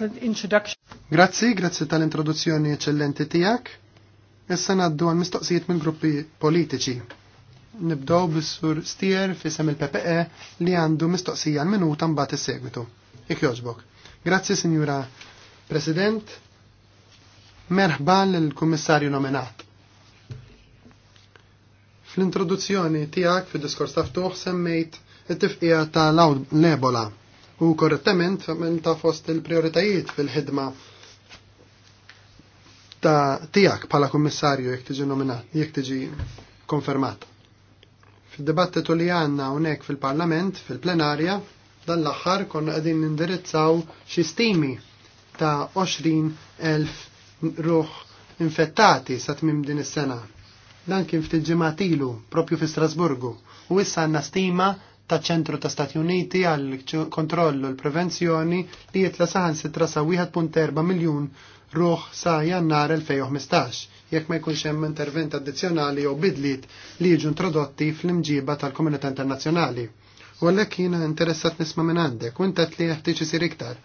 excellent introduction. Grazzi, grazzi tal-introduzzjoni eccellenti tijak. Issa naddu għal mistoqsijiet minn gruppi politiċi. Nibdow bis-sur Stier fisem il-PPE li għandu mistoqsija minuta mbagħad is-segwitu. Ik joġbok. Grazzi, Sinjura President. Merħba l-Kummissarju nominat. Fl-introduzzjoni tijak fil-diskors taftuħ semmejt it-tifqija tal-ebola u korrettament minn ta' fost il-prioritajiet fil-ħidma ta' tijak pala kommissarju jek tiġi nominat, jek tiġi konfermat. Fil-dibattitu li għanna unek fil-parlament, fil-plenarja, dan l-axħar konna għedin nindirizzaw xi stimi ta' 20.000 ruħ infettati sa' tmim din is-sena. Dan kien ftit ġimatilu, propju fi Strasburgu, u issa għanna stima ta' ċentru ta' Stati Uniti għal kontrollu l-prevenzjoni li jitla saħan sitra sa' 1.4 miljun ruħ sa' jannar 2015, jekk ma jkunx hemm intervent addizzjonali jew bidliet li jiġu introdotti fl-imġiba tal-komunità internazzjonali. U għalhekk jina interessat nisma' minn għandek u intet li jeħtieġ isir iktar.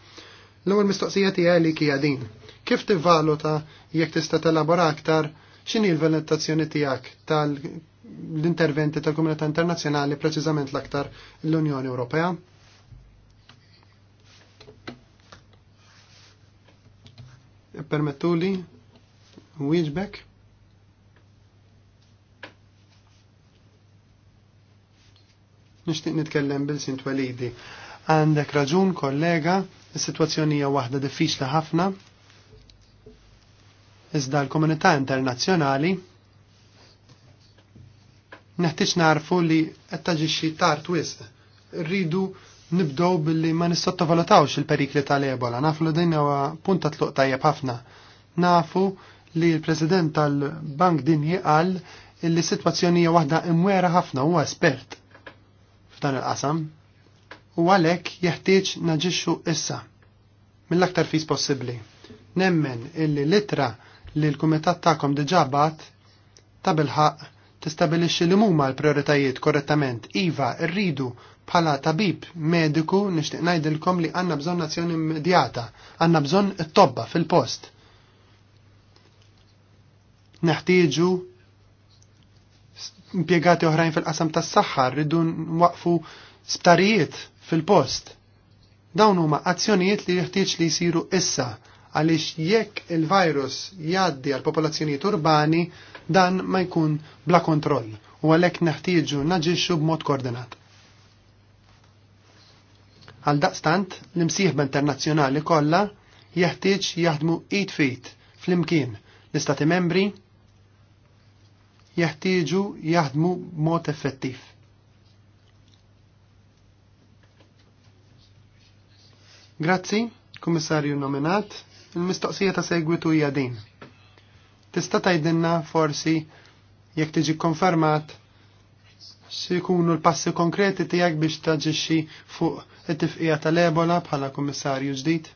L-ewwel mistoqsija tiegħi li hija din. Kif tivvaluta jekk tista' telabora aktar x'inhi l-valutazzjoni tiegħek tal l-interventi tal-komunità internazzjonali preċiżament l-aktar l-Unjoni Ewropea? Permettuli, wieġbek? Nishtiq nitkellem bil-sint walidi. Għandek raġun, kollega, is-sitwazzjoni hija waħda diffiċli ħafna. Iżda l-komunità internazzjonali neħtieġ narfu li qed taġixxi tard wisq. Rridu nibdow billi ma nissottovalutawx il-perikli tal-ebola. Nafu li din huwa punta tluq tajjeb ħafna. Nafu li l-President tal-Bank Dinji qal li s-sitwazzjoni hija waħda imwera ħafna huwa espert f'dan il-qasam. U għalhekk jeħtieġ naġixxu issa mill-aktar fis possibbli. Nemmen illi litra li l-kumitat ta'kom diġabat ta' bil-ħaq tistabilixxi li huma l-prioritajiet korrettament iva rridu bħala tabib mediku nixtieq ngħidilkom li għandna bżonn azzjoni immedjata, għandna bżonn it-tobba fil-post. Neħtieġu impjegati oħrajn fil-qasam tas-saħħa rridu nwaqfu sptarijiet fil-post. Dawn huma azzjonijiet li jeħtieġ li jsiru issa għaliex jekk il-virus jgħaddi għal popolazzjonijiet urbani dan ma jkun bla kontroll u għalhekk neħtieġu naġixxu b'mod koordinat. Għal daqstant, l-imsieħba internazzjonali kollha jeħtieġ jaħdmu id fit fl-imkien l-istati membri jeħtieġu jaħdmu mod effettiv. Grazzi, kummissarju nominat il-mistoqsija ta' segwitu hija din. Tista' tgħidilna forsi jekk tiġi konfermat jkunu l-passi konkreti tiegħek biex taġixxi fuq it-tifqija tal-Ebola bħala kummissarju ġdid?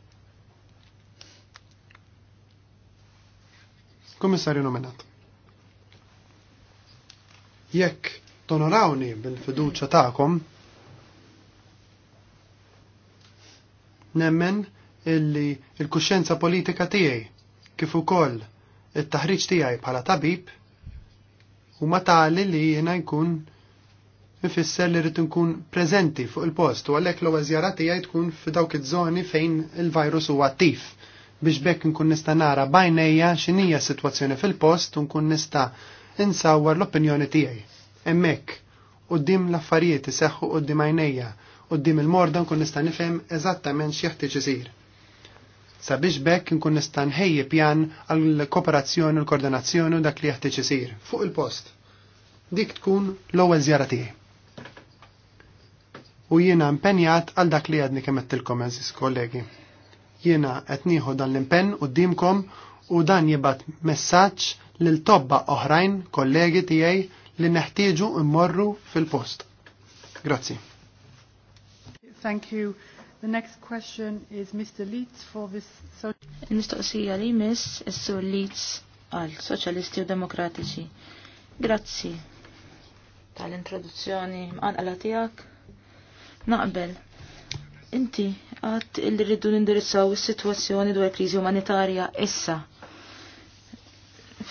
Kummissarju nominat. Jekk tonorawni bil-fiduċa tagħkom, nemmen illi il-kuxenza politika tiegħi kif ukoll it-taħriġ tiegħi bħala tabib huma tali li jiena jkun ifisser li rrid nkun preżenti fuq il-post u għalhekk l-ewwel żjara tiegħi tkun f'dawk iż-żoni fejn il-virus huwa attiv biex bekk nkun nista' nara bajnejja x'inhija s-sitwazzjoni fil-post u nkun nista' insawwar l-opinjoni tiegħi. Hemmhekk qudiem l-affarijiet iseħħu qudiem għajnejja, qudiem il-morda nkun nista' nifhem eżattament xieħti isir sabiex bekk nkun nista' nħejji pjan għal kooperazzjoni u l-koordinazzjoni dak li jeħtieġ isir fuq il-post. Dik tkun l-ewwel żjara tiegħi. U jiena impenjat għal dak li għadni kemm qedtilkom eżis kollegi. Jiena qed nieħu dan l-impenn quddiemkom u dan jibgħat messaġġ lil tobba oħrajn kollegi tiegħi li neħtieġu immorru fil-post. Grazzi. Thank you. The next question is Mr. Leeds for this... Social Il-mistoqsija li miss issu Leeds għal Soċjalisti u Demokratiċi. Grazzi tal-introduzzjoni mqanqala tiegħek. Naqbel. Inti għat illi riddu nindirizzaw is-sitwazzjoni dwar kriżi umanitarja issa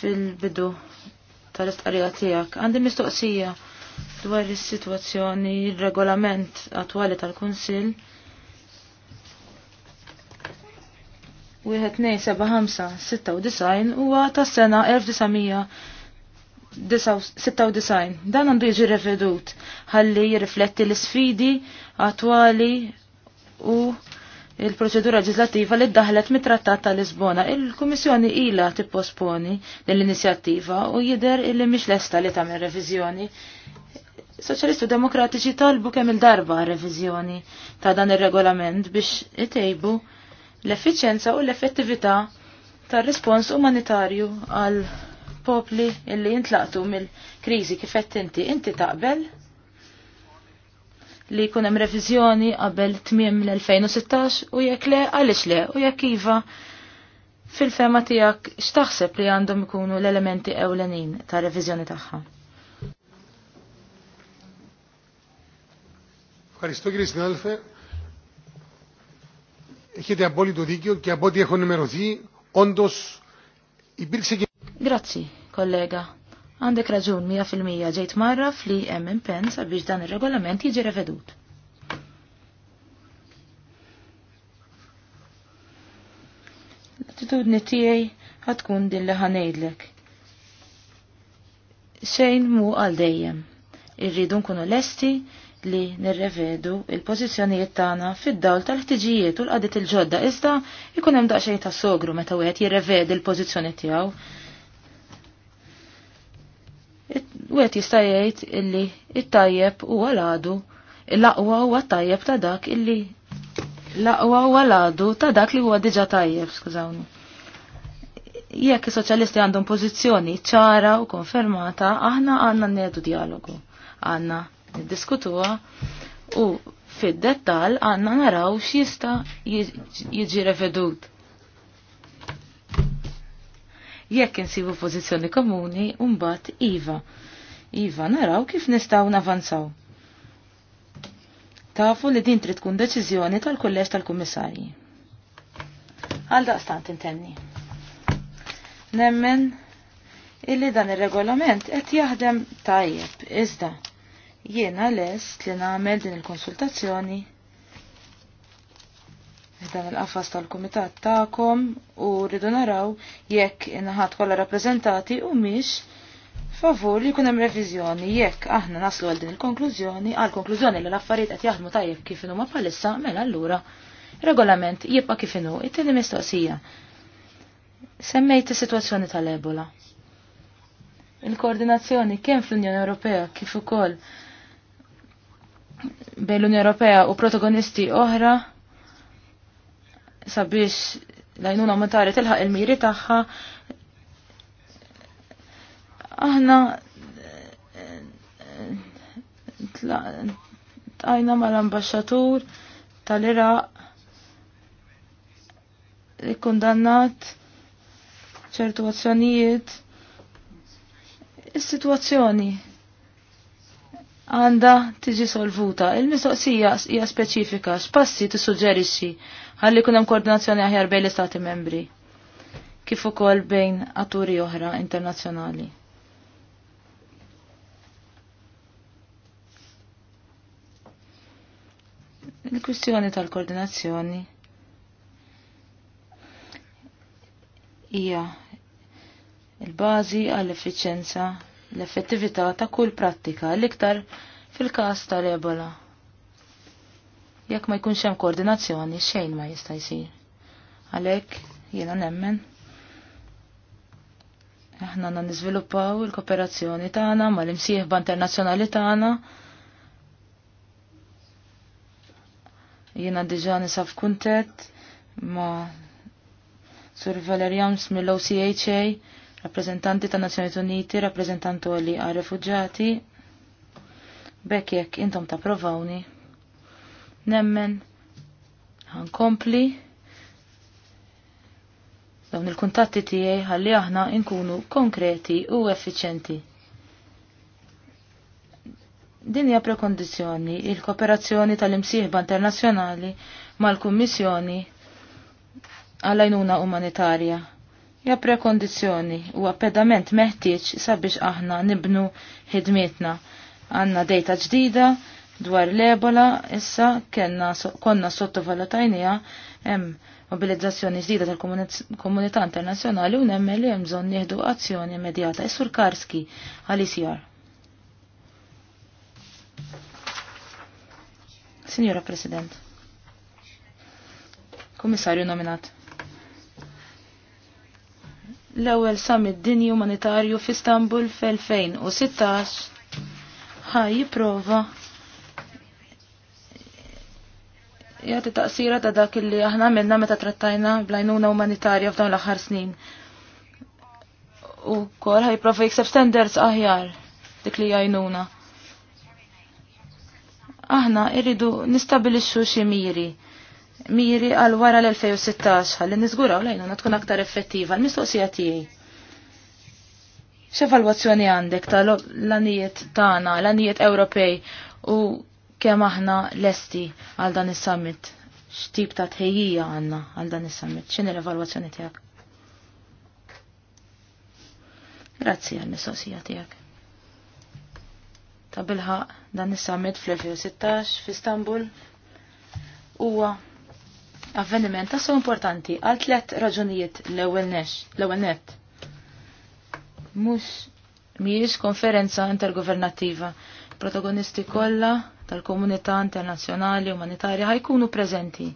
fil-bidu tal-istqarrija tiegħek. Għandi mistoqsija dwar is-sitwazzjoni il regolament attwali tal-Kunsill 1975 96 huwa tas-sena 1996. Dan għandu jiġi revedut ħalli jirrifletti l-sfidi attwali u il-proċedura legislativa li ddaħlet mit-trattat ta' Lisbona. Il-Kummissjoni ila tipposponi l-inizjattiva u jider illi mhix lesta li tagħmel reviżjoni. Soċjalistu Demokratiċi talbu kemm il-darba reviżjoni ta' dan ir-regolament biex itejbu l-effiċenza u l-effettività tar-rispons umanitarju għal popli illi jintlaqtu mill-kriżi kifett inti inti taqbel li jkun hemm reviżjoni qabel tmiem l-2016 u jekk le għaliex le u jekk iva fil-fema tiegħek x'taħseb li għandhom ikunu l-elementi ewlenin ta' reviżjoni tagħha. Karistu κύριε Nalfe, Έχετε απόλυτο δίκιο και από ό,τι έχω ενημερωθεί, όντω υπήρξε και. Grazzi, kollega. Għandek raġun 100% ġejt marra fli hemm impenn biex dan ir-regolament jiġi revedut. L-attitudni tiegħi ħatkun din li ħanejdlek. Xejn mu għal dejjem. Irridu nkunu lesti, li nirrevedu il-pożizzjonijiet tagħna fid-dawl tal-ħtiġijiet u l-qadiet il-ġodda iżda jkun hemm daqsxejn ta' sogru meta wieħed jirrevedi l-pożizzjoni tiegħu. Wieħed jista' jgħid illi it-tajjeb huwa l-għadu l-aqwa huwa tajjeb ta' dak illi l-aqwa huwa l-għadu ta' dak li huwa diġà tajjeb, skużawni. Jekk is-soċjalisti għandhom pożizzjoni ċara u konfermata, aħna għandna nnedu dialogu. Għandna niddiskutuha u fid-dettal għandna naraw x'jista' jiġi revedut. Jekk insibu pożizzjoni komuni, mbagħad iva. Iva naraw kif nistgħu navanzaw. Tafu li din trid tkun deċiżjoni tal-kulleġġ tal-kummissarji. Għal daqstant intenni. Nemmen illi dan ir-regolament qed jaħdem tajjeb iżda jiena lest li nagħmel din il-konsultazzjoni dan il-qafas tal-kumitat tagħkom u rridu naraw jekk inħat kollha rappreżentati u mhix favur li jkun hemm reviżjoni jekk aħna naslu għal din il-konklużjoni għal konklużjoni li l-affarijiet qed jaħdmu tajjeb kif inhuma bħalissa mela allura regolament jibqa' kif inhu it-tieni mistoqsija. Semmejt is-sitwazzjoni tal-Ebola. Il-koordinazzjoni kemm fl-Unjoni Ewropea kif ukoll bejn l-Unjoni Ewropea u protagonisti oħra sabiex lajnuna mutari tilħaq il-miri tagħha. Aħna eh, tajna mal-ambasċatur tal-Iraq kundannat ċertu azzjonijiet is-sitwazzjoni għanda tiġi solvuta. Il-mistoqsija hija speċifika, x'passi tissuġġerixxi ħalli kun hemm koordinazzjoni aħjar bejn l-Istati membri kif ukoll bejn atturi oħra internazzjonali. Il-kwistjoni tal-koordinazzjoni hija il-bażi għall-effiċenza l-effettività ta' kull prattika l-iktar fil-każ tal-ebola. Jekk ma jkunx hemm koordinazzjoni xejn ma jista' jsir. Għalhekk jiena nemmen aħna għandna niżviluppaw il-kooperazzjoni tagħna mal-imsieħba internazzjonali tagħna jiena diġa nisaf kuntet ma' Sur Valerians mill-OCHA rappresentanti ta' Nazzjonijiet Uniti, rappresentanti għalli għal refugġati, bekk jekk intom ta' provawni, nemmen, kompli, dawn il-kuntatti tiegħi ħalli aħna nkunu konkreti u effiċenti. Din hija prekondizzjoni il-kooperazzjoni tal-imsieħba internazzjonali mal-Kummissjoni għall-għajnuna umanitarja Ja prekondizjoni u pedament meħtieġ sabiex aħna nibnu ħidmietna. Għanna dejta ġdida dwar l-ebola, issa konna sottovalutajnija hemm mobilizzazzjoni ġdida tal-komunità internazzjonali u nemmen li hemm bżonn nieħdu azzjoni immedjata. Issur Karski għal ICR. Signora President. Komissarju nominat l-ewwel summit dinji umanitarju f'Istanbul f'2016 ħaj jipprova jagħti taqsira ta' dak li aħna għamilna meta trattajna blajnuna umanitarja f'dawn l-aħħar snin. U wkoll ħaj jipprova jikseb standards aħjar dik li jgħinuna. Aħna irridu nistabilixxu xi miri miri għal wara l-2016 ħalli u lejna tkun aktar effettiva l-mistoqsija tiegħi. X'evalwazzjoni għandek tal-anijiet tagħna, l-anijiet Ewropej u kemm aħna lesti għal dan is-summit? X'tip ta' tħejjija għandna għal dan is-summit? X'inhi l-evalwazzjoni tiegħek? Grazzi għal mistoqsija tiegħek. Ta' bilħaq dan is-summit fl-2016 f'Istanbul huwa avveniment tassu importanti għal tlet raġunijiet l-ewwel net. Mhux mhijiex konferenza intergovernattiva. Protagonisti kollha tal-komunità internazzjonali umanitarja ħajkunu preżenti.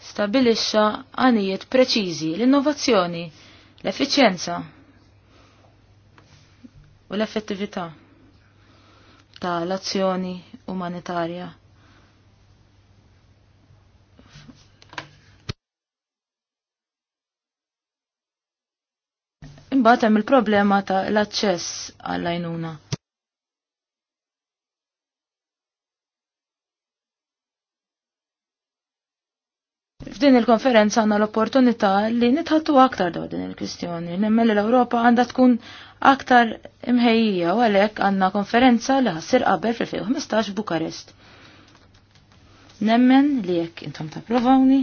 Stabilixxa għanijiet preċiżi l-innovazzjoni, l-effiċjenza u l-effettività tal-azzjoni umanitarja Imbagħad hemm il-problema ta' l-aċċess għall-għajnuna. F'din il-konferenza għanna l-opportunità li nitħattu aktar daw din il-kwistjoni. Nemmel l-Europa għandha tkun aktar imħejjija u għalhekk għandna konferenza li ħassir qabel fil 15 Bukarest. Nemmen li jekk intom tapprovawni.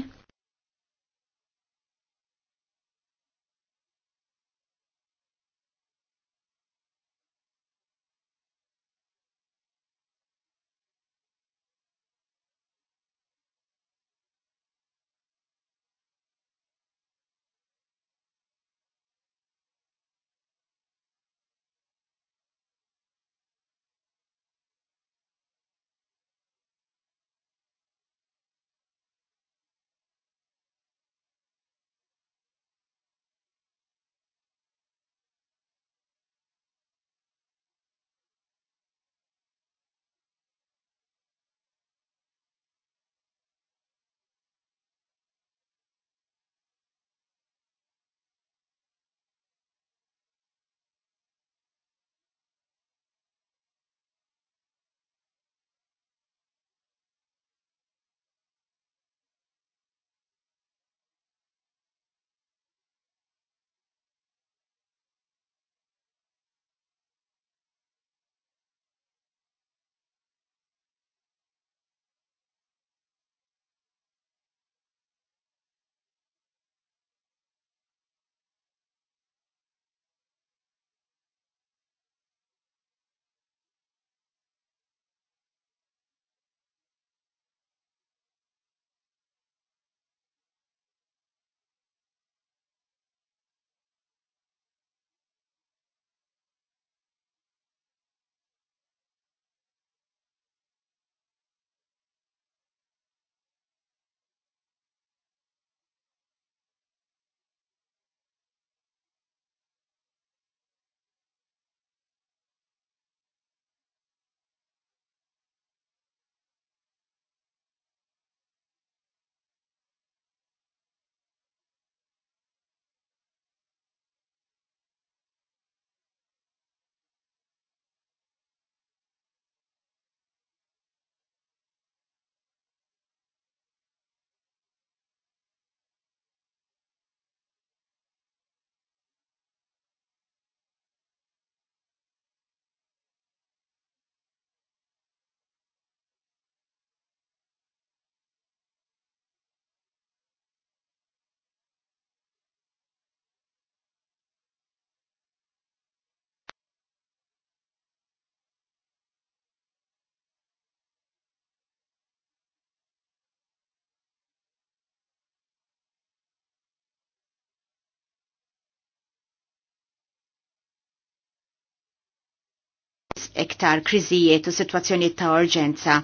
iktar kriżijiet u situazzjonijiet ta' urġenza.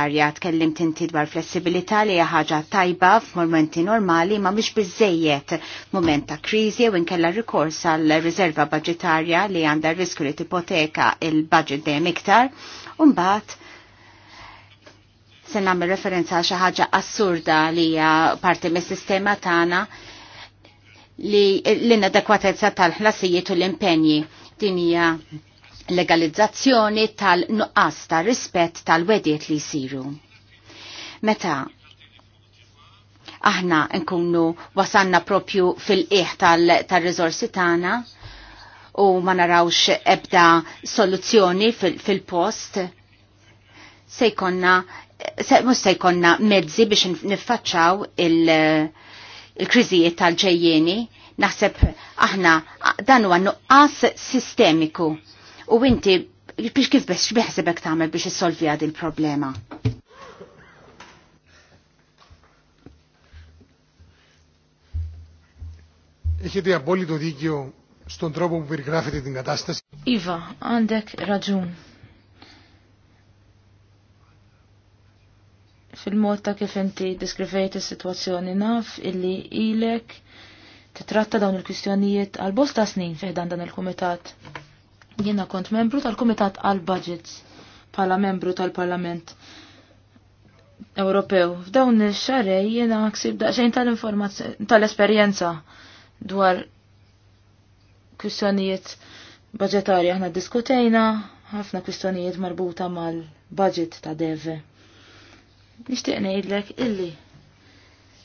Arja tkellim tinti dwar flessibilità li ħaġa tajba f'momenti normali ma mhux biżejjed moment ta' kriżi u nkella rikors għal riserva budgetarja li għandha riskju li tipoteka il-budget dejjem iktar u mbagħad se nagħmel referenza għal xi ħaġa assurda li hija parti mis-sistema tagħna li l-inadekwatezza tal-ħlasijiet u l-impenji dinija legalizzazzjoni tal-nuqqas ta' rispett tal-wediet li jisiru. Meta aħna nkunu wasanna propju fil-qiegħ tal-riżorsi tal tagħna u ma narawx ebda soluzzjoni fil-post fil se jkonna se, mhux se jkonna mezzi biex niffaċċaw il-kriżijiet il kriżijiet tal ġejjieni Naħseb aħna dan huwa nuqqas sistemiku u inti biex kif biex biħsebek tagħmel biex issolvi għad il-problema. Έχετε απόλυτο δίκιο ston drobu bir grafiti din għadastas. Iva, għandek raġun. Fil-mod ta' kif inti diskrivejt is-sitwazzjoni naf illi ilek titratta dawn il-kwistjonijiet għal bosta snin fiħdan dan il-Kumitat. Jiena kont membru tal-Kumitat għal budgets bħala membru tal-Parlament Ewropew. F'dawn il xarej jiena ksib daqsxejn tal-informazzjoni tal-esperjenza dwar kwistjonijiet budgetari aħna diskutejna ħafna kwistjonijiet marbuta mal-budget ta' deve. Nixtieq ngħidlek illi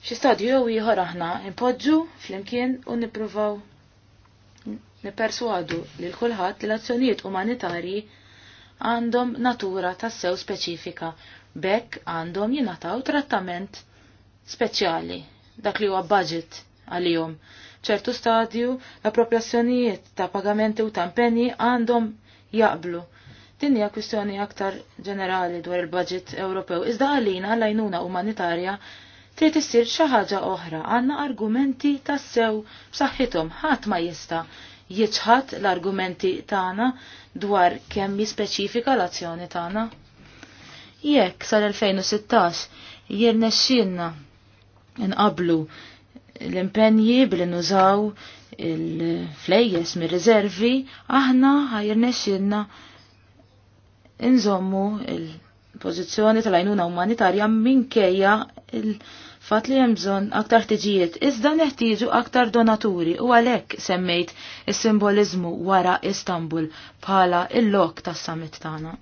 xi stadju jew ieħor aħna impoġġu flimkien u nippruvaw nipersuadu li l-kulħadd li l-azzjonijiet umanitarji għandhom natura tassew speċifika bekk għandhom jingħataw trattament speċjali dak li huwa budget għalihom. ċertu stadju l-appropriazzjonijiet ta' pagamenti u tampenji għandhom jaqblu. Din hija kwistjoni aktar ġenerali dwar il-budget Ewropew. Iżda għalina l-għajnuna umanitarja trid issir xi ħaġa oħra għandna argumenti tassew b'saħħithom ħadd ma jista' jiċħat l-argumenti tagħna dwar kemm jispeċifika l-azzjoni tagħna. Jekk sal-2016 jirnexxinna nqablu l-impenji billi nużaw il-flejjes mir-riservi, aħna ħajrnexxinna nżommu il-pożizzjoni tal-għajnuna umanitarja minkejja il- fat li jemżon aktar tiġijiet, iżda neħtieġu aktar donaturi u għalek semmejt is-simbolizmu wara Istanbul bħala il-lok tas summit tagħna.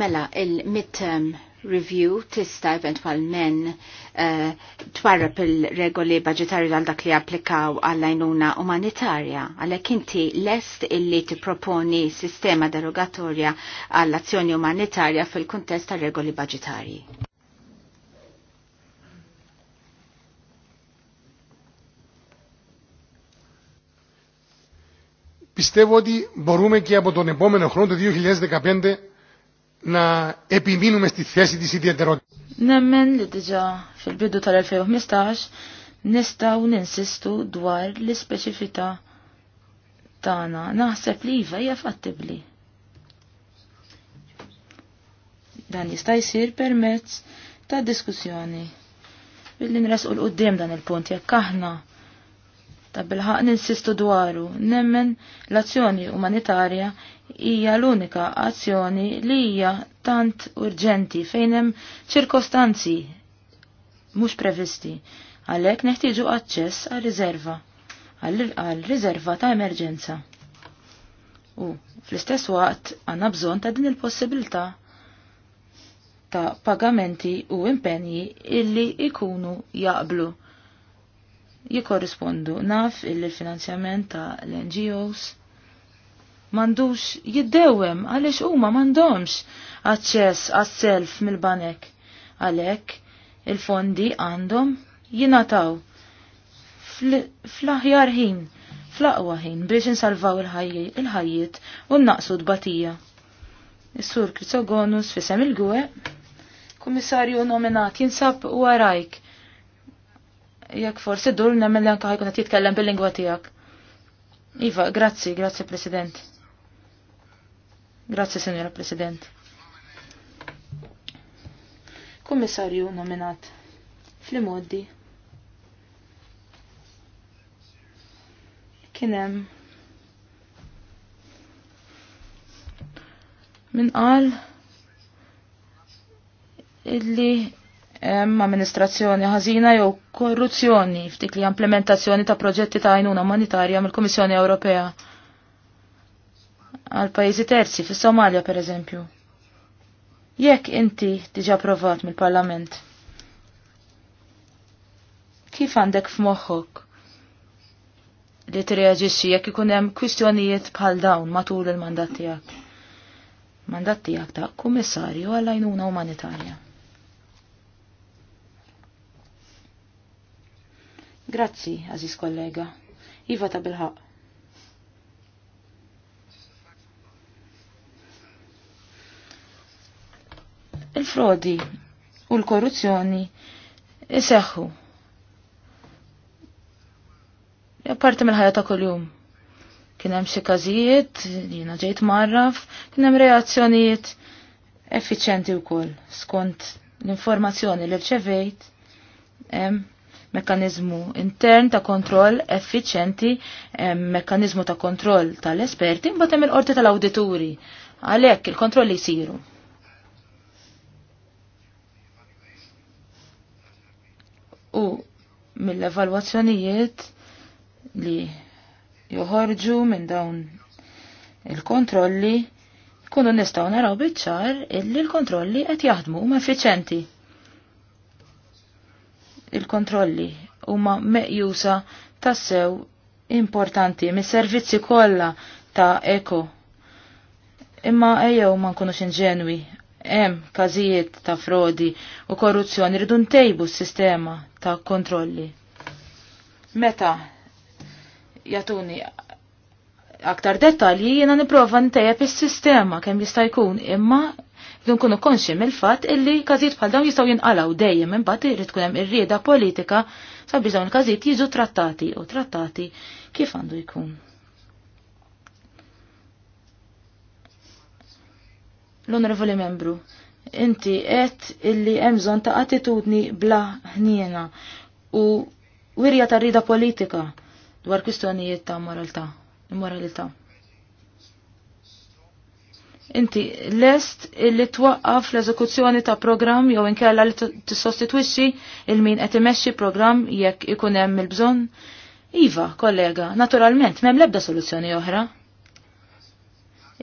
Mela, il-midterm review tista' eventwalmen uh, eh, twarrab il-regoli budgetari għal dak li applikaw għall-għajnuna umanitarja, għalhekk inti lest illi tipproponi sistema derogatorja għall-azzjoni umanitarja fil-kuntest tar regoli budgetari. Πιστεύω ότι μπορούμε και από τον επόμενο χρόνο, το 2015, να επιμείνουμε στη θέση της ιδιαιτερότητας. Nemmen li diġa fil-bidu tal-2015 nistaw ninsistu dwar l-ispeċifità tagħna naħseb li iva hija fattibbli. Dan jista' jsir permezz ta' diskussjoni billi nresqu l qudiem dan il-punt jekk aħna ta' bilħaq ninsistu dwaru, nemmen l-azzjoni umanitarja hija l-unika azzjoni li hija tant urġenti fejn hemm ċirkostanzi mhux previsti. Għalhekk neħtieġu aċċess għal riserva għal riserva ta' emerġenza. U fl-istess waqt għandna bżonn ta' din il-possibilità ta' pagamenti u impenji illi ikunu jaqblu jikorrispondu naf il-finanzjament ta' l-NGOs mandux jiddewem għaliex huma mandomx aċċess għas-self mill-banek. Għalhekk il-fondi għandhom jinataw fl-aħjar ħin, fl-aqwa ħin biex insalvaw il-ħajjiet u naqsu d-batija. Is-sur Krizogonus fisem il-gwe, kummissarju nominat jinsab u għarajk. Jekk forsi dur nemmen l-anka ħajkun jitkellem bil-lingwa tiegħek. Iva, grazzi, grazzi President. Grazie, Signora President. Kummissarju nominat fl-modi kienem min qal illi hemm amministrazzjoni ħażina jew korruzzjoni ftit li implementazzjoni ta' proġetti ta' għajnuna umanitarja mill-Kummissjoni Ewropea għal pajjiżi terzi, fis somalia per eżempju. Jekk inti diġa provat mill-Parlament, kif għandek f'moħħok li tirreaġixxi jekk ikun hemm kwistjonijiet bħal dawn matul il-mandat tiegħek? Mandat tiegħek ta' kummissarju għal għajnuna umanitarja. Grazzi, aziz kollega. Iva ta' bilħaq. il-frodi u l-korruzzjoni iseħħu. Parti mill-ħajja ta' kuljum. Kien hemm xi każijiet, jiena ġejt marraf, kien hemm reazzjonijiet effiċjenti wkoll skont l-informazzjoni li rċevejt hemm mekkaniżmu intern ta' kontroll effiċenti hemm mekkaniżmu ta' kontroll tal-esperti, imbagħad hemm il-qorti tal-awdituri. Għalhekk il-kontrolli jsiru. mill-evalwazzjonijiet li joħorġu minn dawn il-kontrolli kunu nistaw naraw bitċar illi l-kontrolli qed jaħdmu huma effiċenti. Il-kontrolli huma meqjusa tassew importanti mis-servizzi kollha ta' eko. Imma ejjew ma nkunux inġenwi hemm każijiet ta' frodi u korruzzjoni rridu ntejbu s-sistema ta' kontrolli. Meta jatuni aktar dettalji jiena nipprova ntejjeb is-sistema kemm jista' jkun imma nkunu konxi mill-fatt illi każijiet bħal dawn jistgħu jinqalgħu dejjem imbagħad irid tkun hemm irrieda politika sabiex dawn il-każijiet jiġu trattati u trattati kif għandu jkun. L-onorevoli membru, inti qed illi hemm bżonn ta' attitudni bla ħniena u wirja ta' rida politika dwar kwistjonijiet ta' moralità, immoralità. Inti lest illi twaqqaf l-eżekuzzjoni ta' programm jew inkella li tissostitwixxi il-min qed imexxi programm jekk ikun hemm il-bżonn? Iva, kollega, naturalment, m'hemm l-ebda soluzzjoni oħra.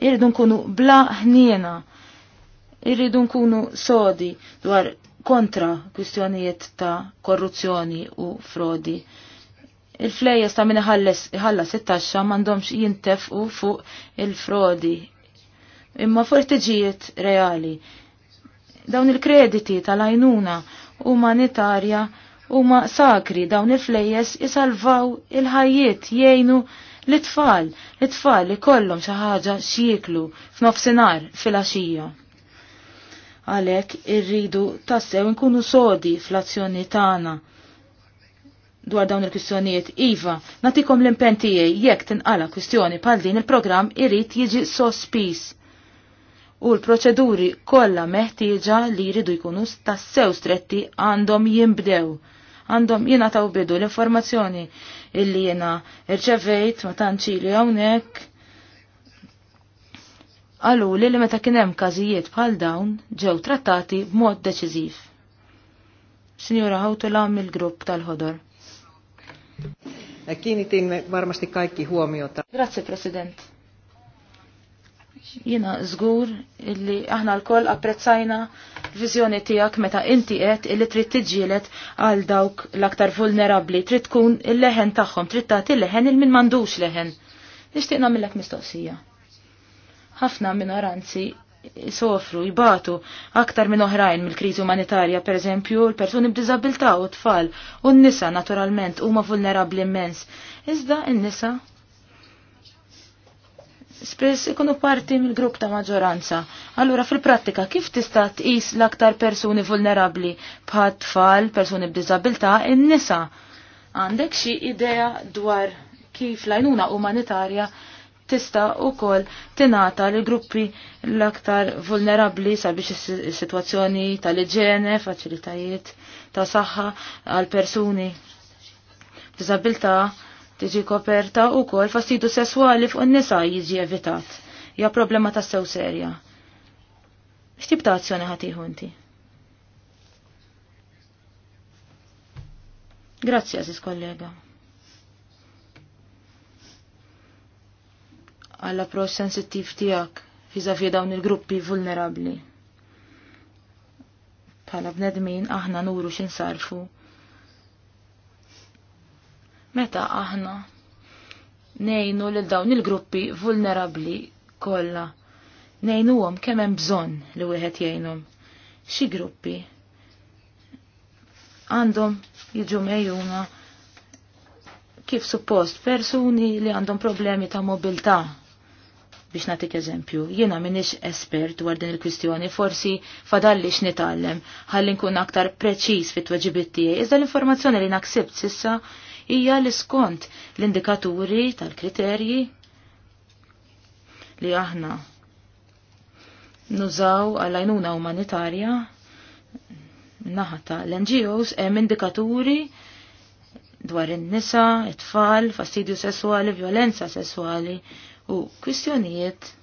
Irridu nkunu bla ħniena irridu nkunu sodi dwar kontra kwistjonijiet ta' korruzzjoni u frodi. Il-flejes ta' minna ħalla 16 mandomx jintef u fuq il-frodi. Imma fortiġijiet reali. Dawn il-krediti tal-ajnuna u manitarja u ma sakri dawn il flejjes isalvaw il-ħajiet jgħinu l-tfal, l-tfal li kollom xaħġa xieklu f'nofsinar fil-axija għalek irridu tassew nkunu sodi fl-azzjoni tagħna dwar dawn il-kwistjonijiet. Iva, natikom l-impen tiegħi jekk tinqala kwistjoni bħal din il-programm irid jiġi sospis. U l-proċeduri kollha meħtieġa li jridu jkunu tassew stretti għandhom jimbdew. Għandhom jiena taw bidu l-informazzjoni illi jiena irċevejt ma tanċili għawnek. hawnhekk għalu li li meta kien hemm każijiet bħal dawn ġew trattati b'mod deċiżiv. Sinjora Hautela mill-grupp tal-ħodor. Kiinitimme varmasti kaikki huomiota. Grazie, President. Jina żgur illi aħna lkoll apprezzajna viżjoni tiegħek meta inti qed illi trid tiġġieled għal dawk l-aktar vulnerabbli, trid tkun il-leħen tagħhom, trid tagħti il-leħen il min m'għandux leħen. Nixtieq nagħmilek mistoqsija ħafna minoranzi sofru, jibatu aktar minn oħrajn mill-kriżi umanitarja, per eżempju, l-persuni b'diżabilità u tfal u n-nisa naturalment huma vulnerabbli immens. Iżda n-nisa spess ikunu parti mill-grupp ta' maġġoranza. Allura fil-prattika kif tista' tqis l-aktar persuni vulnerabbli bħal tfal, persuni b'diżabilità, n nisa Għandek xi idea dwar kif l-għajnuna umanitarja tista' ukoll tingħata li gruppi l-aktar vulnerabbli sabiex is-sitwazzjoni tal-iġene, faċilitajiet ta' saħħa għal persuni. Dizabilta tiġi koperta wkoll fastidu sesswali fuq nisa jiġi evitat. Ja problema ta' sew serja. X'tib ta' azzjoni ħatiħunti? Grazie, Grazzi, aziz kollega. għall approċ sensittiv tiegħek fiżavi dawn il-gruppi vulnerabbli. Bħala bnedmin aħna nuru sarfu. Meta aħna nejnu lil dawn il-gruppi vulnerabbli kollha. Nejnu kemm hemm bżonn li wieħed jgħinhom. Xi gruppi għandhom jiġu mejjuna kif suppost persuni li għandhom problemi ta' mobilta' biex natik eżempju, jiena minix espert dwar din il-kwistjoni, forsi fadalli x'nitgħallem ħalli nkun aktar preċiż fit-tweġibiet tiegħi, iżda l-informazzjoni li naksibt sissa hija li skont l-indikaturi tal-kriterji li aħna nużaw għall-għajnuna umanitarja naħata l-NGOs hemm indikaturi dwar in-nisa, it-tfal, fastidju sessuali, violenza sessuali u kwistjonijiet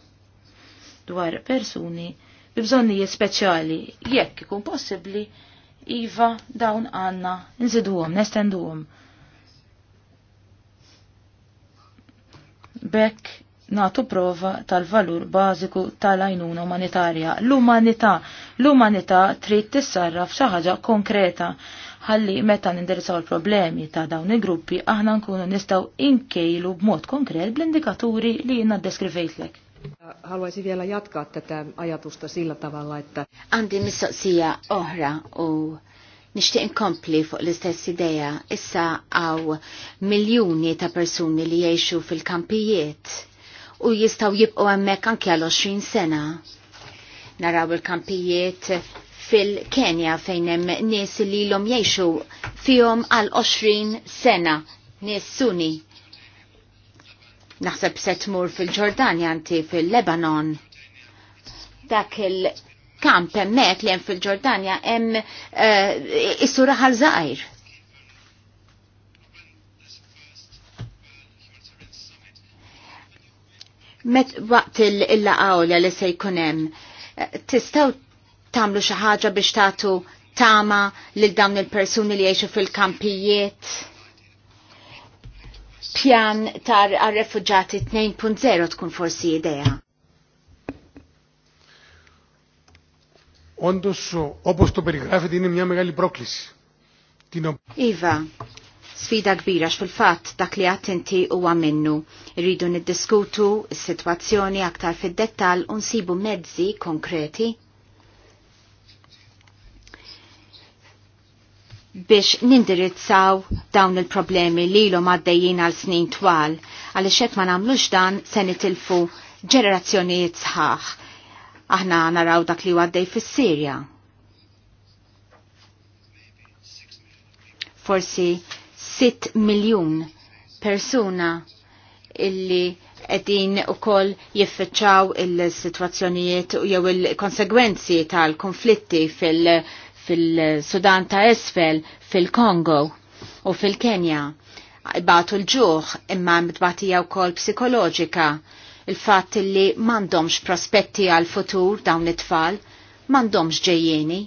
dwar persuni bi bżonnijiet speċjali jekk ikun possibbli iva dawn għanna nżiduhom, nestenduhom. Bekk natu prova tal-valur bażiku tal-għajnuna umanitarja. L-umanità, l-umanità trid tissarraf xi ħaġa konkreta ħalli meta nindirizzaw il-problemi ta' dawn il-gruppi aħna nkunu nistaw inkejlu b'mod konkret bl-indikaturi li jina deskrivejtlek. Haluaisin vielä jatkaa tätä ajatusta sillä tavalla, että... Andi mistoqsija oħra u nishtiq inkompli fuq l-istess ideja issa għaw miljoni ta' persuni li jiexu fil-kampijiet u jistaw jibqu għemmek anki għal 20 sena. Naraw il-kampijiet fil-Kenja fejn hemm nies li l-om jiexu fihom għal 20 sena, nies suni. Naħseb se tmur fil-Ġordanja anti fil-Lebanon. Dak il-kamp hemmhekk li hemm fil-Ġordanja hemm uh, is-sura Met waqt il-laqawla li se jkun hemm eh, tistgħu tamlu xi ħaġa biex tagħtu tama lil dawn il-persuni li jgħixu fil-kampijiet. Pjan tar għal-refugġati 2.0 tkun forsi ideja. Ondus, obus tu perigrafi είναι μια μεγάλη πρόκληση. Iva, sfida kbira x'fil-fatt dak li attenti huwa minnu. Irridu niddiskutu s-sitwazzjoni aktar fid-dettal u nsibu mezzi konkreti biex nindirizzaw dawn il-problemi li l għaddejjin għal snin twal, għal xed ma namlux dan se nitilfu ġenerazzjonijiet sħaħ. Aħna naraw dak li għaddej fis sirja Forsi 6 miljon persuna illi edin u koll jiffiċaw il-situazzjonijiet jew il-konsegwenzi tal-konflitti fil- fil-Sudan ta' Esfel, fil-Kongo u fil-Kenja. Ibatu l-ġuħ imma mtbatija u kol psikoloġika. Il-fat li mandomx prospetti għal-futur dawn it-tfal, mandomx ġejjeni.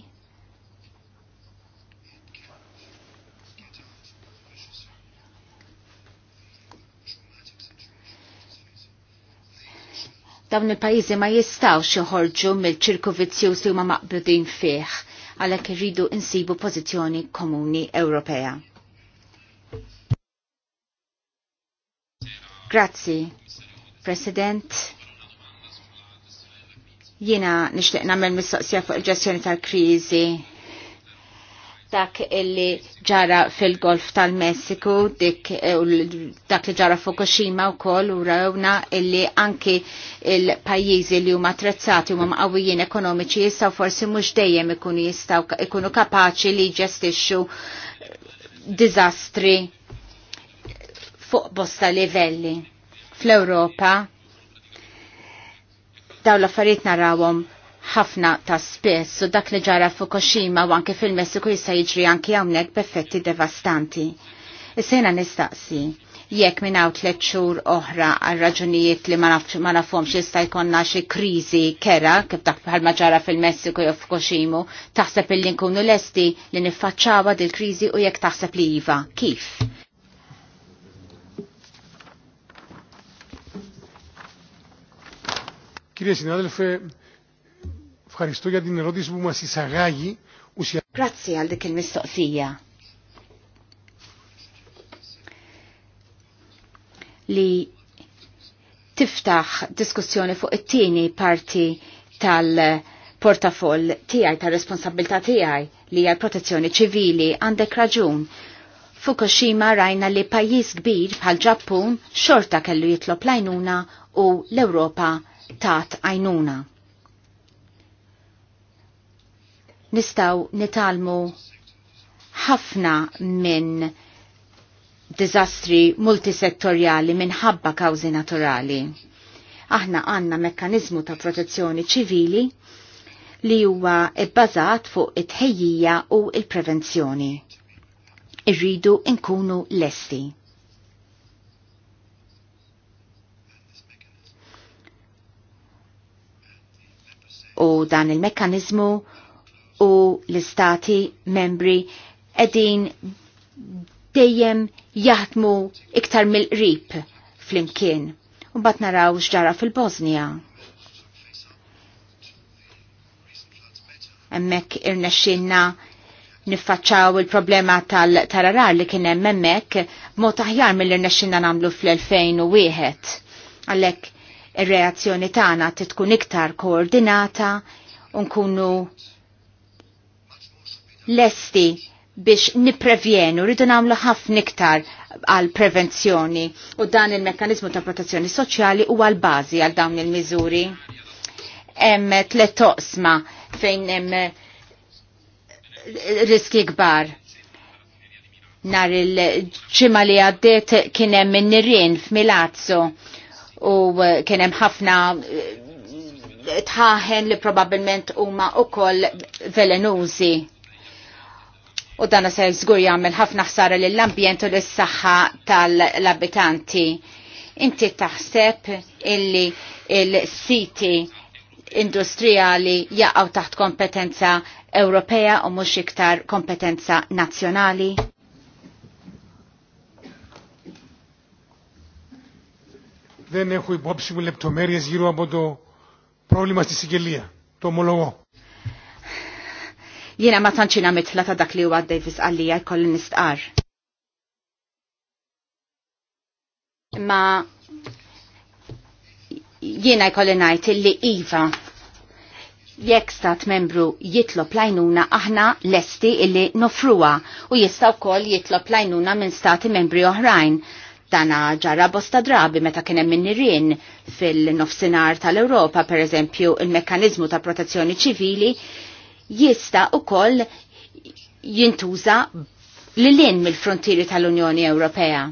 Dawn il-pajizi ma jistawx joħorġu mill-ċirku vizzjuż li huma maqbudin fih għalhekk irridu insibu pożizzjoni komuni Ewropea. Grazzi, President. Jiena nixtieq nagħmel mistoqsija fuq il-ġestjoni tal-kriżi dak illi ġara fil-golf tal-Messiku, eh, dak li ġara Fukushima u koll u rawna illi anki il-pajjiżi li huma attrezzati huma mqawwijin ekonomiċi jistgħu forsi mhux dejjem ikunu jistgħu ikunu kapaċi li jġestixxu diżastri fuq bosta livelli. Fl-Ewropa daw l-affarijiet narawhom ħafna ta' spess u dak li ġara Fukushima u anke fil-Messiku jista' jiġri anke hawnhekk b'effetti devastanti. Issejna nistaqsi, jekk minn hawn tliet xhur oħra għal raġunijiet li ma nafhomx jista' jkollna xi kriżi kera kif dak bħalma ġara fil-Messiku jew Fukushima, taħseb illi nkunu lesti li niffaċċawha dil-kriżi u jekk taħseb li iva. Kif? Κυρίες συνάδελφε, Ευχαριστώ για την ερώτηση που μας εισαγάγει. Grazie għal dik il-mistoqsija. Li tiftaħ diskussjoni fuq it-tieni parti tal-portafoll tiegħi tar responsabilità tiegħi li hija protezzjoni ċivili għandek raġun. Fukushima rajna li pajjiż kbir bħal Ġappun xorta kellu jitlob lajnuna u l-Ewropa tat għajnuna. nistaw nitalmu ħafna minn dizastri multisettorjali minħabba kawzi naturali. Aħna għanna mekkanizmu ta' protezzjoni ċivili li huwa bbażat fuq it-ħejjija u il-prevenzjoni. Irridu nkunu lesti. U dan il-mekkanizmu u l-istati membri edin dejjem jaħdmu iktar mill-qrib fl-imkien. U bat naraw xġara fil-Bosnija. Emmek irnexxinna niffaċċaw il-problema tal-arar li kien hemm hemmhekk mod aħjar mill-irnexxinna nagħmlu fl-2001. Għalhekk ir-reazzjoni tagħna tkun iktar koordinata u nkunu lesti biex niprevjenu, rridu namlu ħafna iktar għal prevenzjoni u dan il mekanizmu ta' protezzjoni soċjali u għal bażi għal dawn il-miżuri. Hemm tliet toqsma fejn hemm riski kbar. Nar il-ġimgħa li għaddiet kien hemm in-nirien f'Milazzo u kien hemm ħafna eh, tħaħen li probabbilment huma ukoll velenużi u dan se żgur jagħmel ħafna ħsara lill-ambjent u lis-saħħa tal-abitanti. Inti taħseb illi il-siti industrijali jaqgħu taħt kompetenza Ewropea u mhux iktar kompetenza nazzjonali? Δεν έχω υπόψη μου λεπτομέρειες γύρω από το πρόβλημα στη Σικελία, το ομολογώ. Jiena ma tanċina mitla ta' dak li huwa Davis għalija jkolli nistqar. Ma jiena jkolli ngħid illi iva jekk stat membru jitlob lajnuna aħna lesti illi nofruwa u jista' wkoll jitlob lajnuna minn stati membri oħrajn dana ġara bosta drabi meta kien hemm in fil-nofsinhar tal-Ewropa, pereżempju il-mekkaniżmu ta' protezzjoni ċivili jista u koll jintuża l-lin mill-frontieri tal-Unjoni Ewropea.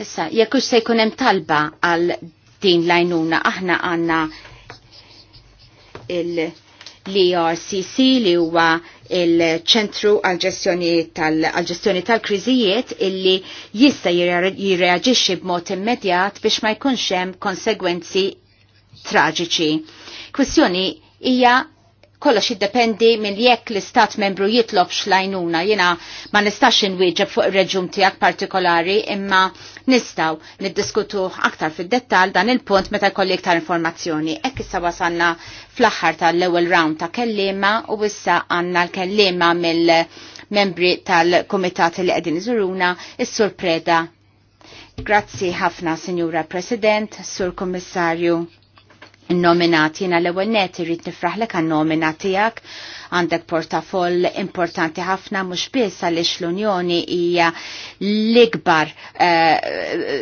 Issa, jekk se jkun hemm talba għal din lajnuna, aħna għandna l-ERCC li huwa il-ċentru għal-ġestjoni tal-kriżijiet illi jista jirreagġixxi b'mod immedjat biex ma jkunx hemm konsegwenzi traġiċi Kwestjoni hija kollox jiddependi mill jekk l-istat membru jitlob xlajnuna. Jena ma nistax inwieġeb fuq ir-reġjun tiegħek partikolari imma nistaw niddiskutu aktar fid-dettal dan il-punt meta jkolli iktar informazzjoni. Hekk issa wasanna fl-aħħar tal-ewwel round ta' kellima u issa għandna l-kellima mill-membri tal komitat li qegħdin iżuruna is-sur Preda. Grazzi ħafna, Signora President, Sur Kommissarju nominati jena l-ewel net irrit nifraħlek nominati jak għandek portafoll importanti ħafna mux biss għalix l-Unjoni hija l-ikbar eh,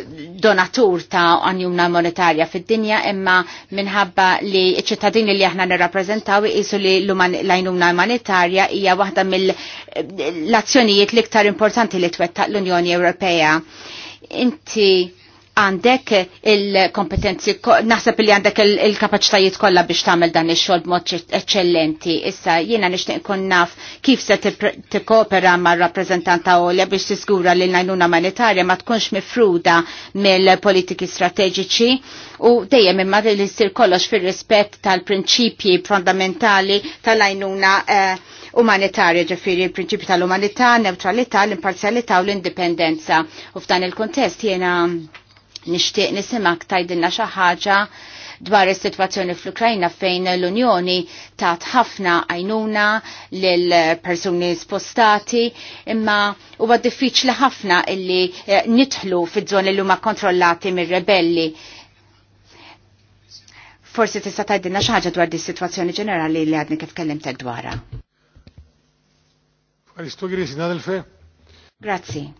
donatur ta' għanjumna monetarja fid-dinja imma minħabba li ċittadini li aħna nirrappreżentaw isu li l-għanjumna monetarja hija waħda mill-azzjonijiet l-iktar importanti li twettaq l-Unjoni Ewropea. Inti għandek il-kompetenzi, naħseb li għandek il-kapacitajiet kollha biex tagħmel dan ix-xogħol b'mod eċċellenti. Issa jiena nixtieq nkun naf kif se tikkopera mar-rappreżentanta Olja biex tiżgura li l-għajnuna umanitarja ma tkunx mifruda mill-politiki strateġiċi u dejjem imma li jsir kollox fir-rispett tal-prinċipji fondamentali tal-għajnuna eh, umanitarja ġifiri il prinċipji tal-umanità, neutralità, l-imparzjalità u l-indipendenza. U f'dan il-kontest jiena Nixtieq nisimak tajdilna xi ħaġa dwar is-sitwazzjoni fl-Ukrajna fejn l-Unjoni tat ħafna għajnuna lil persuni spostati imma huwa diffiċli ħafna illi eh, nidħlu fiż-żoni li huma kontrollati mir-rebelli. Forsi tista' tgħidilna xi ħaġa dwar dis sitwazzjoni ġenerali li għadni kif kellimtek dwarha. Grazzi.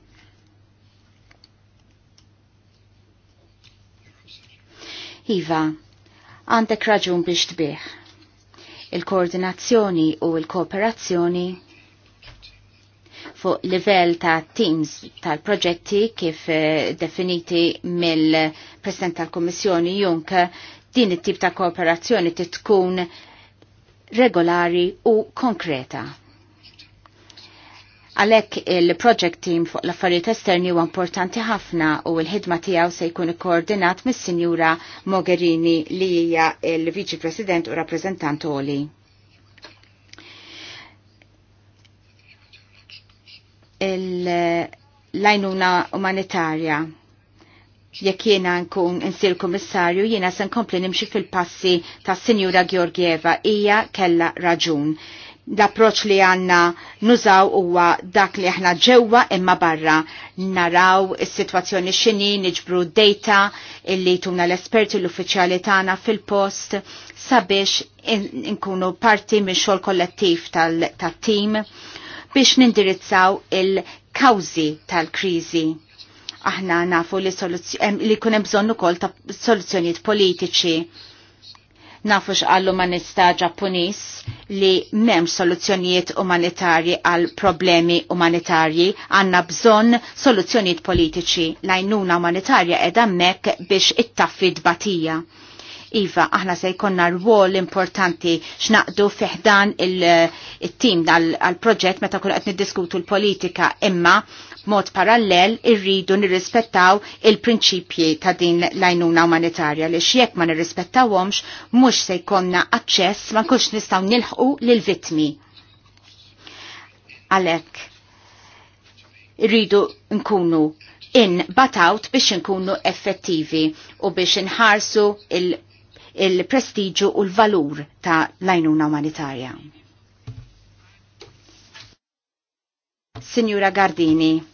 Iva, għandek raġun biex tbieħ. Il-koordinazzjoni u il-kooperazzjoni fuq livell ta' teams tal-proġetti kif eh, definiti mill-President tal-Kommissjoni Juncker din it-tip ta' kooperazzjoni titkun regolari u konkreta. Għalek il-project team fuq l-affarijiet esterni huwa importanti ħafna u l-ħidma tiegħu se jkun ikkoordinat mis-Sinjura Mogherini li hija l-Viċi President u Rappreżentant Oli. L-lajnuna umanitarja jekk jiena nkun insir kummissarju jiena se nkompli nimxi fil-passi tas Sinjura Georgieva hija kella raġun l-approċ li għanna nużaw huwa dak li aħna ġewwa imma barra naraw is-sitwazzjoni x'inhi niġbru data illi tuna l-esperti l-uffiċjali tagħna fil-post sabiex nkunu parti minn xogħol kollettiv tal-tim biex nindirizzaw il-kawżi tal-kriżi. Aħna nafu li, li kunem bżonn ukoll ta' soluzzjonijiet politiċi Nafu għall umanista Ġappuniż li mem soluzzjonijiet umanitarji għal problemi umanitarji, għandna bżonn soluzzjonijiet politiċi. L-għajnuna umanitarja qiegħda hemmhekk biex ittaffi dbatija. Iva, aħna se jkonna rwol importanti x'naqdu fiħdan il-tim il tim dal proġett meta kull qed niddiskutu l-politika imma mod parallel irridu nirrispettaw il-prinċipji ta' din l umanitarja li xiek ma nirrispettawhomx mhux se jkollna aċċess ma nkunx nistgħu nilħqu lill-vittmi. Għalhekk irridu nkunu in batawt biex nkunu effettivi u biex nħarsu il-prestiġu il u l-valur ta' lajnuna umanitarja. Signora Gardini.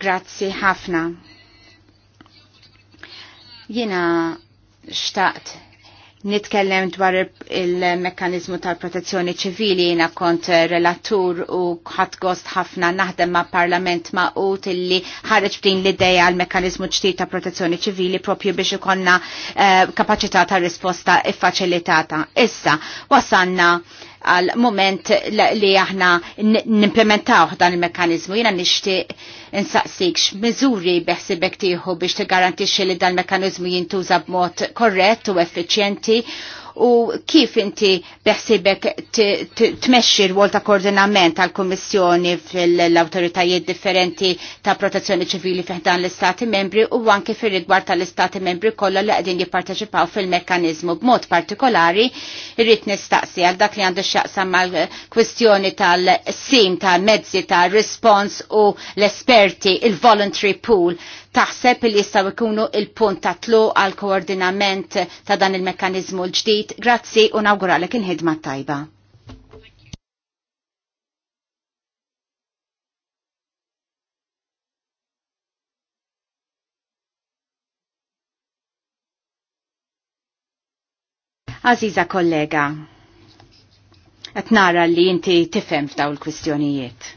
Grazzi ħafna. Jina xtaqt nitkellem dwar il-mekkanizmu tal-protezzjoni ċivili jina kont relatur u ħadd gost ħafna naħdem ma' parlament ma' ut illi ħareġ b'din l-ideja għal-mekkanizmu ġdid ta' protezzjoni ċivili propju biex ikonna eh, kapacità ta' risposta iffaċilitata. Issa, wasanna għal moment li aħna nimplementaw dan il-mekanizmu. Jena nsaqsik x-mizuri beħsibek tieħu biex tigarantixxi li dan il-mekanizmu jintuża b'mod korrett u effiċjenti u kif inti beħsibek tmexxi rwol ta' koordinament tal-Kummissjoni fil-awtoritajiet differenti ta' protezzjoni ċivili fiħdan l-Istati membri u anke fir-rigward tal-Istati membri kollha li qegħdin jipparteċipaw fil-mekkaniżmu b'mod partikolari irrid nistaqsi għal dak li għandu x'jaqsam mal-kwistjoni tal-sim ta' mezzi ta' respons u l-esperti il-voluntary pool taħseb li jistaw ikunu il-punt ta' tlu għal koordinament ta' dan il-mekkanizmu l-ġdid. Grazzi u nawguralek il-ħidma tajba. Aziza kollega, etnara li inti tifem f'daw il-kwistjonijiet.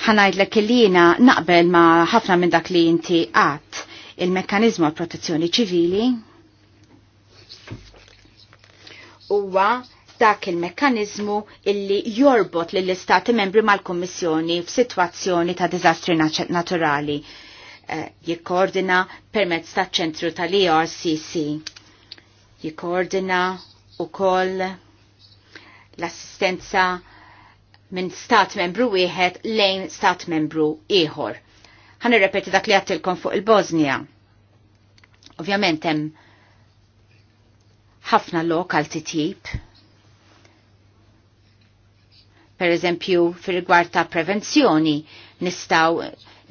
ħanajdlek l jina naqbel ma ħafna minn dak li inti għat il-mekkanizmu għal protezzjoni ċivili huwa dak il-mekkanizmu illi jorbot lill-istati membri mal-Kommissjoni f'sitwazzjoni ta' diżastri naturali eh, jikkoordina permezz ta' ċentru tal-ERCC jikkoordina u koll l-assistenza minn stat membru wieħed lejn stat membru ieħor. Ħan irrepeti dak li għattilkom fuq il bosnia Ovvjament hemm ħafna lokal titjib. Per eżempju, fir rigward ta' prevenzjoni, nistaw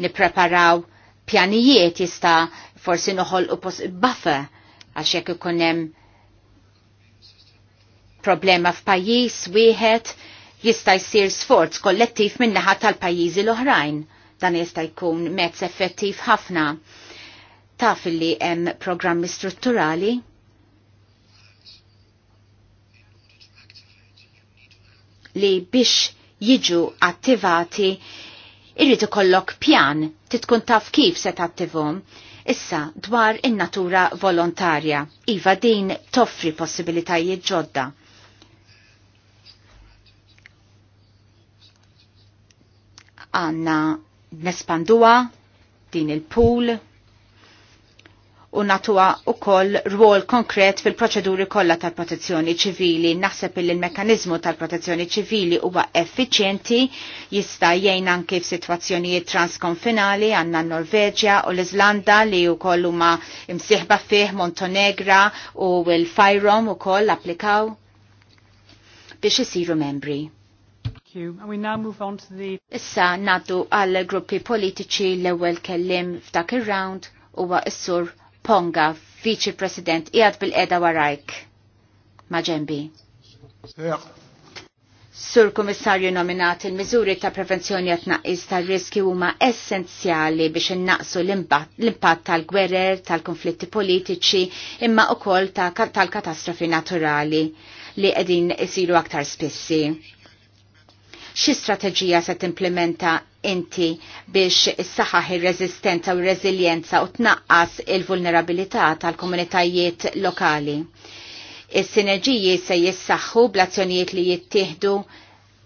nipreparaw pjanijiet jista' forsi noħol u pos buffer għax jekk ikun hemm problema f'pajjiż wieħed jista' jsir sforz kollettiv min-naħa tal-pajjiżi l-oħrajn. Dan jista' jkun mezz effettiv ħafna. Taf li hemm programmi strutturali li biex jiġu attivati irrid ikollok pjan titkun taf kif se tattivhom. Issa dwar in-natura volontarja, iva din toffri possibilitajiet ġodda għanna nespanduwa din il-pool u natuwa u koll rwol konkret fil-proċeduri kollha tal-protezzjoni ċivili. Naħseb il l-mekanizmu tal-protezzjoni ċivili huwa effiċjenti jista' jgħin anke f'sitwazzjonijiet transkonfinali għandna Norveġja u l-Iżlanda li wkoll huma imsieħba fih Montenegra u l-Fajrom ukoll applikaw biex isiru membri. Issa naddu għal gruppi politiċi l-ewwel kellim f'dak ir-round huwa s-sur Ponga, Viċi President, qiegħed bil-qeda warajk. Ma' Sur Kummissarju nominat il-miżuri ta' prevenzjoni għat naqis ta' riski huma essenzjali biex innaqsu l-impatt tal-gwerer, tal-konflitti politiċi, imma ukoll tal-katastrofi naturali li qegħdin isiru aktar spissi xi strateġija se timplementa inti biex saħaħ ir-reżistenza u r-reżiljenza u tnaqqas il-vulnerabilità tal-komunitajiet lokali. Is-sinerġiji se jissaħħu bl-azzjonijiet li jittieħdu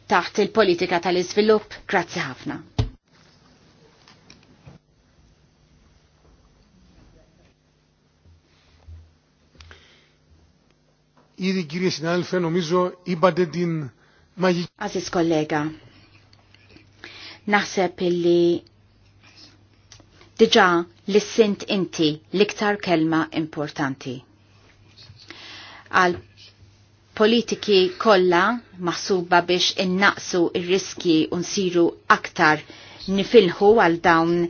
taħt il-politika tal-iżvilupp. Grazzi ħafna. Ήδη κυρίες συνάδελφε νομίζω είπατε την ma jik. Aziz kollega, naħseb illi diġa li sint inti liktar kelma importanti. Għal politiki kolla maħsuba biex innaqsu il riski unsiru aktar nifilħu għal dawn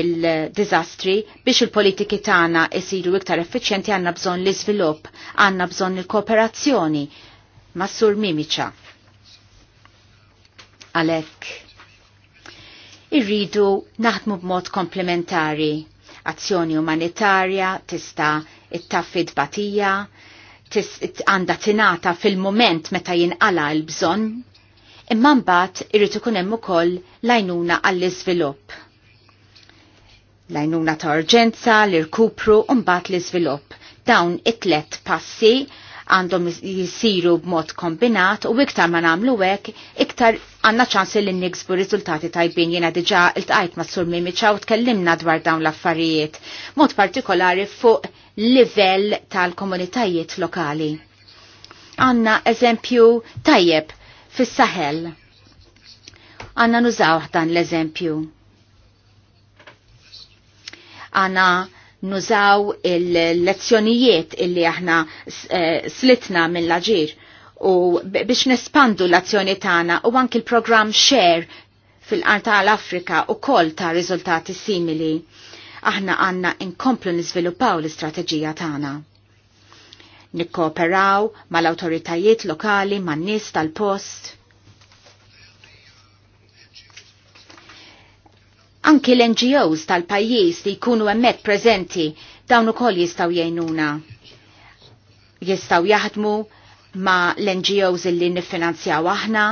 il-dizastri biex il-politiki tagħna isiru iktar effiċjenti għandna bżonn l-iżvilupp, għandna bżonn il-kooperazzjoni. Massur Mimiċa. Għalek, irridu naħdmu b'mod komplementari. Azzjoni umanitarja tista' it-taffid batija, għanda tinata fil-moment meta jinqala l-bżon, imma mbagħad irid ikun hemm ukoll lajnuna għall-iżvilupp. Lajnuna ta' urġenza, l-irkupru u mbagħad l-iżvilupp. Dawn it-tlet passi għandhom jisiru b'mod kombinat u iktar ma nagħmlu hekk, iktar għandna ċans li niksbu riżultati tajbin jiena diġà tqajt ma' Sur Mimiċa u tkellimna dwar dawn l-affarijiet, mod partikolari fuq livell tal-komunitajiet lokali. Għanna eżempju tajjeb fis-Saħel. Għanna nużaw dan l-eżempju. Għanna nużaw il-lezzjonijiet illi aħna eh, slitna mill-ġir u biex nespandu l-azzjoni tagħna u anki il programm Share fil-qar tal-Afrika u koll ta' riżultati simili. Aħna għanna inkomplu nizviluppaw l-istrateġija tagħna. Nikkooperaw mal-awtoritajiet lokali, man-nies tal-post, Anki l-NGOs tal-pajjiż li jkunu hemmhekk preżenti dawn ukoll jistgħu jgħinuna. Jistgħu jaħdmu ma l-NGOs illi niffinanzjaw aħna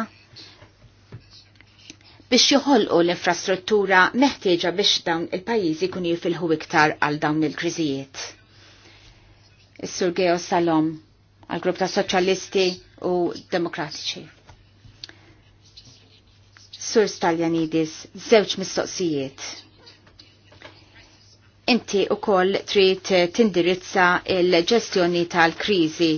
biex joħolqu l-infrastruttura meħtieġa biex dawn il-pajjiżi ikun jifilħu iktar għal dawn il-kriżijiet. Is-Sur Geo Salom għal grupp ta' Soċjalisti u Demokratiċi. Sur Staljanidis, żewġ mistoqsijiet. Inti u koll trid tindirizza il-ġestjoni tal-krizi.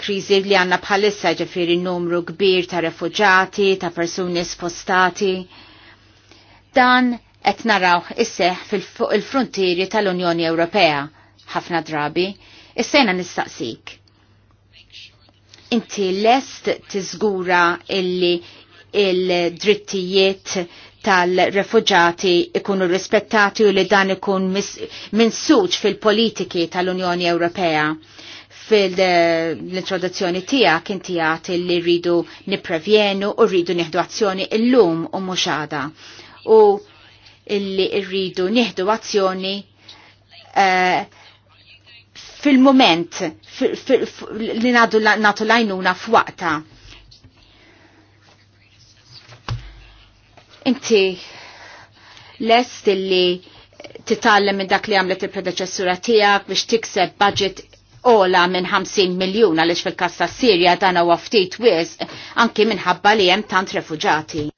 Krizi li għanna bħalissa ġifiri numru kbir ta' refugġati, ta' persuni spostati. Dan qed narawh isseħ fil frontieri tal-Unjoni Ewropea ħafna drabi, issejna nistaqsik. Inti lest tiżgura illi il-drittijiet tal refugġati ikunu rispettati u li dan ikun minsuċ fil-politiki tal-Unjoni Ewropea fil-introduzzjoni tija kien tijat li rridu niprevjenu u rridu nieħdu azzjoni illum u muxada u li rridu nieħdu azzjoni eh, fil-moment li natu lajnuna f'waqta. Inti lest illi titallem minn dak li għamlet il-predeċessura tijak biex tikseb budget ola minn 50 miljon għalix fil-kassa Sirja dan huwa ftit wiz anki minħabba li hemm tant refugġati.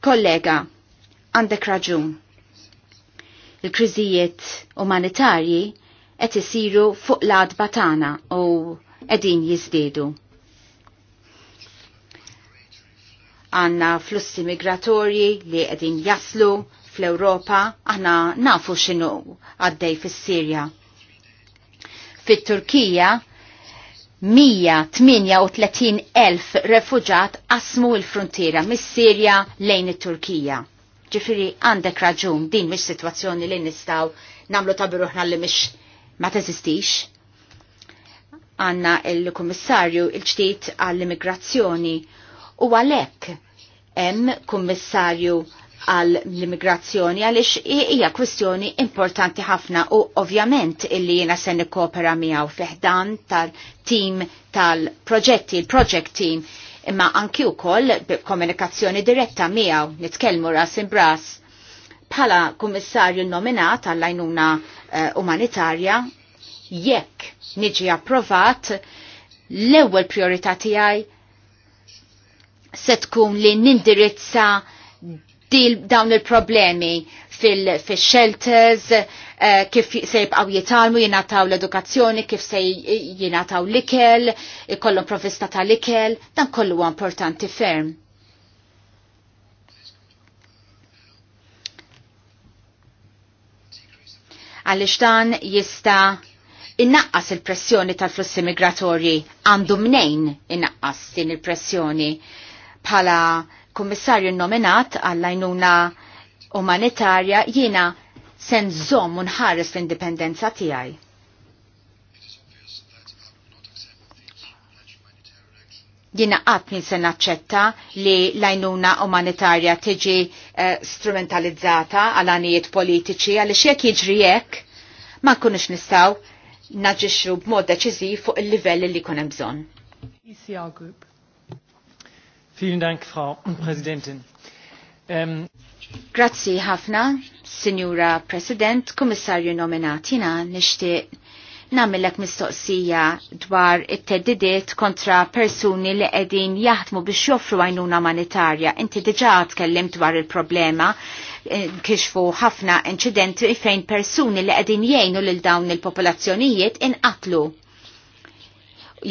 Kollega, għandek raġun. Il-kriżijiet umanitarji qed isiru fuq l batana tagħna u qegħdin jiżdiedu. Għanna flussi migratorji li qegħdin jaslu fl-Ewropa aħna nafu x'inhu għaddej fis-Sirja. Fit-Turkija 138,000 refuġat qasmu l-frontiera mis-Sirja lejn it-Turkija. Ġifiri għandek raġun din mhix sitwazzjoni li nistgħu nagħmlu tabiruħna li mhix ma teżistix. Għanna il-Kummissarju il-ġdid għall-immigrazzjoni u għalhekk hemm Kummissarju għall-immigrazzjoni għaliex hija kwistjoni importanti ħafna u ovvjament illi jiena se nikkopera miegħu fiħdan tal-tim tal-proġetti, il-project team imma anki wkoll b'komunikazzjoni diretta miegħu nitkellmu ras imbras bħala kummissarju nominat għall-għajnuna Eh, umanitarja jekk niġi approvat l-ewwel priorità tiegħi se tkun li nindirizza dawn il-problemi fil-shelters, uh, eh, kif se jibqaw jitalmu, jinataw l-edukazzjoni, kif se jinataw l-ikel, ikollhom provvista tal-ikel, dan kollu importanti ferm. għaliex dan jista' innaqqas il-pressjoni tal-flussi migratorji għandu mnejn innaqqas din il-pressjoni bħala kummissarju nominat għall-għajnuna umanitarja jiena sen zom unħares l-indipendenza tijaj. Jina qatt min se naċċetta li l umanitarja tiġi uh, strumentalizzata għal anijiet politiċi għal xiek jiġri hekk ma nkunux nistaw naġixxu b'mod deċiżiv fuq il-livell li jkun hemm bżonn. E Vielen Dank, Frau Präsidentin. Um... Grazzi ħafna, Signora President, Kommissarju nominatina nishtiq namillek mistoqsija dwar it-teddidiet kontra persuni li qegħdin jaħdmu biex joffru għajnuna umanitarja. Inti diġà tkellim dwar il-problema eh, kixfu ħafna incidenti fejn persuni li qegħdin jgħinu lil dawn il-popolazzjonijiet inqatlu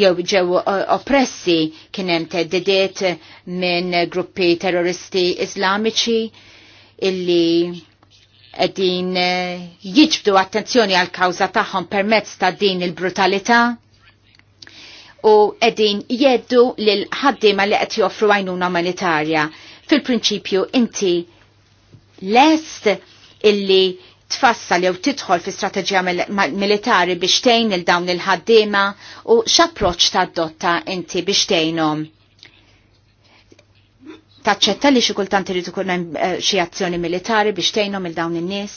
jew ġew eh, oppressi kien hemm teddidiet minn gruppi terroristi iżlamiċi illi din eh, jiġbdu attenzjoni għal kawza tagħhom permezz ta' din il-brutalità u edin jeddu lil ħaddiema li qed joffru għajnuna umanitarja. Fil-prinċipju inti lest illi tfassal jew tidħol fi strateġija militari biex tgħin il dawn il-ħaddiema u x'approċċ tad-dotta inti biex tgħinhom taċċetta li xi kultant irid ikun hemm eh, xi azzjoni militari biex tgħinhom il dawn in-nies.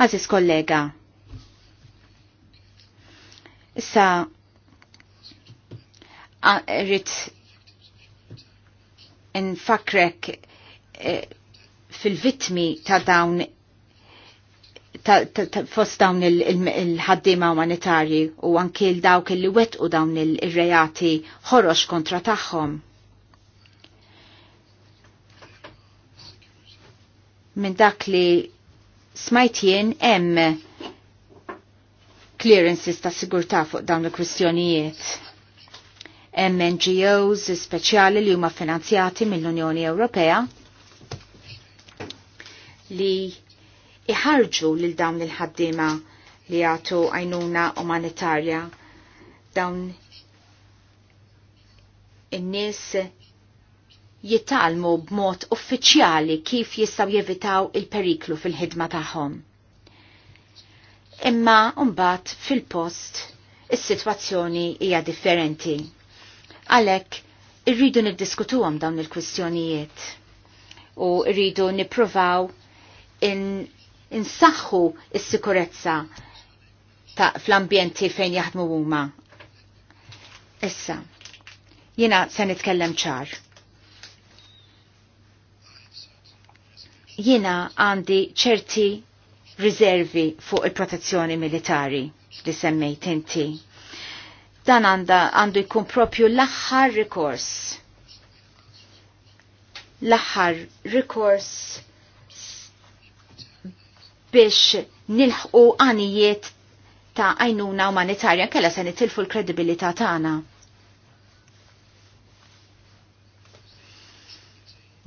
Aziz kollega, issa rrit infakrek eh, fil-vitmi ta' dawn ta, ta, ta, fost dawn il-ħaddima il, il umanitarji u anki l-dawk il-li u dawn il-rejati ħorox kontra tagħhom. minn dak li jien hemm clearances ta' sigurtà fuq dawn il-kwistjonijiet. Hemm NGOs speċjali li huma finanzjati mill-Unjoni Ewropea li iħarġu lil dawn il-ħaddiema li jagħtu għajnuna umanitarja dawn in-nies jittalmu b'mod uffiċjali kif jistaw jevitaw il-periklu fil-ħidma tagħhom. Imma mbagħad fil-post is-sitwazzjoni hija differenti. Għalhekk irridu niddiskutuhom dawn il-kwistjonijiet u rridu nippruvaw in insaħħu s-sikurezza fl-ambjenti fejn jaħdmu huma. Issa, jiena se nitkellem ċar jina għandi ċerti riservi fuq il-protezzjoni militari li semmejt inti. Dan għandu jkun propju l-aħħar rikors. L-aħħar rikors biex nilħqu għanijiet ta' għajnuna umanitarja kella se nitilfu l-kredibilità tagħna.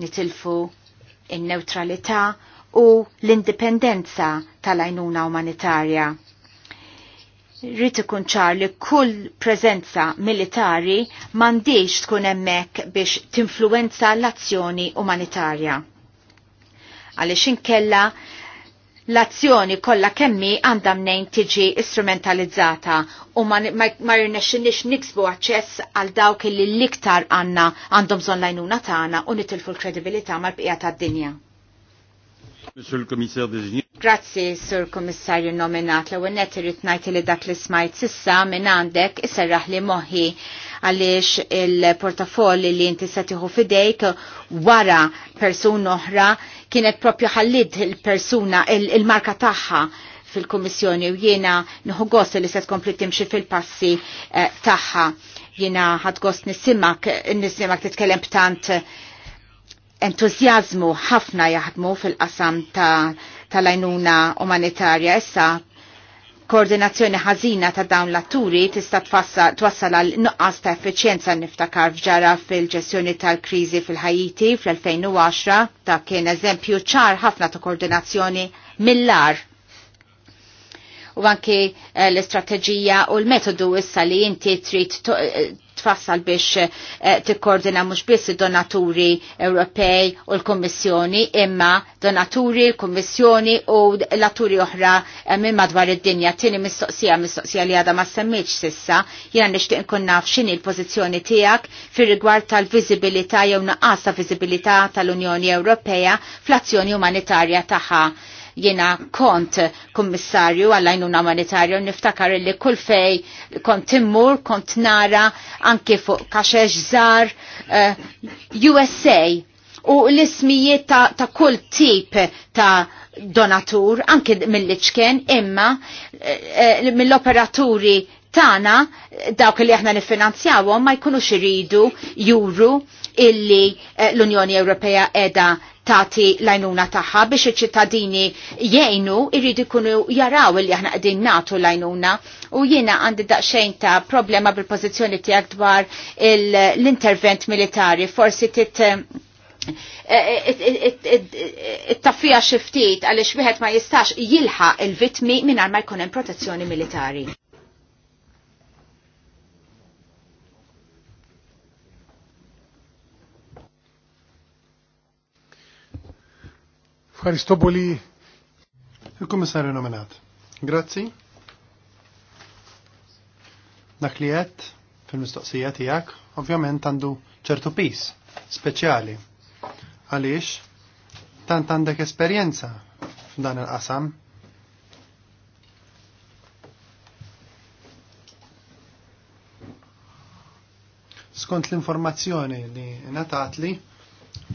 Nitilfu in-neutralità u l-indipendenza tal-għajnuna umanitarja. Rrit ikun ċar li kull preżenza militari m'għandix tkun hemmhekk biex tinfluwenza l-azzjoni umanitarja. Għaliex inkella l-azzjoni kollha kemmi għandha mnejn tiġi istrumentalizzata u ma rnexxinix niksbu aċċess għal dawk li l-iktar għandna għandhom bżonn lajnuna tagħna u nitilfu l-kredibilità mal-bqija tad-dinja. Grazzi, Sur Komissarju nominat l-għennet irrit najti li dak li smajt sissa minn għandek iserraħ li moħi għaliex il-portafoll li inti se tieħu fidejk wara persuna oħra kienet propju ħallid il-persuna il-marka tagħha fil-Kummissjoni u jiena nħu gost li se tkompli timxi fil-passi eh, tagħha. Jiena ħad gost nisimak, nisimak titkellem b'tant entuzjazmu ħafna jaħdmu fil-qasam ta' tal ajnuna umanitarja. Issa koordinazzjoni ħażina ta' dawn l-atturi tista' twassal għal nuqqas ta' effiċjenza niftakar fġara fil-ġestjoni tal-kriżi fil-Ħajiti fl-2010 ta' kien eżempju ċar ħafna ta' koordinazzjoni mill-ar. U anke eh, l-istrateġija u l-metodu issa li inti trid eh, tfassal biex eh, tikkoordina mhux biss id-donaturi Ewropej u l-Kummissjoni imma donaturi, l-Kummissjoni u l-atturi oħra eh, minn madwar id-dinja. Tieni mistoqsija mistoqsija li għadha ma semmitx sissa, jiena nixtieq nkun naf x'inhi l-pożizzjoni tiegħek fir-rigward tal-viżibilità jew naqasa ta' viżibilità tal-Unjoni Ewropea fl-azzjoni umanitarja tagħha Jena kont kummissarju għall-għajnuna monetarju niftakar li kull fej kont timmur, kont nara anke fuq kaxex zar uh, eh, USA u l-ismijiet ta', ta kull tip ta' donatur, anke mill-liċken, imma uh, mill-operaturi tana dawk li aħna nifinanzjawhom ma jkunux iridu juru illi l-Unjoni Ewropea edha tati lajnuna taħħa biex iċ-ċittadini jgħinu irridu jkunu jaraw li aħna qegħdin nagħtu lajnuna u jiena għandi daqsxejn ta' problema bil-pożizzjoni tiegħek dwar l-intervent militari forsi tit it-taffija eh, eh, eh, xiftit għaliex wieħed ma jistax jilħaq il-vitmi mingħajr ma jkun hemm protezzjoni militari. Haristoboli. Il-Kummissarju nominat. Grazzi. Dak li qed fil-mistoqsija tiegħek ovvjament għandu ċertu pis speċjali. Għaliex tant għandek esperjenza f'dan il-qasam. Skont l-informazzjoni li natatli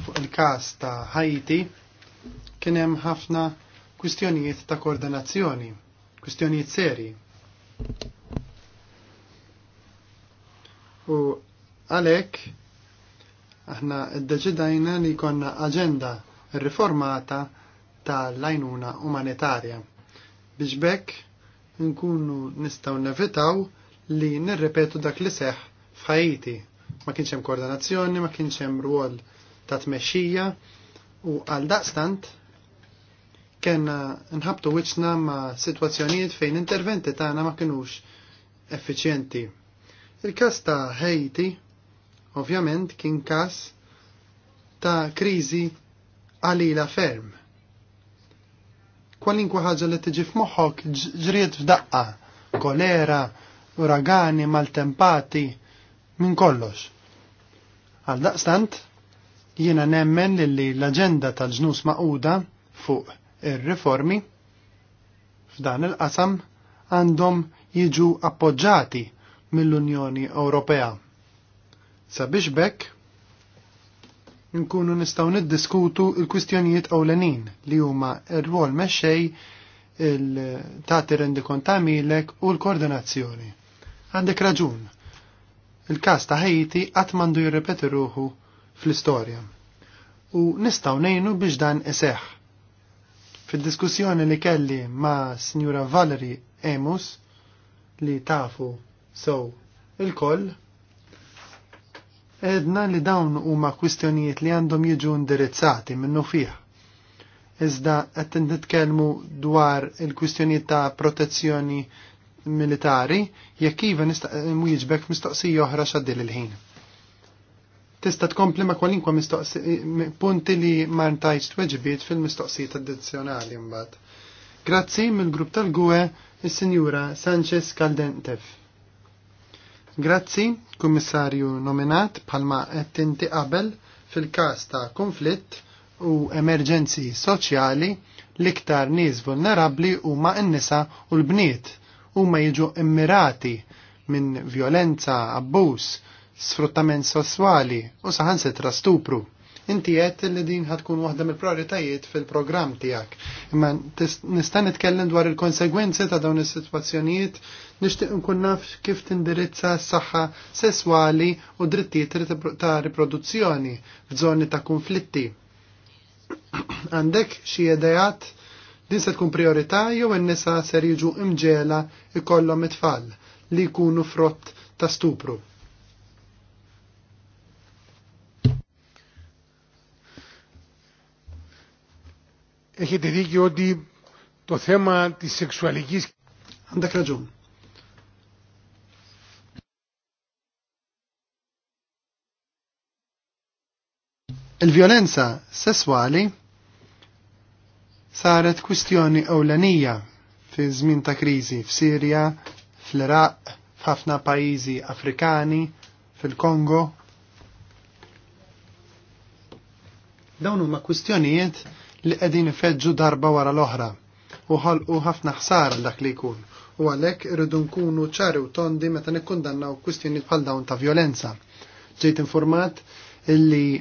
fuq il-każ ta' Haiti kien hemm ħafna kwistjonijiet ta' koordinazzjoni, kwistjonijiet seri. U għalhekk aħna id-deġidajna li konna aġenda riformata tal-lajnuna umanitarja biex bekk nkunu nistaw nevitaw li nirrepetu dak li seħ f'Ħajti. Ma kienx hemm koordinazzjoni, ma kienx hemm ta' tmexxija u għal daqstant kena nħabtu wiċna ma' situazzjonijiet fejn interventi tagħna ma kinux effiċjenti. Il-kas ta' Haiti, ovvjament, kien kas ta' kriżi għalila ferm. Kwalinkwa ħaġa li tiġi f'moħħok ġriet f'daqqa, kolera, uragani, maltempati, minn kollox. Għal daqstant, jiena nemmen li l-agenda tal-ġnus maquda fuq il riformi f'dan il-qasam għandhom jiġu appoġġati mill-Unjoni Ewropea. Sabiex bekk nkunu nistgħu niddiskutu l kwistjonijiet ewlenin li huma r-rwol mexxej il-tati rendi kontamilek u l-koordinazzjoni. Għandek raġun. Il-kas ta' Haiti qatt m'għandu jirrepeti ruħu fl-istorja. U nistgħu ngħinu biex dan iseħħ Fid-diskussjoni li kelli ma' Signora Valerie Emus li tafu sow il-koll, edna li dawn huma kwistjonijiet li għandhom jiġu indirizzati minnu fih. Iżda qed nitkellmu dwar il-kwistjonijiet ta' protezzjoni militari, jekk iva nista' jiġbek mistoqsija oħra xaddil il-ħin tista' tkompli ma' kwalinkwa punti li ma ntajx fil-mistoqsijiet addizzjonali mbagħad. Grazzi mill-grupp tal-GUE is-Sinjura Sanchez Caldentev. Grazzi, kummissarju nominat bħalma qed inti qabel fil-każ ta' konflitt u emerġenzi soċjali l-iktar nies vulnerabbli huma n-nisa u l-bniet huma jiġu immirati minn violenza, abbuż, sfruttament sessuali u saħansitra stupru. Inti għed li din ħatkun waħda mill-prioritajiet fil-programm tiegħek. Imma nista' nitkellem dwar il-konsegwenzi ta' dawn is-sitwazzjonijiet nixtieq nkun naf kif tindirizza s-saħħa sesswali u drittijiet ta' riproduzzjoni f'żoni ta' konflitti. Għandek xi dajat din se tkun priorità jew in-nisa ser jiġu imġela ikollhom it-tfal li jkunu frott ta' stupru. Έχετε δίκιο ότι το θέμα της σεξουαλικής... Għandak Il-violenza sessuali saret kwistjoni ewlenija fi żmien ta' kriżi f'Sirja, fl-Iraq, f'ħafna pajjiżi Afrikani, fil-Kongo. Dawn huma kwistjonijiet li qegħdin ifeġġu darba wara l-oħra u ħolqu ħafna ħsara dak li jkun u għalhekk irridu nkunu ċari u tondi meta nikkundannaw kwistjonijiet bħal dawn ta' violenza. Ġejt informat illi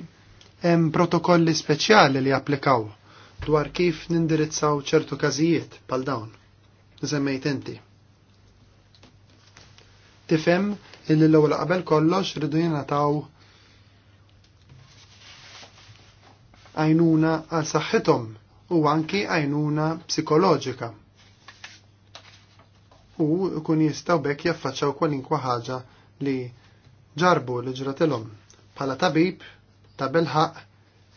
hemm protokolli speċjali li applikaw dwar kif nindirizzaw ċertu każijiet bħal dawn. Żemmejt inti tifhem illi l-ewwel qabel kollox ridu jingħataw għajnuna għal saħħithom u anki għajnuna psikoloġika. U kun jistaw bekk jaffaċċaw kwalinkwa ħaġa li ġarbu li ġratilhom. Bħala tabib, tabelħaq,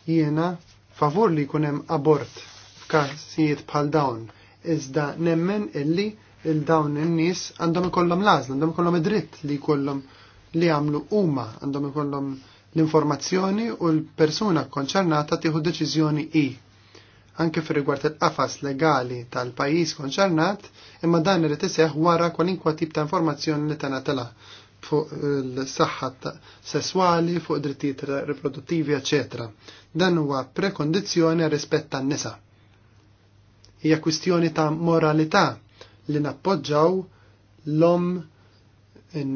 jiena favur li kunem abort f'każijiet bħal dawn, iżda nemmen illi il-dawn in-nies għandhom ikollhom lażla, għandhom ikollhom id-dritt li jkollhom li jagħmlu huma, għandhom ikollhom l-informazzjoni u l-persuna konċernata tieħu deċiżjoni i. Anke fir rigward il-qafas legali tal-pajjiż konċernat, imma dan irid iseħħ wara kwalinkwa tip ta' informazzjoni li tanatela fuq l-saħħa sesswali, fuq drittijiet riproduttivi, eċetera. Dan huwa prekondizzjoni rispett tan-nisa. Hija kwistjoni ta' moralità li nappoġġaw l-om in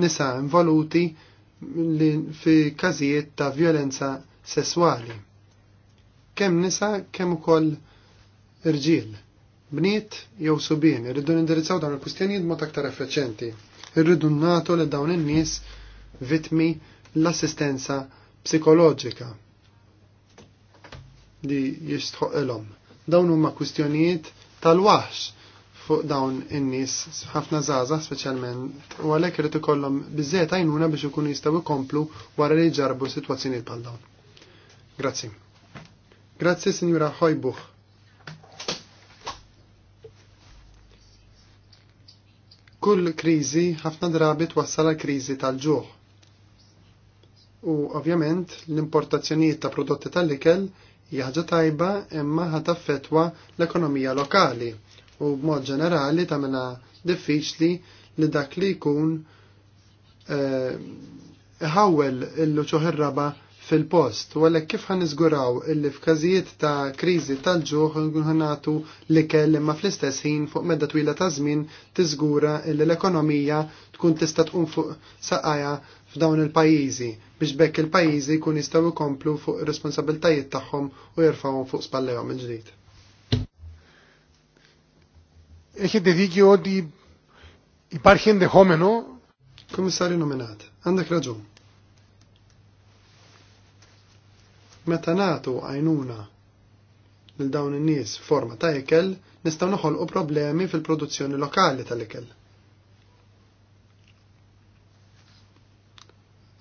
nisa involuti fi każijiet ta' violenza sesswali. Kemm nisa, kemm ukoll irġiel, bniet jew subien, irridu nindirizzaw dawn il-kustjonijiet mod aktar effiċenti. Irridu nagħtu li dawn in-nies vitmi l-assistenza psikoloġika li jistħoq ilhom. Dawn huma kwistjonijiet tal-waħx fuq dawn in-nies ħafna żgħażagħ speċjalment u għalhekk irid ikollhom biżejjed għajnuna biex ikunu jistgħu jkomplu wara li jġarbu sitwazzjonijiet bħal dawn. Grazzi. Grazzi Sinjura ħojbuh. Kull kriżi ħafna drabi twassal għall kriżi tal-ġuħ. U ovvjament l-importazzjonijiet ta' prodotti tal-ikel ħaġa tajba imma ħataffetwa l-ekonomija lokali u b'mod ġenerali tagħmilha diffiċli li dak li jkun eh, ħawel illu ċoħirraba fil-post, u għalek kif ħan nizguraw illi f'każijiet ta' kriżi tal-ġuħ nħanatu li kell imma fl-istess ħin fuq medda twila ta' żmien tiżgura illi l-ekonomija tkun tista' tqum fuq saqajja f'dawn il-pajjiżi biex bekk il-pajjiżi jkun jistgħu jkomplu fuq responsabiltajiet tagħhom u jerfgħuhom fuq spallehom il-ġdid. Έχετε δίκιο ότι υπάρχει ενδεχόμενο. Κομισάρι νομινάτ, αντεκρατζόν. Meta nagħtu għajnuna lil dawn in-nies forma ta' ikel, nistgħu noħolqu problemi fil-produzzjoni lokali tal-ikel.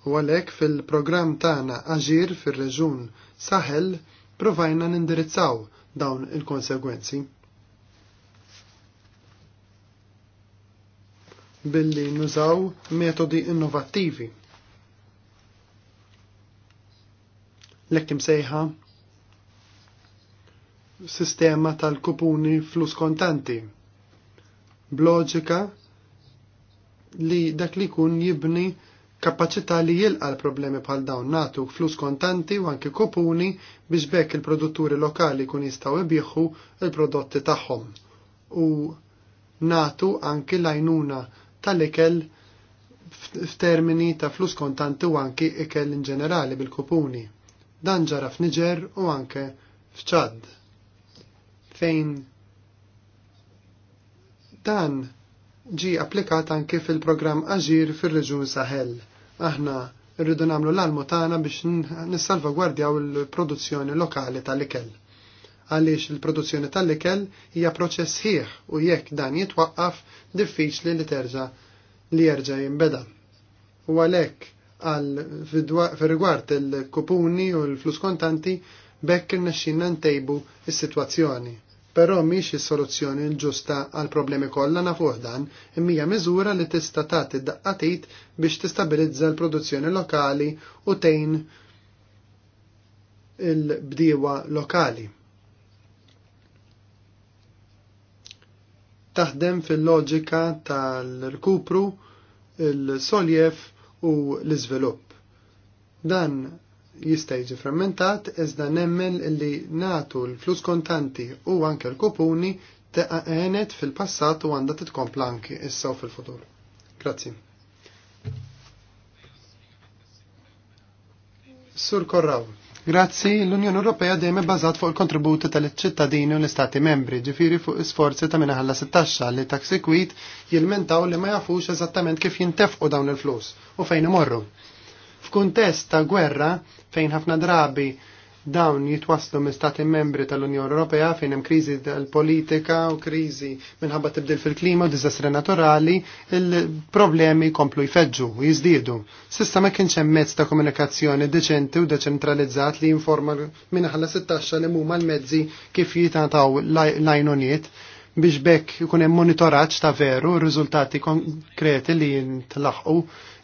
U għalhekk fil-programm tagħna Aġir fir-Reġun Saħel provajna nindirizzaw dawn il-konsegwenzi. billi nużaw metodi innovattivi. Lekkim sejħa sistema tal-kupuni flus kontanti. Bloġika li dak li kun jibni kapacità li jilqa l-problemi bħal dawn natu flus kontanti u anki kupuni biex bekk il-produtturi lokali kun jistaw ibieħu il-prodotti tagħhom u natu anki lajnuna tal-ikel f'termini ta' flus kontanti u anki ikel in ġenerali bil-kupuni. Dan ġara f'Niġer u anke f'Ċad. Fejn dan ġi applikat anke fil-programm Aġir fir-Reġun Sahel. Aħna rridu nagħmlu l-almu tagħna biex nissalvagwardjaw il-produzzjoni lokali tal-ikel għaliex il-produzzjoni tal-ikel hija proċess ħieħ u jekk dan jitwaqqaf diffiċli li terġa' li jerġa' jinbeda. U għalhekk għal rigward il-kupuni u l-flus kontanti bekk irnexxinna ntejbu is-sitwazzjoni. Però mhix is-soluzzjoni l-ġusta għal problemi kollha nafuh dan, imma miżura li tista' tagħti daqqatit biex tistabilizza l-produzzjoni lokali u tejn il-bdiewa lokali taħdem fil-loġika tal-rkupru, il-soljef u l-izvilupp. Dan jista' jiġi frammentat iżda nemmel li natu l-flus kontanti u anke l-kupuni għenet fil-passat u għandha titkompla anki issa u fil-futur. Grazzi. Sur Korraw. Grazzi, l-Unjoni Ewropea dejjem bbażat fuq il-kontributi tal-ċittadini u l-Istati membri, ġifieri fuq isforzi ta' minna ħallas it-taxxa li taxi jilmentaw li ma jafux eżattament kif jintefqu dawn il-flus u fejn imorru. F'kuntest ta' gwerra fejn ħafna drabi dawn jitwaslu minn stati membri tal-Unjoni Ewropea fejn hemm kriżi tal-politika u kriżi minħabba tibdil fil-klima u diżastri naturali, il-problemi komplu jfeġġu u jiżdiedu. Sissa ma kienx hemm mezz ta' komunikazzjoni deċenti u deċentralizzat li jinforma minn ħalla 16 li huma l-mezzi kif jitataw l Laj biex bekk ikun hemm monitoraġġ ta' veru r-riżultati konkreti li jintlaħqu.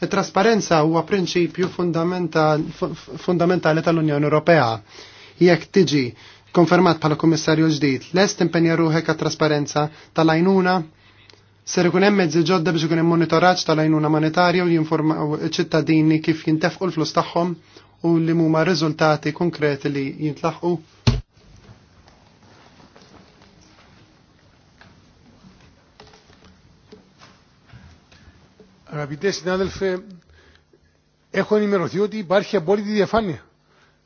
It-trasparenza huwa prinċipju fundamentali tal-Unjoni Ewropea. Jekk tiġi konfermat bħala kummissarju ġdid, lest impenja ruħek għat-trasparenza tal ajnuna Ser ikun hemm mezzi ġodda biex ikun hemm monitoraġġ tal-għajnuna monetarja u jinformaw ċittadini kif jintefqu l-flus tagħhom u li huma riżultati konkreti li jintlaħqu Αγαπητέ συνάδελφε, έχω ενημερωθεί ότι υπάρχει απόλυτη διαφάνεια.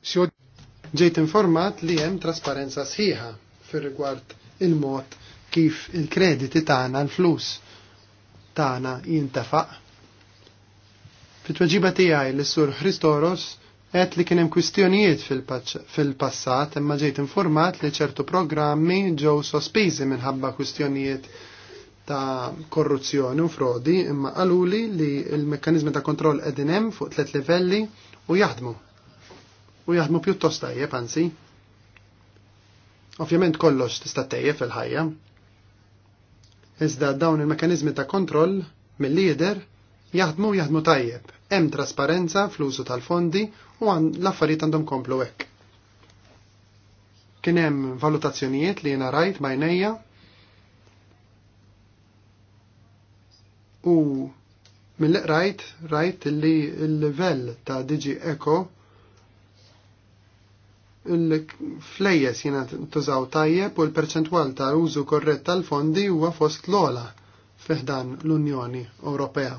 Σε ό,τι. Ġejt informat li hemm trasparenza sħiħa fir-rigward il-mod kif il-krediti tagħna l-flus tagħna jintefaq. Fit-tweġiba tiegħi lis sur Christoros għet li kien hemm kwistjonijiet fil-passat, imma ġejt informat li ċertu programmi ġew sospiżi minħabba kwistjonijiet ta' korruzzjoni u frodi imma qaluli li l-mekkanizmi ta' kontroll qegħdin hemm fuq tliet livelli u jaħdmu. U jaħdmu pjuttost tajjeb anzi. Ovvjament kollox tista' tejjeb fil-ħajja. Iżda dawn il-mekkanizmi ta' kontroll mill-lider jaħdmu jaħdmu tajjeb. Hemm trasparenza fl-użu tal-fondi u għan l-affarijiet għandhom komplu hekk. Kien hemm valutazzjonijiet li jiena rajt bajnejja U mill rajt, rajt li l-level ta' Digi Eco il-flejjes jina tużaw tajjeb u l-perċentwal ta' użu korrett tal-fondi huwa fost l-ola fiħdan l-Unjoni Ewropea.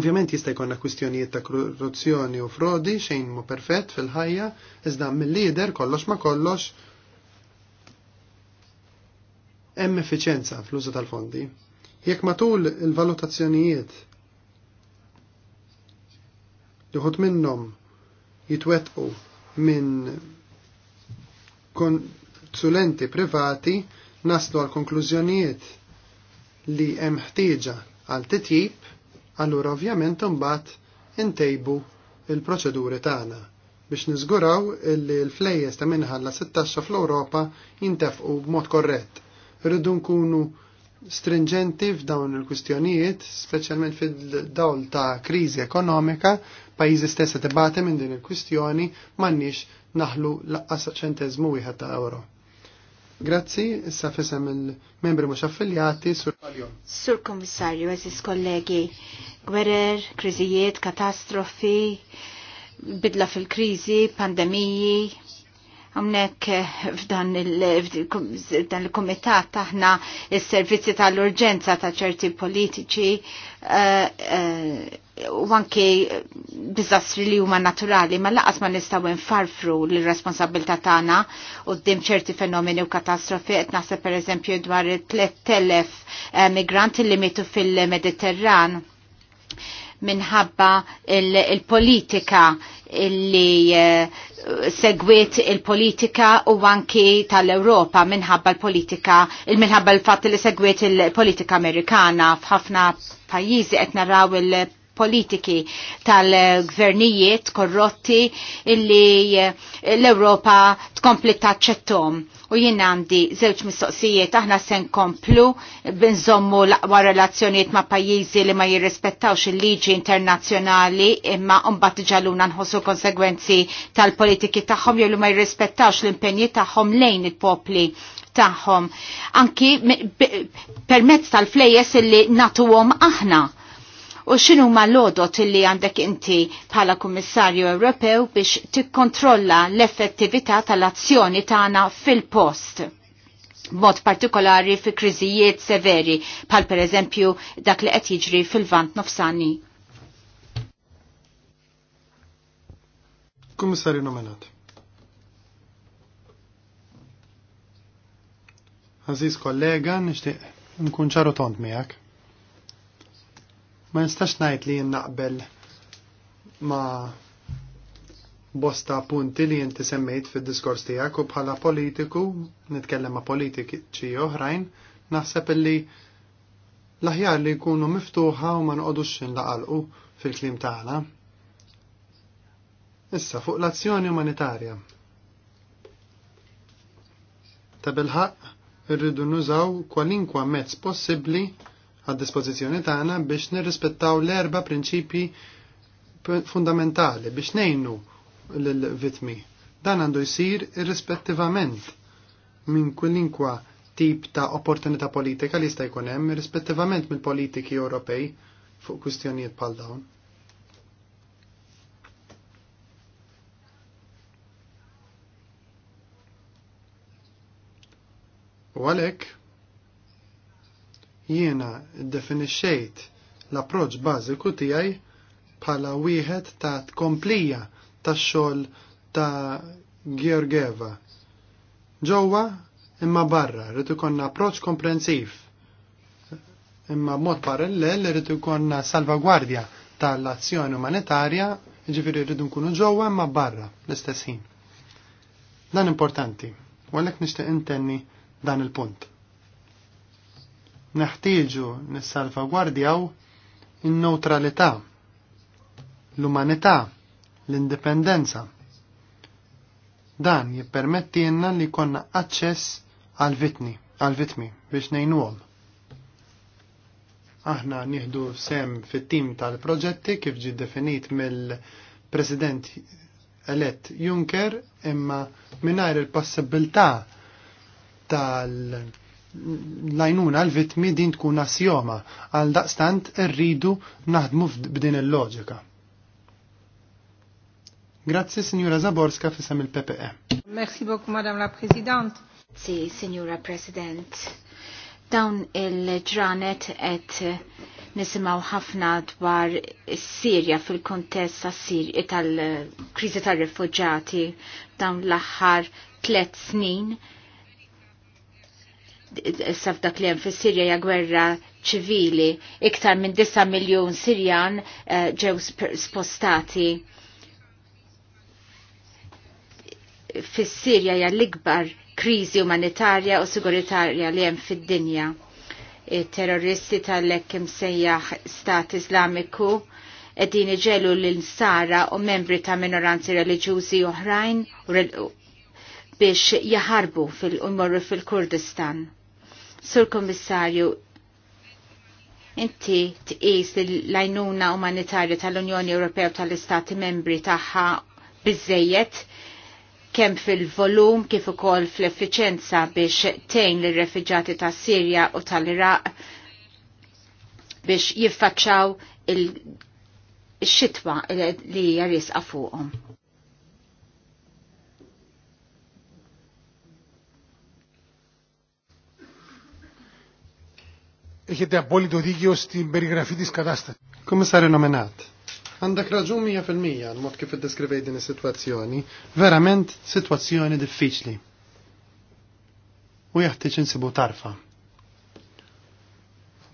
Ovvjament jista' jkollna kwistjonijiet ta' korruzzjoni u frodi xejn mu perfett fil-ħajja, iżda mill-lider kollox ma kollox hemm effiċenza fl-użu tal-fondi. Jekk matul il-valutazzjonijiet li ħut minnhom jitwettqu minn konsulenti privati naslu għal konklużjonijiet li hemm ħtieġa għal titjib, allura ovvjament imbagħad intejbu il-proċeduri tagħna biex niżguraw li l-flejjes ta' minħalla 16 fl-Ewropa jintefqu b'mod korrett Rridu nkunu stringenti f'dawn il-kustjonijiet, speċjalment fid-dawl ta' kriżi ekonomika, pajjiżi stessa tibate minn din il-kustjoni m'għandniex naħlu laqqas ċentezmu wieħed ta' euro. Grazzi, issa fisem il-membri mhux affiljati sur Paljon. Sur Kommissarju, eżis kollegi, gwerer, kriżijiet, katastrofi, bidla fil-kriżi, pandemiji, Għamnek eh, f'dan il-komitat taħna il-servizzi tal-urġenza ta' ċerti politiċi eh, eh, u anke bizzastri li huma naturali, ma laqas ma nistgħu nfarfru l-responsabilità tagħna qudiem ċerti fenomeni u katastrofi qed naħseb pereżempju dwar 3000 migranti li mitu fil-Mediterran minħabba il-politika il li eh, segwit il-politika u anki tal-Europa minħabba l-politika, minħabba l fat li segwit il-politika amerikana f'ħafna pajjiżi qed naraw il- politika politiki tal-gvernijiet korrotti illi eh, l-Europa tkompli taċċettom. U jien għandi żewġ mistoqsijiet aħna se nkomplu binżommu l-aqwa relazzjonijiet ma' pajjiżi li ma jirrispettawx il-liġi internazzjonali imma mbagħad ġaluna nħossu konsegwenzi tal-politiki tagħhom jew li ma jirrispettawx l-impenji tagħhom lejn il-popli tagħhom. Anki permezz tal-flejes illi natuhom aħna u xinu ma lodot illi għandek inti bħala Kummissarju Ewropew biex tikkontrolla l-effettività tal-azzjoni tagħna fil-post mod partikolari fi kriżijiet severi, pal per eżempju dak li qed jiġri fil-vant nofsani. Kummissarju nominat. Aziz kollega, nixtieq nkun ċaru tont miegħek Ma nistax ngħid li naqbel ma bosta punti li jinti semmejt fid-diskors tiegħek u bħala politiku, nitkellem ma' politiċi oħrajn, naħseb li l-aħjar li jkunu miftuħa u ma nqodux nlaqalqu fil-klim tagħna. Issa fuq l-azzjoni umanitarja. Ta' bilħaq irridu nużaw kwalinkwa mezz possibbli għad dispozizjoni tagħna biex nirrispettaw l-erba' prinċipji fundamentali biex nejnu l-vitmi. Dan għandu jisir irrispettivament minn kullinkwa tip ta' opportunità politika li jista' jkun hemm irrispettivament mill-politiki Ewropej fuq kwistjonijiet bħal dawn. U għalhekk jiena definixxejt l-approċ bażiku tiegħi bħala wieħed ta' tkomplija tax-xogħol ta' Georgieva. Ġewwa imma barra rrid ikollna approċ komprensiv. Imma b'mod parallel rrid ikollna salvagwardja tal-azzjoni umanitarja, jiġifieri rridu nkunu ġewwa imma barra l-istess ħin. Dan importanti, u għalhekk nixtieq intenni dan il-punt neħtieġu nissalvagwardjaw in-neutralità, l-umanità, l-indipendenza. Dan jippermetti jenna li konna aċċess għal vitni, għal vitmi biex nejnuhom. Aħna nieħdu sem fit-tim tal-proġetti kif ġi definit mill-President elett Juncker imma mingħajr il-possibilità tal- lajnuna l-vitmi din tkun assjoma għal daqstant rridu naħdmu b'din il-loġika. Grazzi, Signora Zaborska, fissam il-PPE. Merci beaucoup, Madame la présidente. Si, Signora President. Dawn il-ġranet et nisimaw ħafna dwar Sirja fil-kontest tal-krizi tal-refugġati dawn l-axħar tlet snin saf dak li hemm fis-Sirja hija gwerra ċivili, iktar minn 9 miljun Sirjan eh, ġew spostati. Fis-Sirja hija l-ikbar kriżi umanitarja u siguritarja li hemm fid-dinja. Terroristi tal-lek imsejjaħ Stat Islamiku edin iġelu l-insara u membri ta' minoranzi reliġjużi oħrajn biex jaħarbu fil-umorru fil-Kurdistan. Sur Kommissarju, inti tqis l għajnuna umanitarju tal-Unjoni Ewropea tal-Istati membri tagħha biżejjed kemm fil-volum kif ukoll fl-effiċenza biex tgħin lir-refuġjati tas-Sirja u tal-Iraq biex jiffaċċaw il-xitwa li jarisqa fuqhom. Έχετε απόλυτο δίκιο στην περιγραφή της κατάστασης. Κομισάρι Νομενάτ, għandak raġun 100% għal-mod kif id-deskrivej din is-sitwazzjoni, verament sitwazzjoni diffiċli. U jaħtieġ insibu tarfa.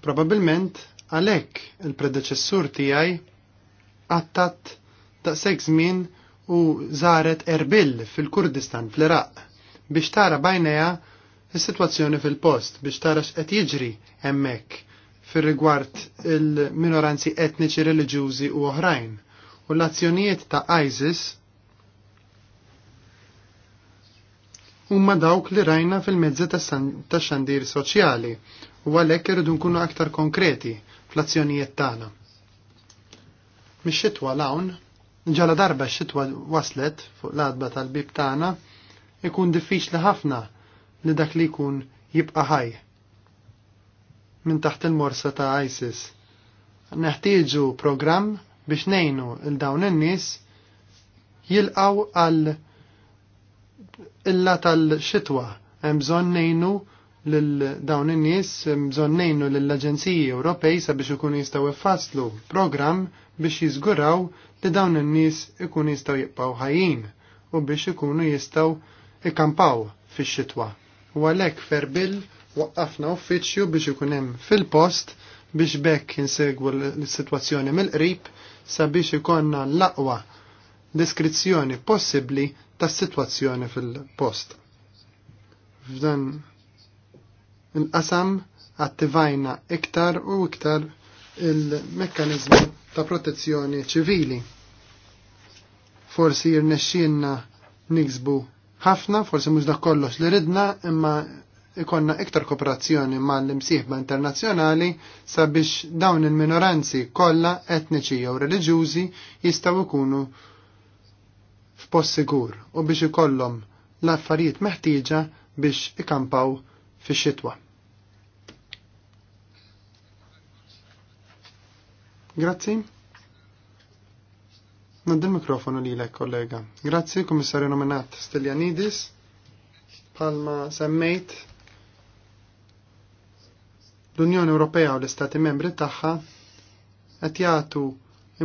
Probabilment għalhekk il-predeċessur tiegħi għattat daqshekk żmien u żaret Erbil fil-Kurdistan fl-Iraq biex tara bajneja is-sitwazzjoni fil-post biex tarax qed jiġri hemmhekk fir-rigward il-minoranzi etniċi reliġjużi u oħrajn u l-azzjonijiet ta' ISIS huma dawk li rajna fil-mezzi ta' xandir soċjali u għalhekk irridu nkunu aktar konkreti fl-azzjonijiet tagħna. Mix-xitwa l-hawn, ġala darba x-xitwa waslet fuq l-adba tal-bib tagħna, ikun diffiċli ħafna li dak li jkun jibqa' ħaj minn taħt il-morsa ta' ISIS. Neħtieġu programm biex nejnu il-dawn in-nies jilqaw għal illa tal-xitwa. Hemm bżonn nejnu lil dawn in-nies, hemm bżonn nejnu lill-Aġenziji Ewropej sabiex ikunu jistgħu ifasslu programm biex jiżguraw li dawn in-nies ikunu jistgħu jibqgħu ħajjin u biex ikunu jistgħu ikkampaw fix-xitwa. U għalhekk Ferbil waqqafna uffiċċju biex ikun hemm fil-post biex bekk insegwu l-sitwazzjoni mill-qrib sabiex ikonna l-aqwa deskrizzjoni possibbli tas-sitwazzjoni fil-post. F'dan il-qasam attivajna iktar u iktar il-mekkanizmu ta' protezzjoni ċivili. Forsi jirnexxinna niksbu ħafna, forsi mhux dak kollox li ridna, imma ikonna iktar kooperazzjoni ma' l-imsieħba internazzjonali sabiex dawn il-minoranzi kollha etniċi jew reliġjużi jistgħu jkunu f'post sigur u biex ikollhom l-affarijiet meħtieġa biex ikampaw fix-xitwa. Grazie. Naddi il mikrofonu li kollega. Grazzi, komissarju nominat Stelianidis, Palma semmejt l-Unjoni Ewropea u l-Istati membri tagħha qed jagħtu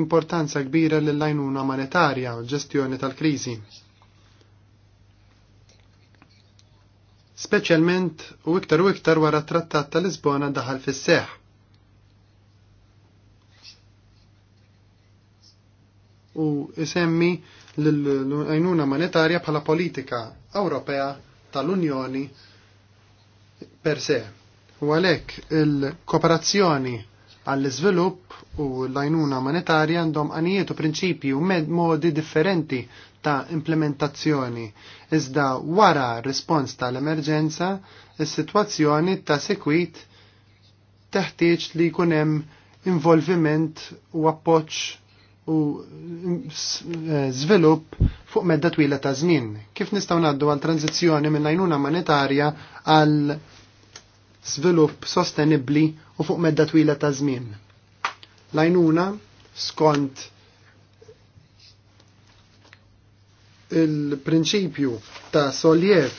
importanza kbira lill-għajnuna monetarja u ġestjoni tal-kriżi. Speċjalment u iktar u iktar wara trattat tal Lisbona daħal fis-seħħ u isemmi l-għajnuna monetarja bħala politika Ewropea tal-Unjoni per se. U għalek il-kooperazzjoni għall-izvilupp u l-għajnuna monetarja għandhom għanijietu prinċipji u modi differenti ta' implementazzjoni. Iżda wara rispons tal-emerġenza, is-sitwazzjoni ta' sekwit teħtieġ li jkun hemm involviment u appoġġ u żvilupp eh, fuq medda twila ta' żmien. Kif nistgħu ngħaddu għal tranzizzjoni minn għajnuna monetarja għal żvilupp sostenibbli u fuq medda twila ta' żmien. L-għajnuna skont il-prinċipju ta' soljev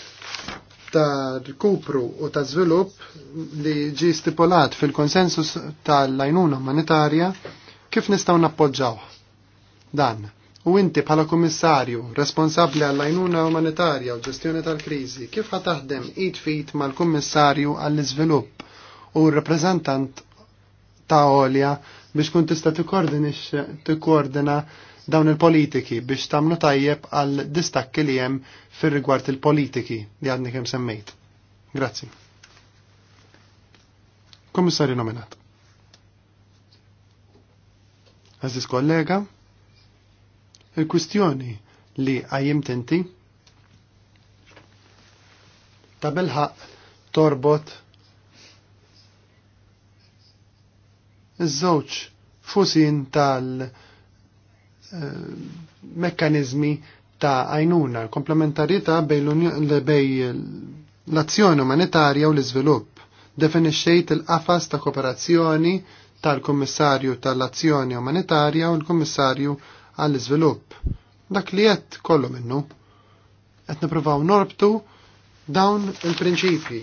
ta' rikupru u ta' zvilup li ġi stipulat fil-konsensus tal-lajnuna monetarja kif nistaw nappoġġaw dan. U inti bħala kummissarju responsabli għall-għajnuna umanitarja u ġestjoni tal-krizi, kif taħdem id fit mal-kummissarju għall-iżvilupp u r-reprezentant ta' olja biex kun tista' tikkoordina dawn il-politiki biex tamlu tajjeb għal distakki li hemm fir-rigward il-politiki li għadni kemm semmejt. Grazzi. Kommissarju nominat. Aziz kollega, Il-kwistjoni li għajjem tinti tabelħaq torbot iż-żewġ fusin tal- eh, mekkanizmi ta' għajnuna, komplementarita bej l-azzjoni umanitarja u l-iżvilupp. Definixxejt il-qafas ta' kooperazzjoni tal-Kummissarju tal-Azzjoni Umanitarja u l-Kummissarju għall-iżvilupp. Dak li qed kollu minnu. Qed nippruvaw norbtu dawn il-prinċipji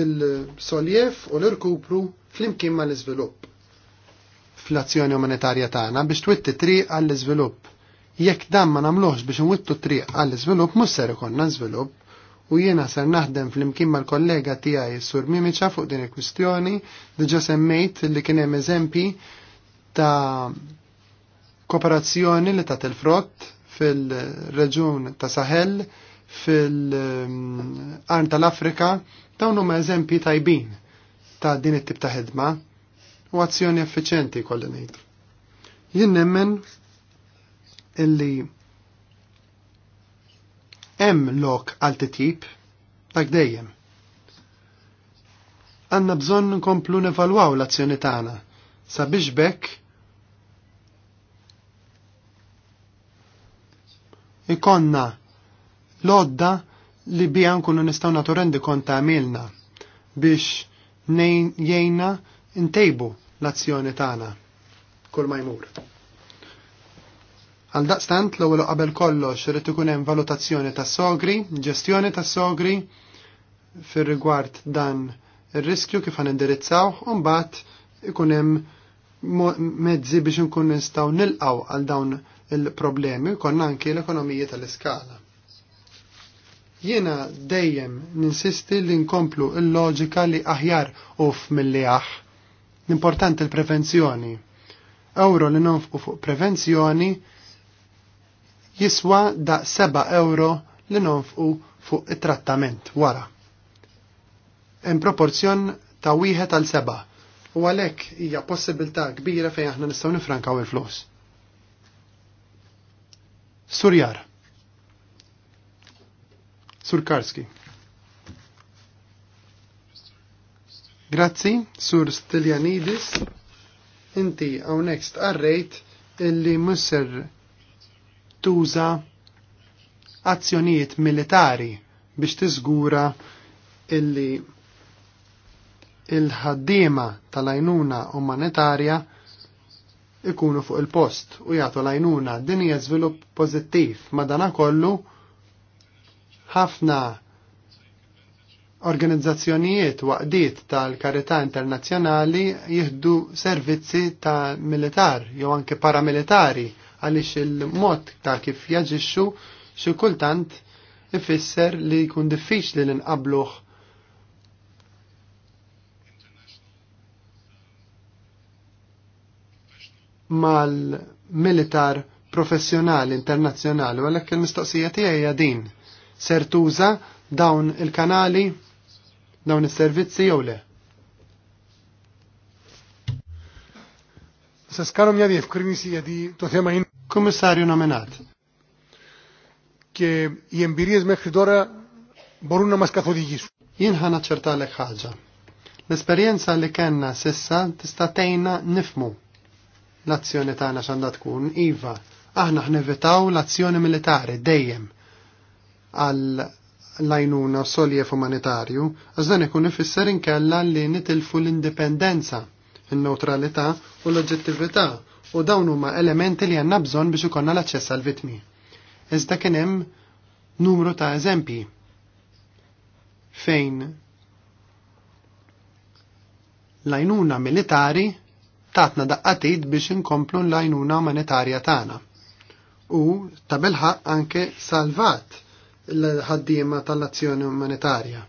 il-soljef u l-irkupru flimkien mal-iżvilupp fl-azzjoni umanitarja tagħna biex twitti triq għall-iżvilupp. Jekk dan ma nagħmluhx biex nwittu triq għall-iżvilupp mhux ser ikollna żvilupp u jiena ser naħdem fl-imkien mal-kollega tiegħi Sur Mimiċa fuq din il-kwistjoni, diġa' semmejt li kien hemm eżempji ta' kooperazzjoni li ta' il-frott fil-reġun ta' Sahel, fil-qarn tal-Afrika, dawn huma eżempji tajbin ta' din it-tip ta' ħedma, u azzjoni effiċenti kolli ngħidu. Jien nemmen illi hemm lok għal titjib dak dejjem. Għandna bżonn nkomplu nevalwaw l-azzjoni tagħna sabiex bekk ikonna lodda li bija nkunu nistaw natu rendi konta għamilna biex jgħina ntejbu l-azzjoni tagħna kull ma jmur. Għal daqstant l-ewwel qabel kollox irid ikun hemm valutazzjoni ta' sogri ġestjoni ta' sogri fir-rigward dan ir-riskju kif għan indirizzaw u mbagħad ikun hemm mezzi biex nkun nistgħu nilqaw għal dawn il-problemi, konna anki l-ekonomija tal-iskala. Jiena dejjem ninsisti li nkomplu il-loġika li aħjar uf mill aħ. L-importanti l-prevenzjoni. Euro li nonfqu fuq prevenzjoni jiswa da 7 euro li nonfqu fuq it-trattament wara. In proporzjon ta' wieħed għal seba' u għalhekk hija possibilità kbira fejn aħna nistgħu nifrankaw il-flus. Surjar. Surkarski. Grazzi, Sur Stelianidis. Inti next arrejt illi musser tuża azzjonijiet militari biex tiżgura illi il-ħaddiema tal ajnuna umanitarja ikunu fuq il-post u jagħtu lajnuna din hija żvilupp pożittiv madanakollu ħafna organizzazzjonijiet waqdiet tal-karità internazzjonali jihdu servizzi ta' militar jew anke paramilitari għaliex il-mod ta' kif jaġixxu xi kultant ifisser li jkun diffiċli li nqabluh mal-militar professjonali internazzjonali u għalek il-mistoqsija tiegħi hija din. Ser tuża dawn il-kanali, dawn is-servizzi jew le? Se skarom jadi f'krimisija jadi totema tema in Kummissarju nominat. Ke jembiriz meħri dora boruna ma skatodijis. Jien ħana ċertalek ħagġa. l esperienza li kena sissa tista' tejna nifmu l-azzjoni tagħna x'għandha tkun iva. Aħna ħnevitaw l-azzjoni militari dejjem għal lajnuna soljef umanitarju, għazdan ikun ifisser inkella li nitilfu l-indipendenza, il-neutralità u l-oġġettività u dawn huma elementi li għanna bżon biex ikonna l-aċċess għal vitmi. Iżda kien hemm numru ta' eżempji fejn lajnuna militari tatna daqqatit biex inkomplu l-lajnuna monetarja tagħna. U tabelħa anke salvat l-ħaddiema tal-azzjoni monetarja.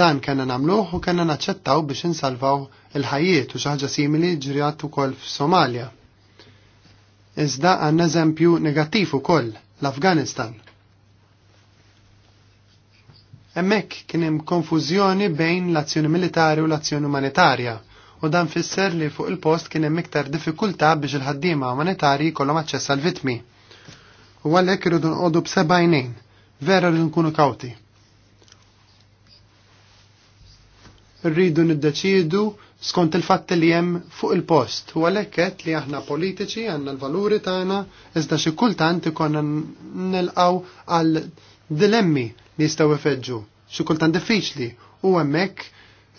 Dan kena namluħ u kena naċċettaw biex insalvaw il-ħajiet u xaħġa simili ġriat ukoll somalia Iżda għan eżempju negattiv ukoll l-Afganistan. Emmek kien hemm konfużjoni bejn l-azzjoni militari u l-azzjoni umanitarja u dan fisser li fuq il-post kien hemm iktar diffikultà biex il-ħaddiema monetari jkollhom aċċess għall vitmi. U għalhekk irridu nqogħdu għajnejn vera li nkunu kawti. Rridu niddeċiedu skont il-fatt li hemm fuq il-post u għalekket li aħna politiċi għandna l-valuri tagħna iżda xi kultant ikonna nilqaw għal dilemmi li jistgħu ifeġġu xi kultant diffiċli u hemmhekk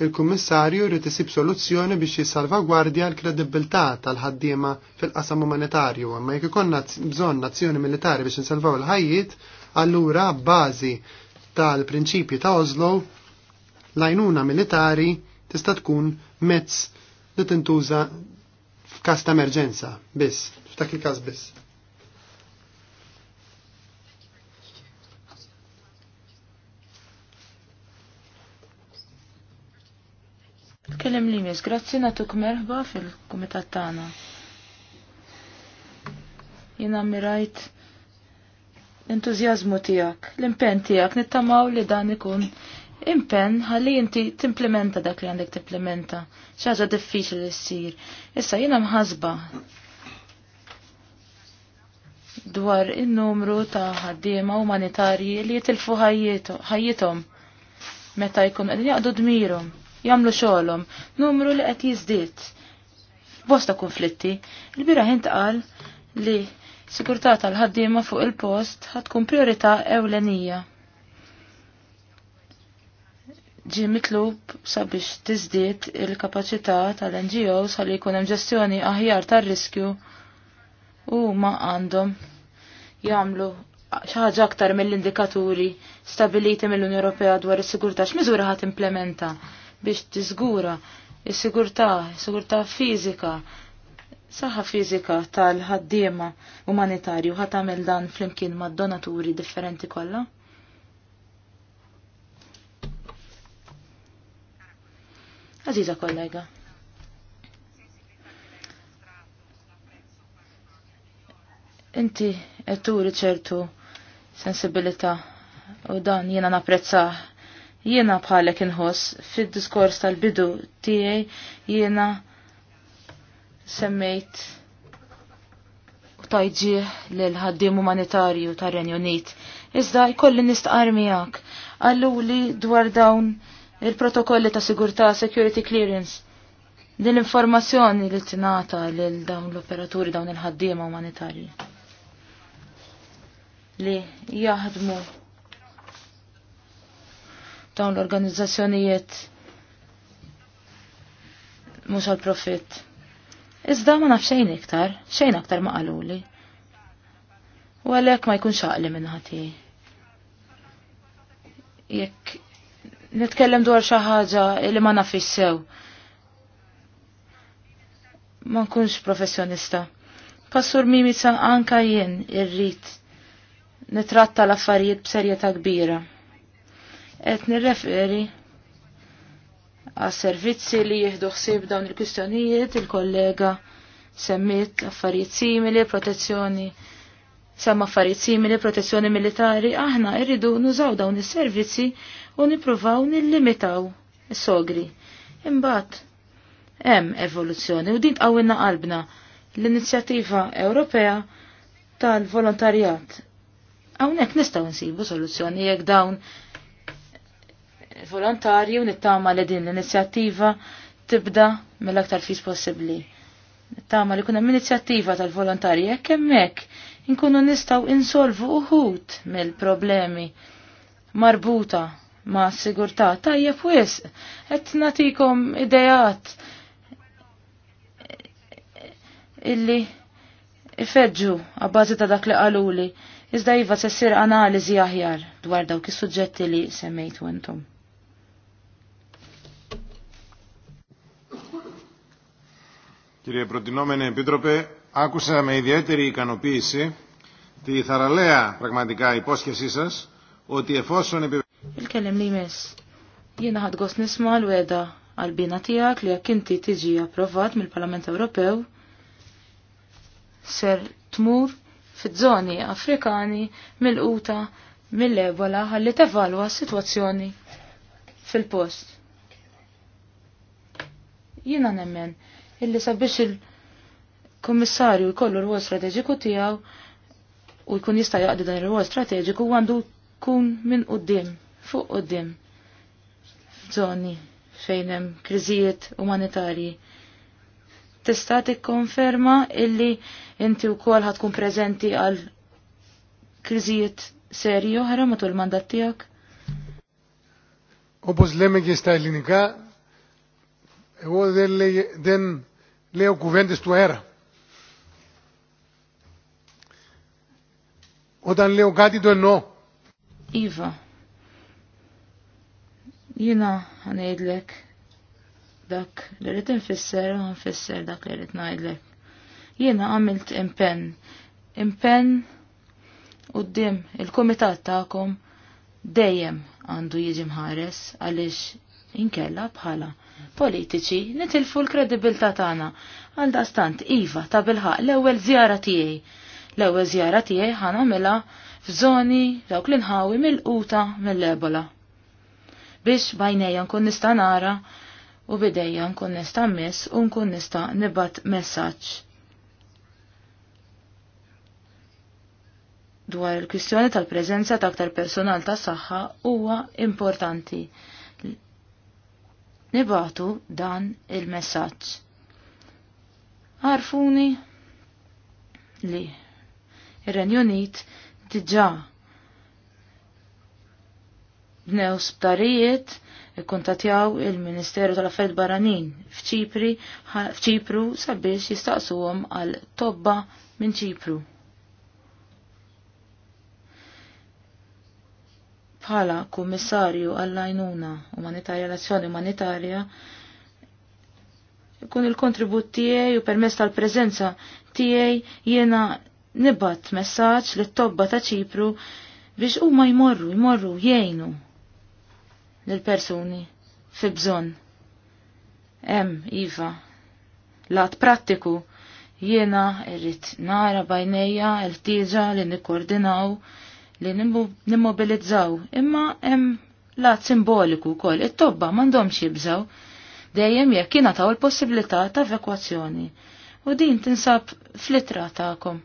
il-Kummissarju jrid isib soluzzjoni biex jissalvagwardja l-kredibilità tal-ħaddiema fil-qasam umanitarju, imma jekk ikun bżonn nazzjoni militari biex insalvaw il-ħajjiet, allura bbażi tal-prinċipji ta' Oslo l-għajnuna militari tista' tkun mezz li tintuża f'każ ta' emerġenza biss, f'dak il-każ biss. Tkellem li mis, grazzi natuk merħba fil-komitat tagħna. Jien mirajt l-entużjażmu tiegħek, l-impenn tiegħek nittamaw li dan ikun impenn ħalli inti timplementa dak li għandek timplementa. ħaġa diffiċli li ssir. Issa jiena mħasba dwar in-numru ta' ħaddiema umanitarji li jitilfu ħajjithom meta jkun qegħdin jaqdu dmirhom. Jamlu xogħolhom, numru li qed jiżdied. Bosta konflitti, il-bira qal li sigurtà tal-ħaddiema fuq il-post ħatkun priorità ewlenija. Ġi mitlub sabiex tizdiet il-kapaċità tal-NGOs ħalli jkun hemm ġestjoni aħjar tar-riskju u ma għandhom jagħmlu ħaġa aktar mill-indikaturi stabiliti mill-Unjoni Ewropea dwar is-sigurtà x'miżura ħadd implementa biex tiżgura is-sigurtà, sigurtà fiżika, saħħa fiżika tal-ħaddiema umanitarju ħat tagħmel dan flimkien mad-donaturi differenti kollha? Aziza kollega. Inti qed turi ċertu sensibilità u dan jiena napprezzah Jiena bħalek inħoss fid-diskors tal-bidu tiegħi jiena semmejt tajġieħ lil ħaddiem umanitarju tar-Renju Unit. Iżda jkolli nistqar miegħek għalluli dwar dawn il-protokolli ta' sigurtà security clearance. Din l-informazzjoni li tinata lil dawn l-operaturi dawn il-ħaddiema umanitarji li jaħdmu dawn l-organizzazzjonijiet mhux għal profitt. Iżda ma nafx xejn iktar, xejn aktar ma qaluli. U għalhekk ma jkunx aqli minn ħati. Jekk nitkellem dwar xi ħaġa li ma nafx sew. Ma nkunx professjonista. Passur sa' anka jien irrit nitratta l-affarijiet b'serjetà kbira qed nirreferi għas servizzi li jieħdu ħsieb dawn il-kwistjonijiet il-kollega semmit affarijiet simili, protezzjoni sem affarijiet simili, protezzjoni militari, aħna irridu nużaw dawn is-servizzi u nippruvaw nillimitaw is-sogri. Imbagħad hemm evoluzzjoni u din tqawwilna qalbna l-inizjattiva Ewropea tal-volontarjat. Hawnhekk nistgħu nsibu soluzzjoni jekk dawn volontarju nittama li din l-inizjattiva tibda mill-aktar fis possibbli. Nittama li kunem inizjattiva tal-volontarji jekk hemmhekk inkunu nistgħu insolvu uħud mill-problemi marbuta ma' sigurtà tajjeb wisq qed nagħtikom idejat illi ifeġġu għabbażi ta' dak li qaluli iżda iva se ssir analiżi aħjar dwar dawk is-suġġetti li semmejtu intom. Κύριε Προτινόμενε Επίτροπε, άκουσα με ιδιαίτερη ικανοποίηση τη θαραλέα πραγματικά υπόσχεσή σας ότι εφόσον Il-kellem li jiena nisma l-weda bina li jekk inti tiġi approvat mill-Parlament Ewropew ser tmur żoni Afrikani mill-ebola ħalli tevalwa s-sitwazzjoni fil-post. Jiena nemmen illi sabiex il-Kommissarju jkollu l ruol strateġiku tiegħu u jkun jista' jaqdi dan ir ruol strateġiku għandu kun minn qudiem, fuq qudiem, f'żoni fejn hemm kriżijiet umanitarji. Tista' tikkonferma illi inti wkoll ħatkun preżenti għal kriżijiet serji oħra matul mandat tiegħek? Όπως λέμε και l-inika, εγώ δεν, Λέω κουβέντες του αέρα. dan λέω gadi do no. Iva, jina għanajdlek dak li rrit nfisser, nfisser dak li rrit najdlek. Jina għamilt impen, impen u d-dim il-komitat ta'kom dejjem għandu jiġi mħares għalix inkella bħala politiċi nitilfu l kredibilta tagħna. Għal dastant iva ta' bilħaq l-ewwel żjara tiegħi. L-ewwel żjara tiegħi ħanamilha f'żoni dawk li nħawi mill-quta mill-ebola. Biex bajnejja nkun nista' nara u bidejja nkun nista' mmiss u nkun nista' nibat messaġġ. dwar il-kwistjoni tal-preżenza ta' aktar personal ta' saħħa huwa importanti nibatu dan il-messaġġ. Arfuni li ir-Renjonit diġà bnew sptarijiet ikkuntatjaw il-Ministeru tal-Affarijiet Barranin f'Ċipri f'Ċipru sabiex jistaqsuhom għal tobba minn Ċipru. bħala kummissarju għall-għajnuna umanitarja l-azzjoni umanitarja kun il-kontribut tiegħi u permess tal prezenza tiegħi jiena nibat messaġġ li t tobba ta' Ċipru biex huma jmorru jmorru jgħinu lill-persuni fi bżonn. Hemm iva lat prattiku jiena irrit nara bajnejja l-tieġa li nikkoordinaw li nimmobilizzaw, imma hemm lat simboliku wkoll, it-tobba m'għandhomx jibżaw dejjem jekk jingħataw il-possibilità ta' evakwazzjoni. U din tinsab fl itra tagħkom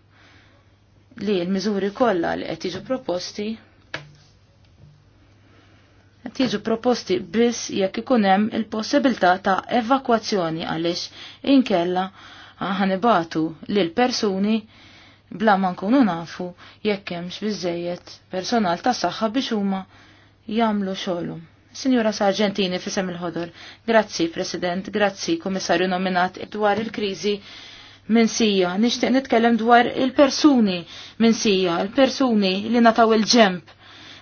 li l-miżuri kollha li qed jiġu proposti qed jiġu proposti biss jekk ikun hemm il-possibilità ta' evakwazzjoni għaliex inkella ħanibatu lil persuni bla ma nkunu nafu jekk hemmx biżejjed personal ta' saħħa biex huma jagħmlu xogħolhom. Sinjora Sargentini fisem il-ħodor, grazzi President, grazzi Komissarju nominat dwar il-kriżi minn sija, nixtieq nitkellem dwar il-persuni minn sija, il-persuni li nataw il-ġemp.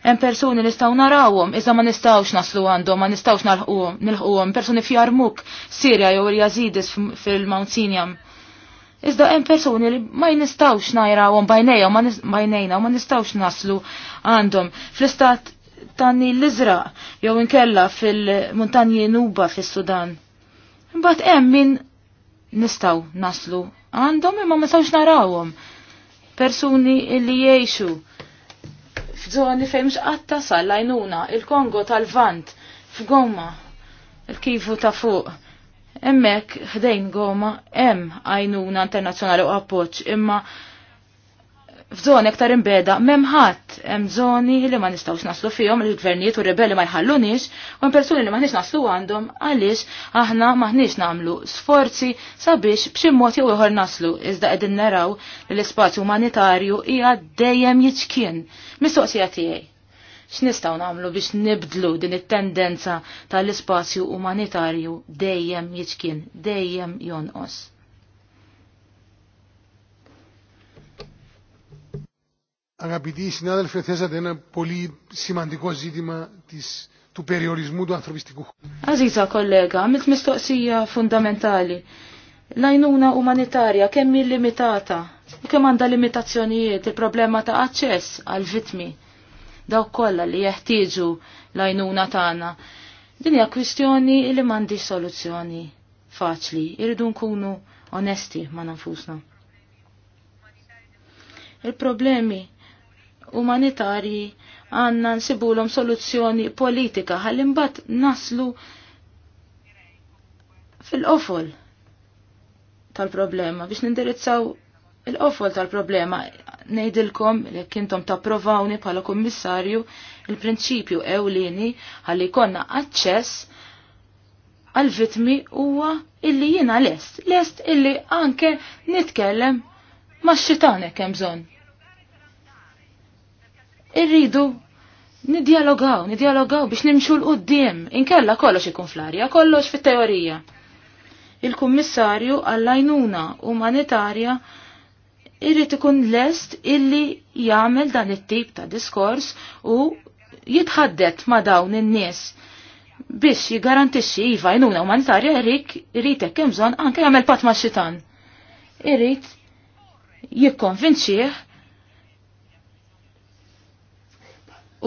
Hemm persuni li nistgħu narawhom iżda ma nistgħux naslu għandhom, ma nistgħux nilħquhom, persuni fjarmuk, Sirja jew il-Jażidis fil-Mount Sinjam Iżda hemm persuni li ma jinistawx najrawhom bajnejhom bajnejna ma nistawx naslu għandhom. Fl-istat tanni l-Iżraq jew inkella fil-Muntanji Nuba fis-Sudan. Imbagħad hemm min nistgħu naslu għandhom imma ma nistawx narawhom. Persuni li jgħixu f'żoni fejn mhux qatt tasal għajnuna il-Kongo tal-Vant f'Gomma il-kifu ta' fuq Emmek ħdejn goma hemm għajnuna internazzjonali u appoġġ imma f'żoni aktar imbeda m'hemm ħadd hemm żoni li ma nistgħux naslu fihom il-gvernijiet u rebelli ma jħallunix u hemm persuni li maħniex naslu għandhom għaliex aħna maħniex nagħmlu sforzi sabiex b'xi mod jew ieħor naslu iżda qegħdin naraw li l-ispazju umanitarju hija dejjem jiċkien. Mistoqsija tiegħi x'nistgħu nagħmlu biex nibdlu din it-tendenza tal-ispazju umanitarju dejjem jiċkien, dejjem jonqos. Αγαπητοί συνάδελφοι, θέσατε ένα πολύ σημαντικό ζήτημα της, του περιορισμού του ανθρωπιστικού. Αζίτσα κολέγα, με τη μιστοξία φουνταμεντάλη. Λαϊνούνα ουμανιτάρια, και μη λιμιτάτα, και kemm għandha limitazzjonijiet il-problema ta' dawk kollha li jeħtieġu l-għajnuna tagħna. Din hija kwistjoni li m'għandix soluzzjoni faċli, irridu nkunu onesti ma' nafusna. Il-problemi umanitarji għanna nsibulhom soluzzjoni politika ħalli mbagħad naslu fil-qofol tal-problema biex nindirizzaw il-qofol tal-problema Nejdilkom li kintom ta' provawni bħala kommissarju il-prinċipju ewlieni għalli konna aċċess għal-vitmi huwa illi jina lest, lest illi anke nitkellem ma' xitanek hemm bżonn. Irridu nidjalogaw, nidjalogaw biex nimxu l-qoddim, inkella kollox ikun fl-arja, kollox fit-teorija. Il-kummissarju għall-għajnuna umanitarja irrid ikun lest illi jagħmel dan it-tip ta' diskors u jitħaddet ma' dawn in-nies biex jigarantixxi iva jnuna umanitarja irrik irrid hekk hemm bżonn anke jagħmel pat ma' xitan. Irrid jikkonvinċih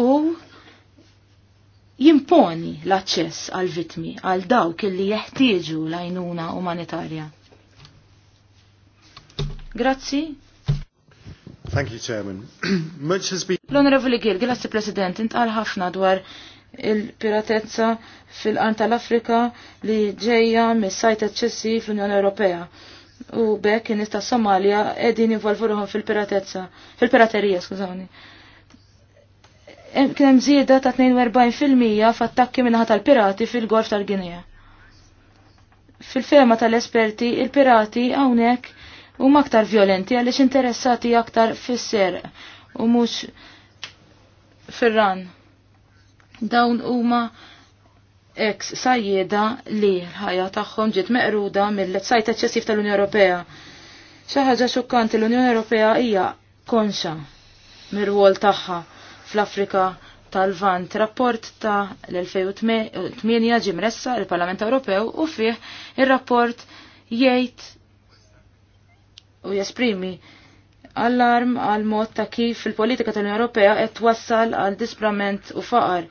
u jimponi l-aċċess għal vitmi għal dawk illi jeħtieġu l-għajnuna umanitarja. Grazzi. Thank you, Chairman. Much has been... L-Onorevoli Gil, grazzi President, intqal ħafna dwar il-piratezza fil-qarn tal-Afrika li ġejja mis-sajt eċċessi fl-Unjoni Ewropea. U bekk in ta' Somalia edin involvuruhom fil-piratezza, fil-piraterija, skużawni. Kien hemm żieda ta' 42% f'attakki minħa tal-pirati fil-Golf tal-Ginea. fil ferma tal-esperti, il-pirati hawnhekk huma aktar violenti għaliex interessati aktar fisser u mhux fir-ran. Dawn huma ex sajjeda li l-ħajja tagħhom ġiet meqruda mill-sajt eċċessiv tal-Unjoni Ewropea. Xi ħaġa xukkanti l-Unjoni Ewropea hija konxa mir-rwol tagħha fl-Afrika tal-Vant. Rapport ta' l-2008 ġimressa il-Parlament Ewropew u fih ir-rapport jgħid u jesprimi allarm għal mod ta' kif il-politika tal-Unjoni Ewropea qed twassal għal disprament u faqar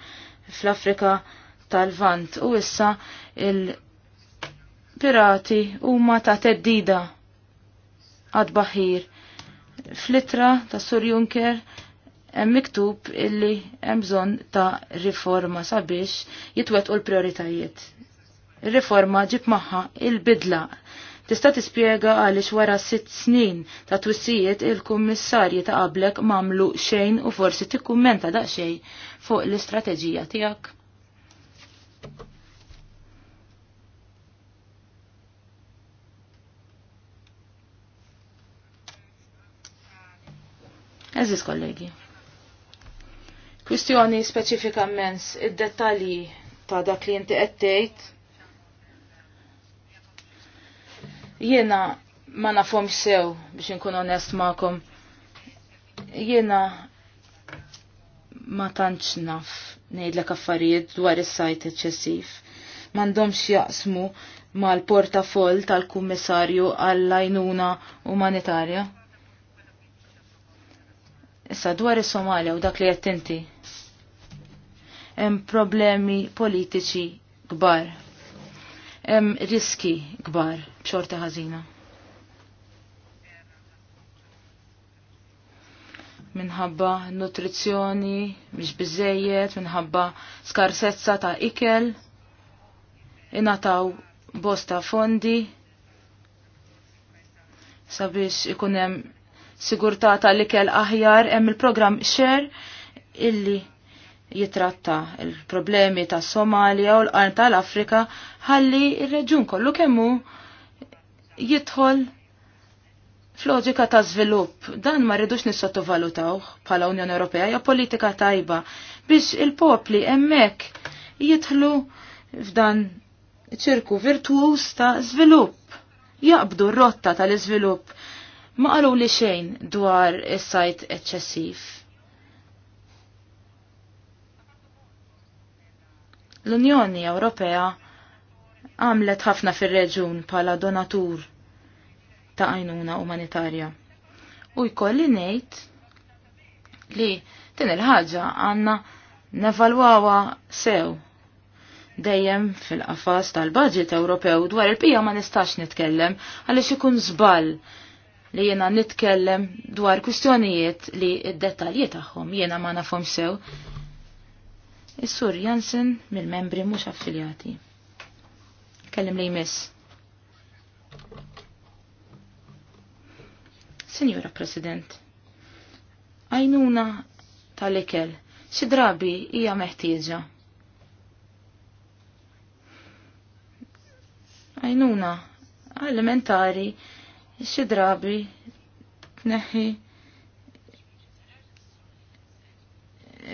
fl-Afrika tal-Vant u issa il-pirati huma ta' teddida għad baħir. Flittra ta' Sur Juncker hemm miktub illi hemm bżonn ta' riforma sabiex jitwettqu l-prioritajiet. Ir-riforma ġib magħha il-bidla Tista' tispjega għaliex wara sitt snin ta' twissijiet il-kummissarji ta' qablek mamlu xejn u forsi tikkummenta daqsxejn fuq l-istrateġija tiegħek. Eżis kollegi. Kwistjoni speċifikament mens id-dettalji ta' dak li inti qed tgħid Jiena ma nafhomx sew biex inkun onest magħkom. Jiena ma tantx naf ngħidlek affarijiet dwar is-sajt eċċessiv. M'għandhomx jaqsmu mal-portafol tal-kummissarju għall-għajnuna umanitarja. Issa dwar is-Somalja u dak li qed inti. Hemm problemi politiċi kbar hemm riski kbar b'xorta ħażina. minħabba nutrizzjoni mhix biżejjed, minħabba skarsezza ta' ikel, inataw bosta fondi sabiex ikun hemm sigurtà tal-ikel aħjar hemm il-programm xer illi jitratta il-problemi ta' Somalia u l-qarn tal-Afrika ħalli il reġun kollu kemmu jidħol f'loġika ta' żvilupp. Dan ma rridux nissottovalutaw bħala Unjoni Ewropea hija politika tajba biex il-popli hemmhekk jidħlu f'dan ċirku virtuż ta' żvilupp. Jaqbdu r-rotta tal-iżvilupp ma qalu li xejn dwar is-sajt eċċessiv L-Unjoni Ewropea għamlet ħafna fir-reġun pala donatur ta' għajnuna umanitarja. U jkolli ngħid li din il ħagġa għandna nevalwawa sew dejjem fil-qafas tal-budget Ewropew dwar il-pija ma nistax nitkellem għaliex ikun żball li jiena nitkellem dwar kwistjonijiet li id-dettalji tagħhom jiena ma nafhom sew. Is-sur Jansen mill-membri mhux affiljati. Kellim li jmiss. Sinjura President, għajnuna tal-ikel, xi drabi hija meħtieġa. Għajnuna elementari xi drabi tneħħi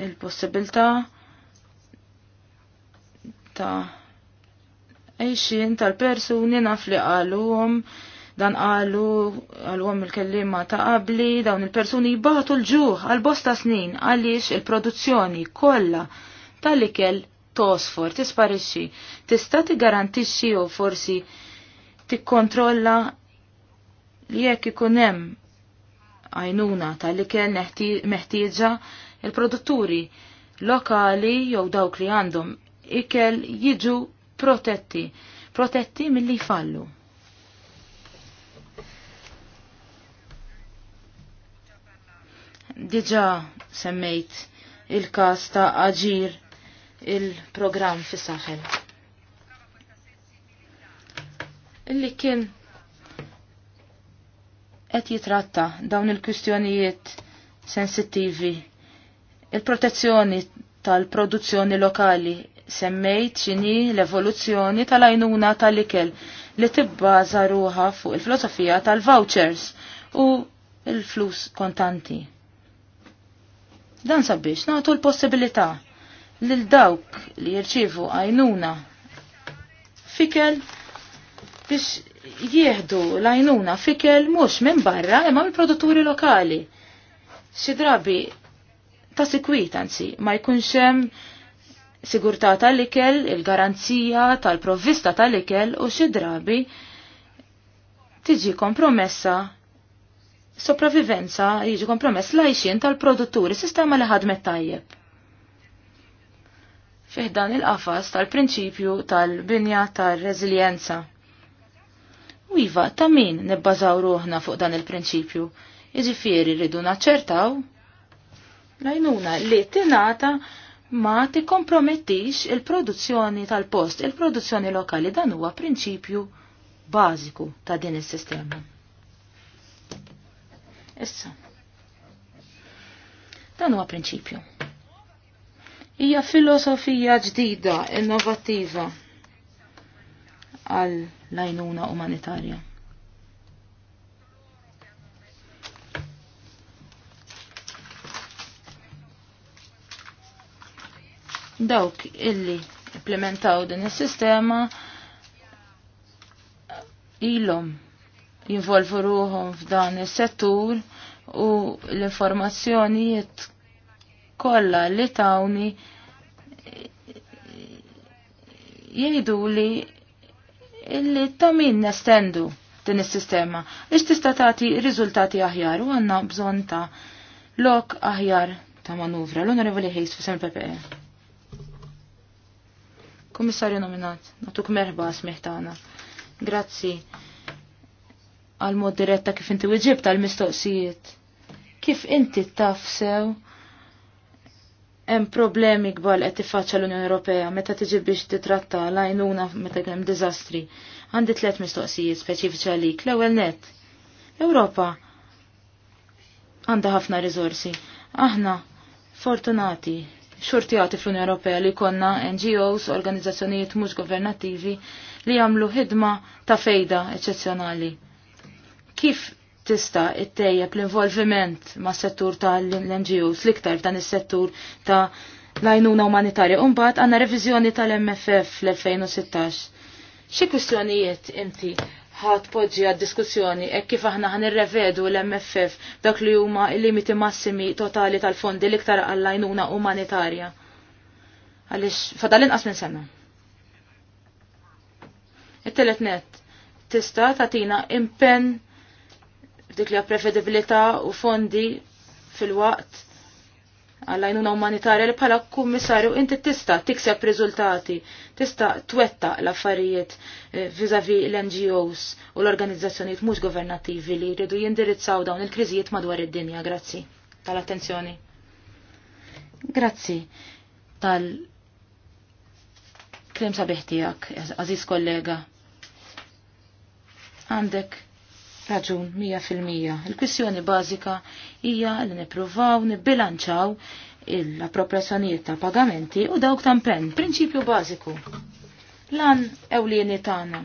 il-possibilità ta' eixin tal-persuni naf li għaluhom dan għalu għaluhom il-kellima ta' qabli dawn il-persuni jibbaħtu l-ġuħ għal-bosta snin għaliex il-produzzjoni kollha tal-ikel tosfor tisparixxi. Tista' tigarantixxi u forsi tikkontrolla li jekk ikun hemm għajnuna tal-ikel meħtieġa il-produtturi lokali jew dawk li għandhom ikel jiġu protetti, protetti milli fallu Diġa semmejt il-kas ta' aġir il-program fi saħel. Illi kien qed jitratta dawn il-kwistjonijiet sensittivi il-protezzjoni tal-produzzjoni lokali, semmejt xini l-evoluzzjoni tal ajnuna tal-ikel li tibbaza ruħa fuq il-filosofija tal-vouchers u il-flus kontanti. Dan sabiex nagħtu l-possibilità lil dawk li jirċivu għajnuna fikel biex jieħdu l-għajnuna fikel mhux minn barra imma mill-produtturi lokali. Xi drabi ta' sikwit anzi ma jkunx hemm sigurtà tal-ikel, il-garanzija tal-provvista tal-ikel u xi drabi tiġi kompromessa sopravivenza jiġi kompromess lajxin tal-produtturi sistema li ħadmet tajjeb. Fiħdan il-qafas tal-prinċipju tal-binja tal-reżiljenza. U iva, ta' min nibbażaw ruħna fuq dan il-prinċipju? Iġifieri rridu naċċertaw lajnuna li tingħata ma tikkompromettix il-produzzjoni tal-post, il-produzzjoni lokali dan huwa prinċipju bażiku ta' din is-sistema. Issa. Dan huwa prinċipju. Hija filosofija ġdida, innovattiva għal lajnuna umanitarja. Dawk illi implementaw din is-sistema ilhom jinvolvu ruhom f'dan is-settur u l-informazzjonijiet kollha li tawni jgħidu li illi ta' min nestendu din is-sistema. Ix tista' tagħti riżultati aħjar u għandna bżonn ta' lok aħjar ta' manuvra. L-Onorevoli Hayes fi PPE. Komissarju nominat, natuk merħba smiħtana. Grazzi għal mod diretta kif inti wieġib tal-mistoqsijiet. Kif inti taf sew hemm problemi kbar qed tiffaċċa l-Unjoni Ewropea meta tiġi biex titratta l-għajnuna meta hemm diżastri. Għandi tliet mistoqsijiet speċifiċi għalik. L-ewwel net. Ewropa għandha ħafna riżorsi. Aħna fortunati xorti għati fl unjoni Ewropea li konna NGOs, organizzazzjonijiet mhux governattivi li jagħmlu ħidma ta' fejda eċċezzjonali. Kif tista' ittejjeb l-involviment ma' settur tal-NGOs l-iktar dan is-settur ta' l-għajnuna umanitarja. Umbat għanna reviżjoni tal-MFF l-2016. Xi kwistjonijiet inti ħat podġi għad diskussjoni e kif aħna ħan irrevedu l-MFF dak li huma il-limiti massimi totali tal-fondi l-iktar għall-għajnuna umanitarja. Għalix, fadalin inqas minn sena. Il-telet net, tista tatina impen dik li prevedibilità u fondi fil-waqt għallajnuna umanitarja li bħala kummissarju inti tista tikseb riżultati, tista twetta l-affarijiet eh, vizavi l-NGOs u l-organizzazzjonijiet mhux governativi li jridu jindirizzaw dawn il-kriżijiet madwar id-dinja. Grazzi tal-attenzjoni. Grazzi tal Krim sabiħ tiegħek, aziz kollega. Għandek raġun mija Il-kwissjoni bażika hija li nippruvaw nibbilanċaw il-appropriazzjonijiet ta' pagamenti u dawk ta' pen, prinċipju bażiku. Lan ewlieni tagħna.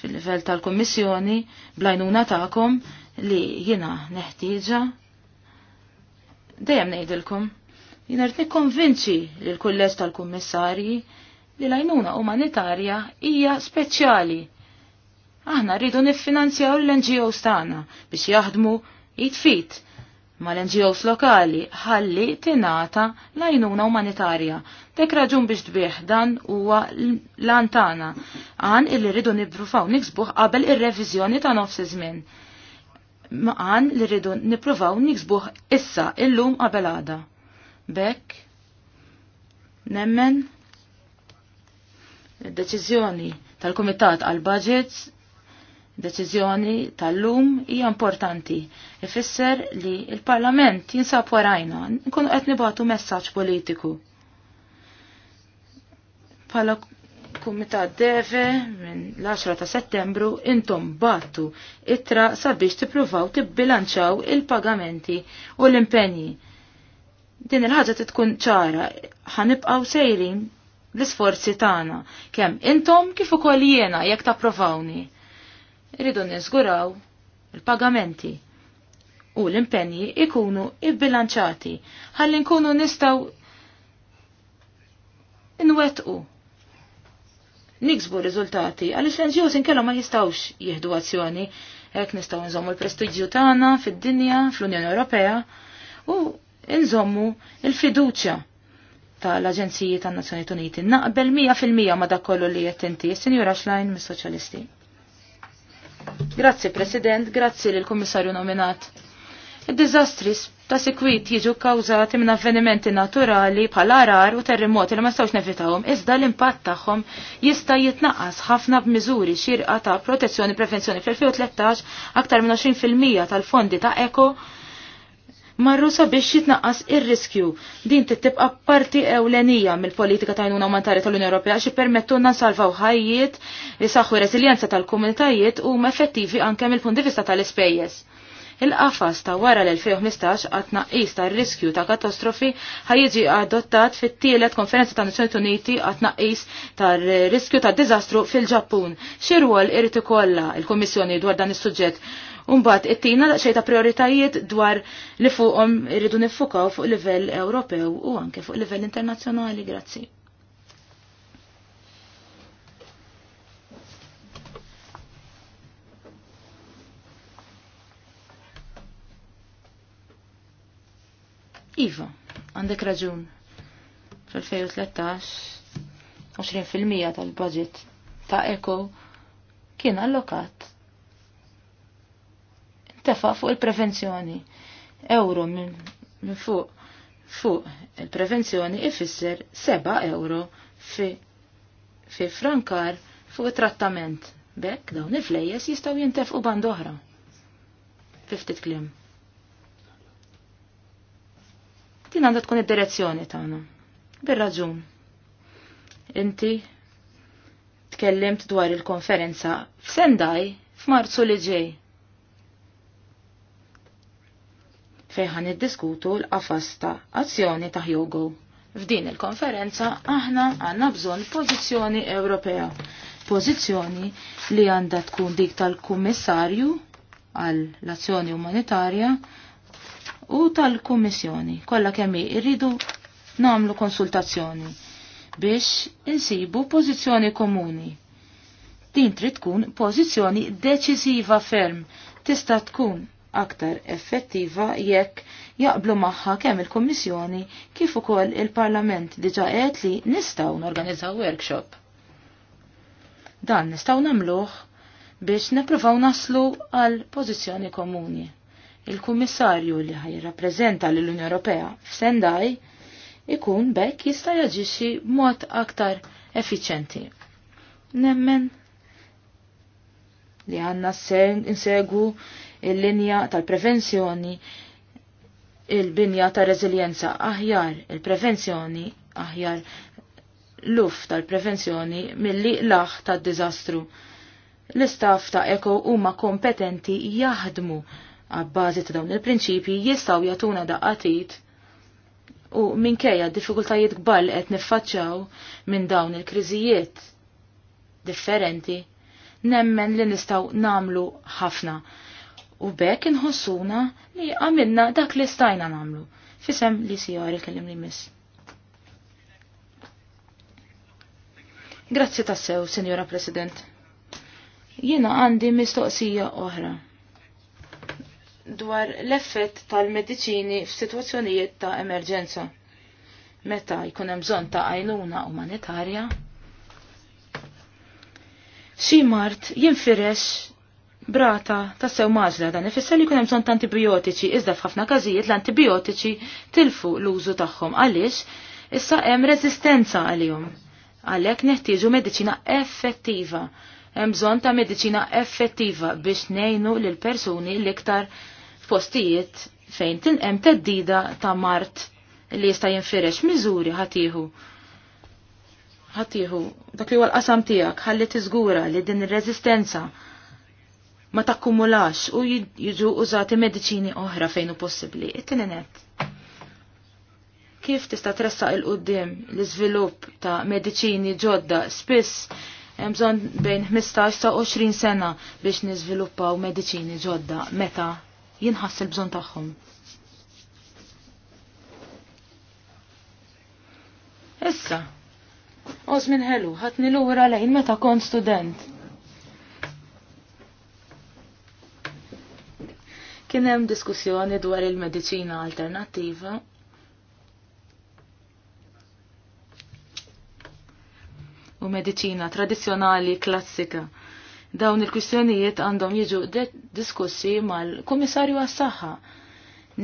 fil-livell tal-Kommissjoni blajnuna ta'kom li jina neħtieġa dejjem ngħidilkom jien qed nikkonvinċi lil kulleġġ tal-kummissarji li l-għajnuna umanitarja hija speċjali. Aħna rridu niffinanzjaw l-NGOs tagħna biex jaħdmu jitfit ma l-NGOs lokali ħalli tinata l-għajnuna umanitarja. Dek raġun biex tbieħ dan huwa l-antana għan illi rridu nibrufaw niksbuħ qabel ir-reviżjoni ta' nofs iż-żmien. Għan li rridu nipruvaw niksbuħ issa illum qabel għada. Bekk, nemmen, Deċiżjoni tal-Kumitat għal budgets deċiżjoni tal-lum hija importanti. Ifisser li il-Parlament jinsab warajna, nkunu qed nibatu messaġġ politiku. Pala Kumitat Deve minn l-10 ta' settembru intom battu itra sabiex tippruvaw tibbilanċaw il-pagamenti u l-impenji. Din il-ħaġa tkun ċara, ħanibqaw sejrin l-isforzi tagħna kemm intom kif ukoll jiena jekk tapprovawni. Irridu niżguraw il-pagamenti u l-impenji ikunu ibbilanċati ħalli nkunu nistgħu nwettqu niksbu riżultati għaliex l-NGOs inkellhom ma jistgħux jieħdu azzjoni hekk nistgħu nżommu l-prestiġju tagħna fid-dinja fl-Unjoni Ewropea u nżommu l-fiduċja tal-Aġenziji tan-Nazzjoni Uniti. Naqbel 100% ma dak kollu li jettinti, inti, Sinjura mis-Soċjalisti. Grazzi President, grazzi l kummissarju nominat. Id-diżastri ta' sekwit jiġu kkawżati minn avvenimenti naturali bħal arar u terremoti li ma stawx nevitawhom, iżda l-impatt tagħhom jista' jitnaqqas ħafna b'miżuri xirqa ta' protezzjoni e prevenzjoni fl-2013 aktar minn 20% tal-fondi ta' eko marru sabiex jitnaqqas ir-riskju din tibqa parti ewlenija mill-politika ta' għajnuna umanitarja tal-Unjoni Ewropea xi permettuna nsalvaw ħajjiet, isaħħu resiljenza tal-komunitajiet u effettivi anke mill-punt di vista tal-ispejjeż. Il-qafas ta' wara l-2015 għat naqis ta' riskju ta' katastrofi jiġi adottat fit-tielet konferenza ta' Nazzjoni Uniti għat naqis ta' riskju ta' dizastru fil-Ġappun. Xirwol irrit ikolla il kummissjoni dwar dan is-suġġett Umbat, it-tina daqxej ta' prioritajiet dwar li fuqhom irridu nifukaw fuq livell Ewropew u anke fuq livell internazzjonali. Grazzi. Iva, għandek raġun. Fil-2013, 20% tal-budget ta' Eko kien allokat tefa' fuq il-prevenzjoni. Euro minn fuq fuq il-prevenzjoni ifisser 7 euro fi, fi frankar fuq trattament. Bekk dawn il-flejjes jistaw jintefqu band oħra. Fiftit kliem. Din għandha tkun id-direzzjoni tagħna. Bir-raġun. Inti tkellimt dwar il-konferenza f'Sendaj f'Marzu li ġej. fejħan id-diskutu l-qafas ta' azzjoni ta' Hyogo. F'din il-konferenza aħna għanna bżon pożizzjoni Ewropea, pożizzjoni li għandha tkun dik tal-Kummissarju għall azzjoni umanitarja u tal-Kummissjoni. Kollha kemm irridu nagħmlu konsultazzjoni biex insibu pożizzjoni komuni. Din trid tkun pożizzjoni deċiżiva ferm tista' tkun aktar effettiva jekk jaqblu magħha kemm il-Kummissjoni kif ukoll il-Parlament diġa qed li nistgħu norganizzaw workshop. Dan nistgħu nagħmluh biex nippruvaw naslu għal pożizzjoni komuni. Il-Kummissarju li rappreżenta lill-Unjoni Ewropea f'Sendaj ikun bekk jista' jaġixxi b'mod aktar effiċenti. Nemmen li għanna insegu il-linja tal-prevenzjoni il-binja tal reżiljenza aħjar, il-prevenzjoni aħjar luf tal-prevenzjoni milli laħ tad-diżastru. L-istaff ta' eko huma kompetenti jaħdmu għabbażi ta' dawn il-prinċipji jistgħu jagħtuna daqqatit u minkejja diffikultajiet kbar qed niffaċċaw minn dawn il-kriżijiet differenti, nemmen li nistgħu namlu ħafna u bekk inħossuna li għamilna dak li stajna namlu. Fisem li si għari kellim li mis. Grazzi tassew, Senjora President. Jiena għandi mistoqsija oħra dwar l-effett tal-mediċini f'sitwazzjonijiet ta' emerġenza. Meta jkun hemm bżonn ta' għajnuna umanitarja, xi mart jinfirex brata ta' sew maġla dan ifisser li kunem bżonn ta' antibiotiċi iżda f'ħafna każijiet l-antibiotiċi tilfu l-użu tagħhom għaliex issa hemm reżistenza għalihom. Għalhekk neħtieġu mediċina effettiva. Hemm bżonn ta' mediċina effettiva biex ngħinu lil persuni l-iktar f'postijiet fejn tinqem teddida ta' mart li jista' jinfirex miżuri ħatiħu ħatiħu dak li huwa l-qasam tiegħek ħalli tiżgura li din ir-reżistenza ma takkumulax u jiġu użati mediċini oħra fejn hu possibbli. it tinenet Kif tista' tressa il qudiem l-iżvilupp ta' mediċini ġodda spiss hemm bżonn bejn 15 sa 20 sena biex niżviluppaw mediċini ġodda meta jinħass il-bżonn tagħhom. Issa, oż minn ħelu, ħatni lura lejn meta kont student Kien hemm diskussjoni dwar il-mediċina alternattiva. U mediċina tradizzjonali klassika. Dawn il-kwistjonijiet għandhom jiġu diskussi mal-Kummissarju għas-Saħħa.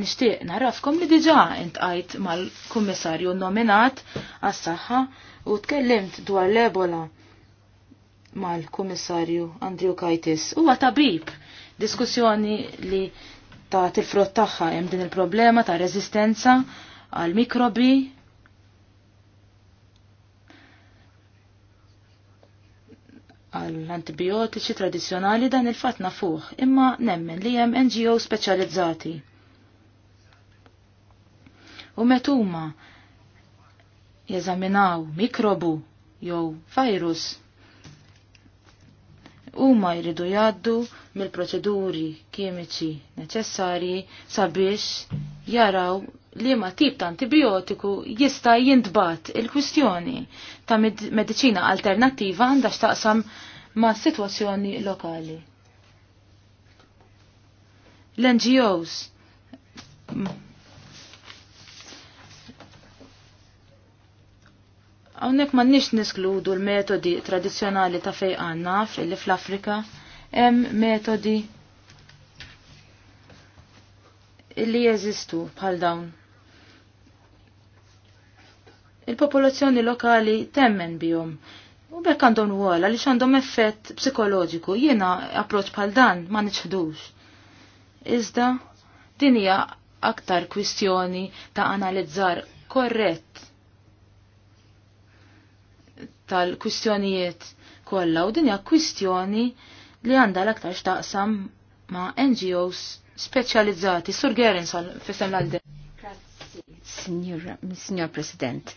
Nixtieq narafkom li diġà intqajt mal-Kummissarju nominat għas-Saħħa u tkellimt dwar l-Ebola mal-Kummissarju Andrew Kajtis. Huwa tabib diskussjoni li ta' tifrot taħħa tagħha hemm din il-problema ta' rezistenza għal mikrobi għal antibiotiċi tradizjonali dan il-fat nafuħ, imma nemmen li hemm NGO speċjalizzati. U metuma jeżaminaw mikrobu jew virus huma jridu jgħaddu mill-proċeduri kimiċi neċessarji sabiex jaraw li ma tip ta' antibiotiku jista' jintbat il-kwistjoni ta' mediċina alternattiva għandha x'taqsam ma' situazzjoni lokali. L-NGOs Hawnhekk m'għandniex niskludu l-metodi tradizzjonali ta' fejqan naf illi fl-Afrika hemm metodi illi jeżistu bħal dawn. Il-popolazzjoni lokali temmen bihom u bekk għandhom wol għaliex għandhom effett psikoloġiku jiena approċċ bħal dan ma niċħdux. Iżda din hija aktar kwistjoni ta' analizzar korrett tal-kwistjonijiet kollha u din hija kwistjoni li għandha l-aktar x'taqsam ma' NGOs speċjalizzati. Sur Gerin sal fissem l-għalde. Signor, Signor President,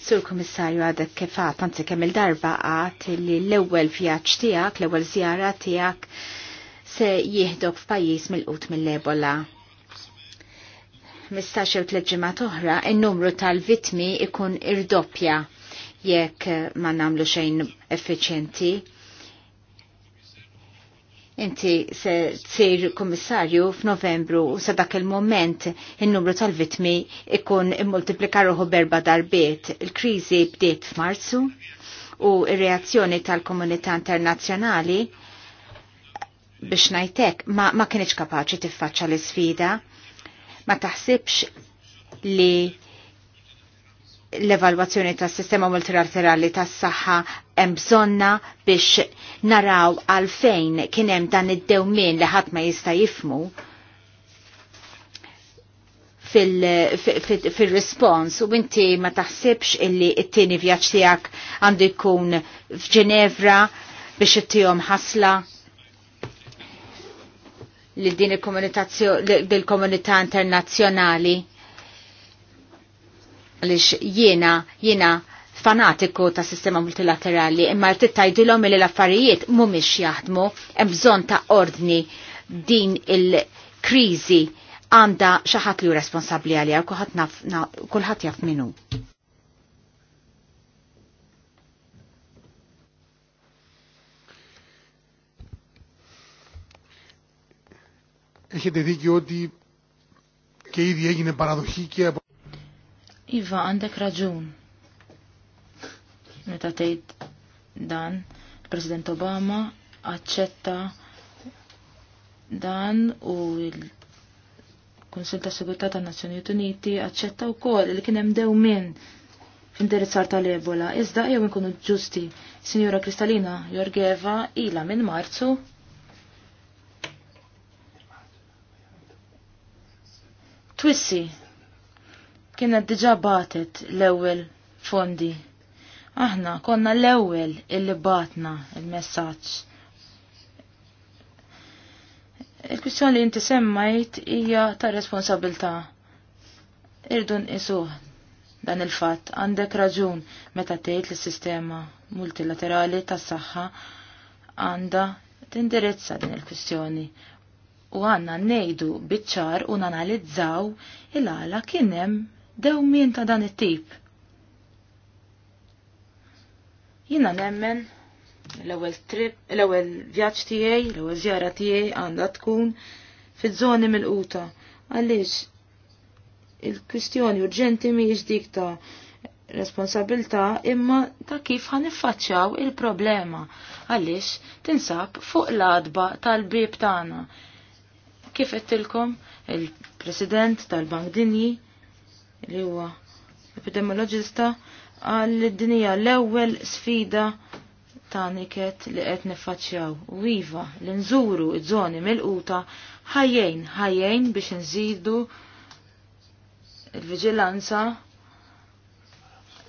Sur Komissarju għadek kif għat, anzi kemm il-darba għat li l-ewwel vjaġġ tiegħek, l-ewwel zjara tiegħek se jieħdok f'pajjiż mill-qut mill-Ebola. 15 tliġġimat oħra, il numru tal-vitmi ikun irdoppja jekk ma namlu xejn effiċenti. Inti se tsir kummissarju f'Novembru u sa dak il-moment in-numru tal-vitmi ikun immultiplika ruħu berba darbiet. Il-kriżi bdiet f'Marzu u ir-reazzjoni tal-komunità internazzjonali biex najtek ma, ma kienieċ kapaċi tiffaċċa l-sfida. Ma taħsibx li l-evalwazzjoni tas sistema multilaterali tas saħħa hemm bżonna biex naraw għalfejn kien hemm dan id-dewmien li ħadd ma jista' jifmu fil-respons u inti ma taħsibx illi it-tieni vjaġġ tiegħek għandu jkun f'Ġenevra biex ittihom ħasla li din il-komunità internazzjonali għalix jiena jiena fanatiku ta' sistema multilaterali imma tittajdilhom li l-affarijiet mhumiex jaħdmu hemm bżonn ta' ordni din il-kriżi għanda xaħat li responsabli għalija, kullħat jaf minu. Έχετε δίκιο ότι και ήδη έγινε παραδοχή και από Iva, għandek raġun. Meta tgħid dan, President Obama aċċetta dan u l-Kunsil ta' Sigurtà tan Nazzjonijiet Uniti aċċetta wkoll li kien hemm minn f'indirizzar tal-Ebola. Iżda jew inkunu ġusti, Sinjora Kristalina Jorgeva ilha minn Marzu twissi kienet diġa batet l-ewwel fondi. Aħna konna l-ewwel illi batna il-messaġġ. Il-kwistjoni li inti semmajt hija ta' responsabilta. Irdu isu dan il-fatt għandek raġun meta tgħid l sistema multilaterali tas-saħħa għandha tindirizza din il-kwistjoni u għanna nejdu bitċar u nanalizzaw il-għala kienem dew min ta' dan it-tip. Jina nemmen l-ewwel trip, l-ewwel vjaġġ tiegħi, l-ewwel żjara tiegħi għandha tkun fiż-żoni mill-quta. Għaliex il-kwistjoni urġenti mhijiex dik ta' responsabilta imma ta' kif ħaniffaċċjaw il-problema għaliex tinsab fuq l-adba tal-bib tagħna. Kif qedtilkom il-President tal-Bank Dinji li huwa l-epidemioloġista għal li dinija l-ewwel sfida ta' niket li qed niffaċċjaw. U iva li nżuru ż-żoni mill-quta ħajjejn ħajjejn biex nżidu l viġilanza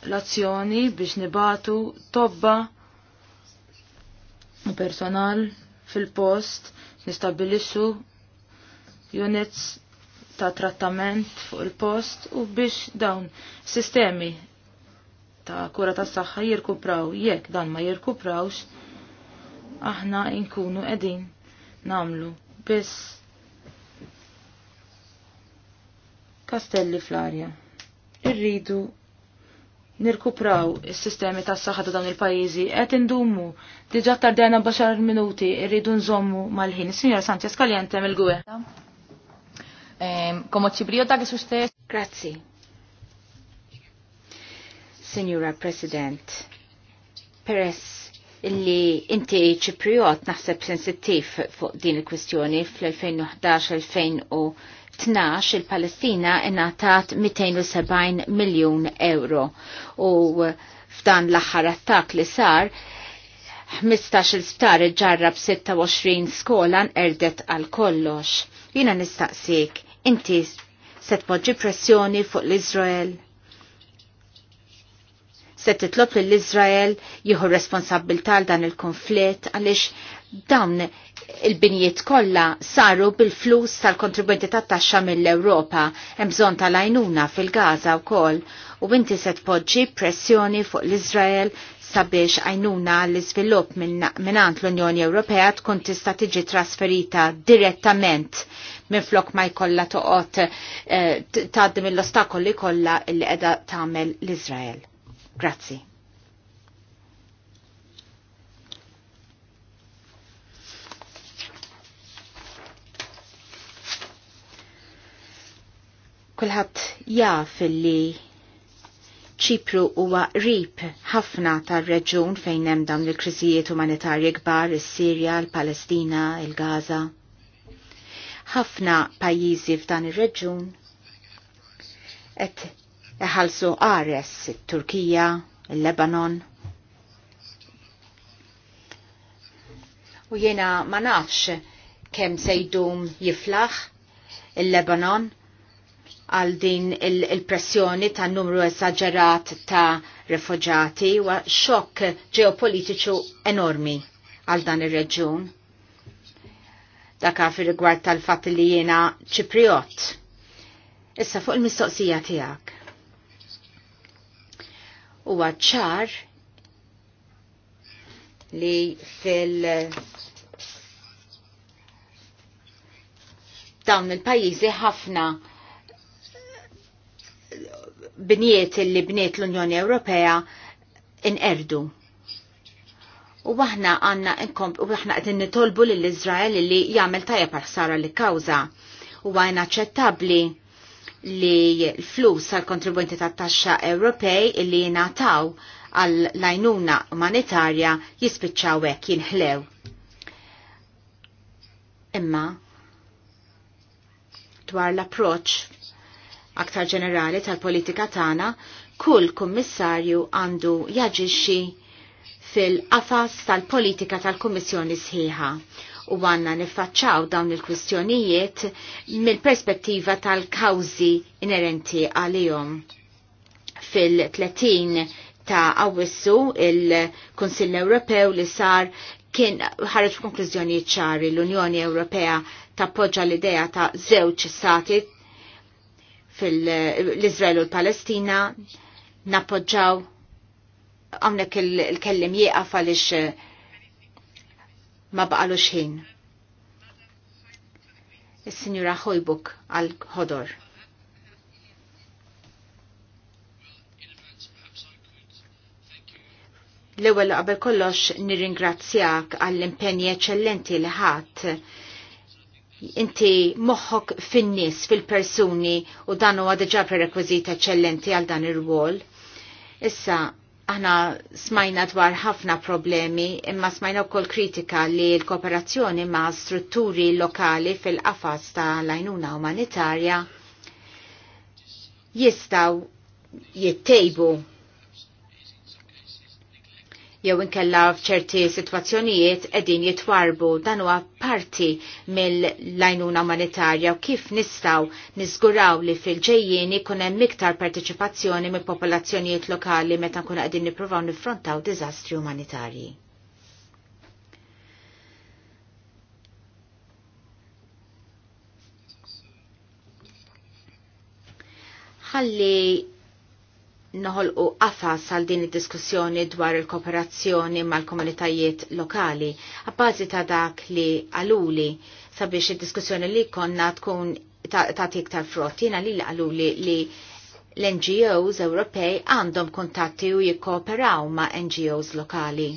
l-azzjoni biex nibatu tobba u personal fil-post nistabilixxu units ta' trattament fuq il-post u biex dawn sistemi ta' kura ta' saħħa jirkupraw jekk dan ma jirkuprawx aħna inkunu edin namlu biss kastelli fl-arja. Irridu nirkupraw is-sistemi tas saħħa ta' dawn il-pajjiżi qed indumu diġà tardena baxar minuti irridu nżommu mal-ħin. is Sanchez Kaljente mill-Gwe como cipriota que es usted... Grazie. Signora President, peress illi inti ċipriot naħseb sensittiv fuq din il-kwistjoni fl-2011-2012 il-Palestina inatat 270 miljon euro u f'dan l-aħħar attak li sar 15 il-sptar ġarrab 26 skola erdet għal kollox. Jina nistaqsik, inti se tpoġġi pressjoni fuq l-Izrael se titlob lill l-Izrael jieħu responsabilità għal dan il-konflitt għaliex dawn il-binijiet kollha saru bil-flus tal-kontribwenti tat-taxxa mill-Ewropa hemm bżonn tal-għajnuna fil-Gaza wkoll u inti se tpoġġi pressjoni fuq l iżrael sabiex għajnuna l-izvilup minnant l-Unjoni Ewropea tkun tista tiġi trasferita direttament minn flok ma jkolla toqot eh, taddim mill li kolla li edha tamel l-Izrael. Grazzi. Kulħadd jaf li ċipru huwa rip ħafna tar-reġun fejn hemm dawn il-kriżijiet umanitarji kbar is-Sirja, l-Palestina, il-Gaza. Ħafna pajjiżi f'dan ir-reġun qed iħallsu qares it-Turkija, il-Lebanon. U jiena ma nafx kemm sejdum jiflaħ il-Lebanon għal din il-pressjoni ta' numru esagerat ta' refugjati u xokk ġeopolitiċu enormi għal dan ir-reġjun. Dakka fi rigward tal-fatt li jiena Ċipriot. Issa fuq il-mistoqsija tiegħek. Huwa ċar li fil- dawn il-pajjiżi ħafna bniet li bniet l-Unjoni Ewropea inqerdu. U waħna għanna inkomp, u waħna għedin nitolbu l-Izrael li jgħamil tajja parħsara li kawza. U għajna ċettabli li l-flus għal kontribwenti ta' taxxa Ewropej li jnataw għal lajnuna umanitarja jispiċċaw hekk jinħlew. Imma dwar l-approċ aktar ġenerali tal-politika tagħna, kull kummissarju għandu jaġixxi fil-qafas tal-politika tal-Kummissjoni sħiħa u għanna nifacċaw dawn il-kwistjonijiet mill-perspettiva tal-kawzi inerenti għalihom. Fil-30 ta' Awwissu il konsil Ewropew li sar kien ħareġ konklużjoni ċari l-Unjoni Ewropea tappoġġa l-idea ta' żewġ stati fil-Izrael u l-Palestina nappoġġaw għamnek il-kellim jieqaf għalix eh, ma baqalu xħin. Il-Sinjura Hojbuk għal-ħodor. L-ewwel qabel kollox nirringrazzjak għall-impenji eċċellenti li ħadd inti moħħok fin-nies fil-persuni u dan huwa diġà prerekwiżit eċċellenti għal dan ir-rwol. Issa aħna smajna dwar ħafna problemi imma smajna wkoll kritika li l-kooperazzjoni ma' strutturi lokali fil-qafas ta' lajnuna umanitarja jistaw jittejbu jew inkella f'ċerti situazzjonijiet edin jitwarbu dan huwa parti mill-lajnuna umanitarja u kif nistaw niżguraw li fil-ġejjien ikun hemm iktar partiċipazzjoni mill popolazzjonijiet lokali meta nkun qegħdin nippruvaw niffrontaw diżastri umanitarji. ħalli u qafas għal din id-diskussjoni dwar il-kooperazzjoni mal-komunitajiet lokali, għabbażi ta' dak li għaluli sabiex id-diskussjoni li konna tkun ta' iktar frott. Jena li għaluli li l-NGOs Ewropej għandhom kontatti u jikkooperaw ma' NGOs lokali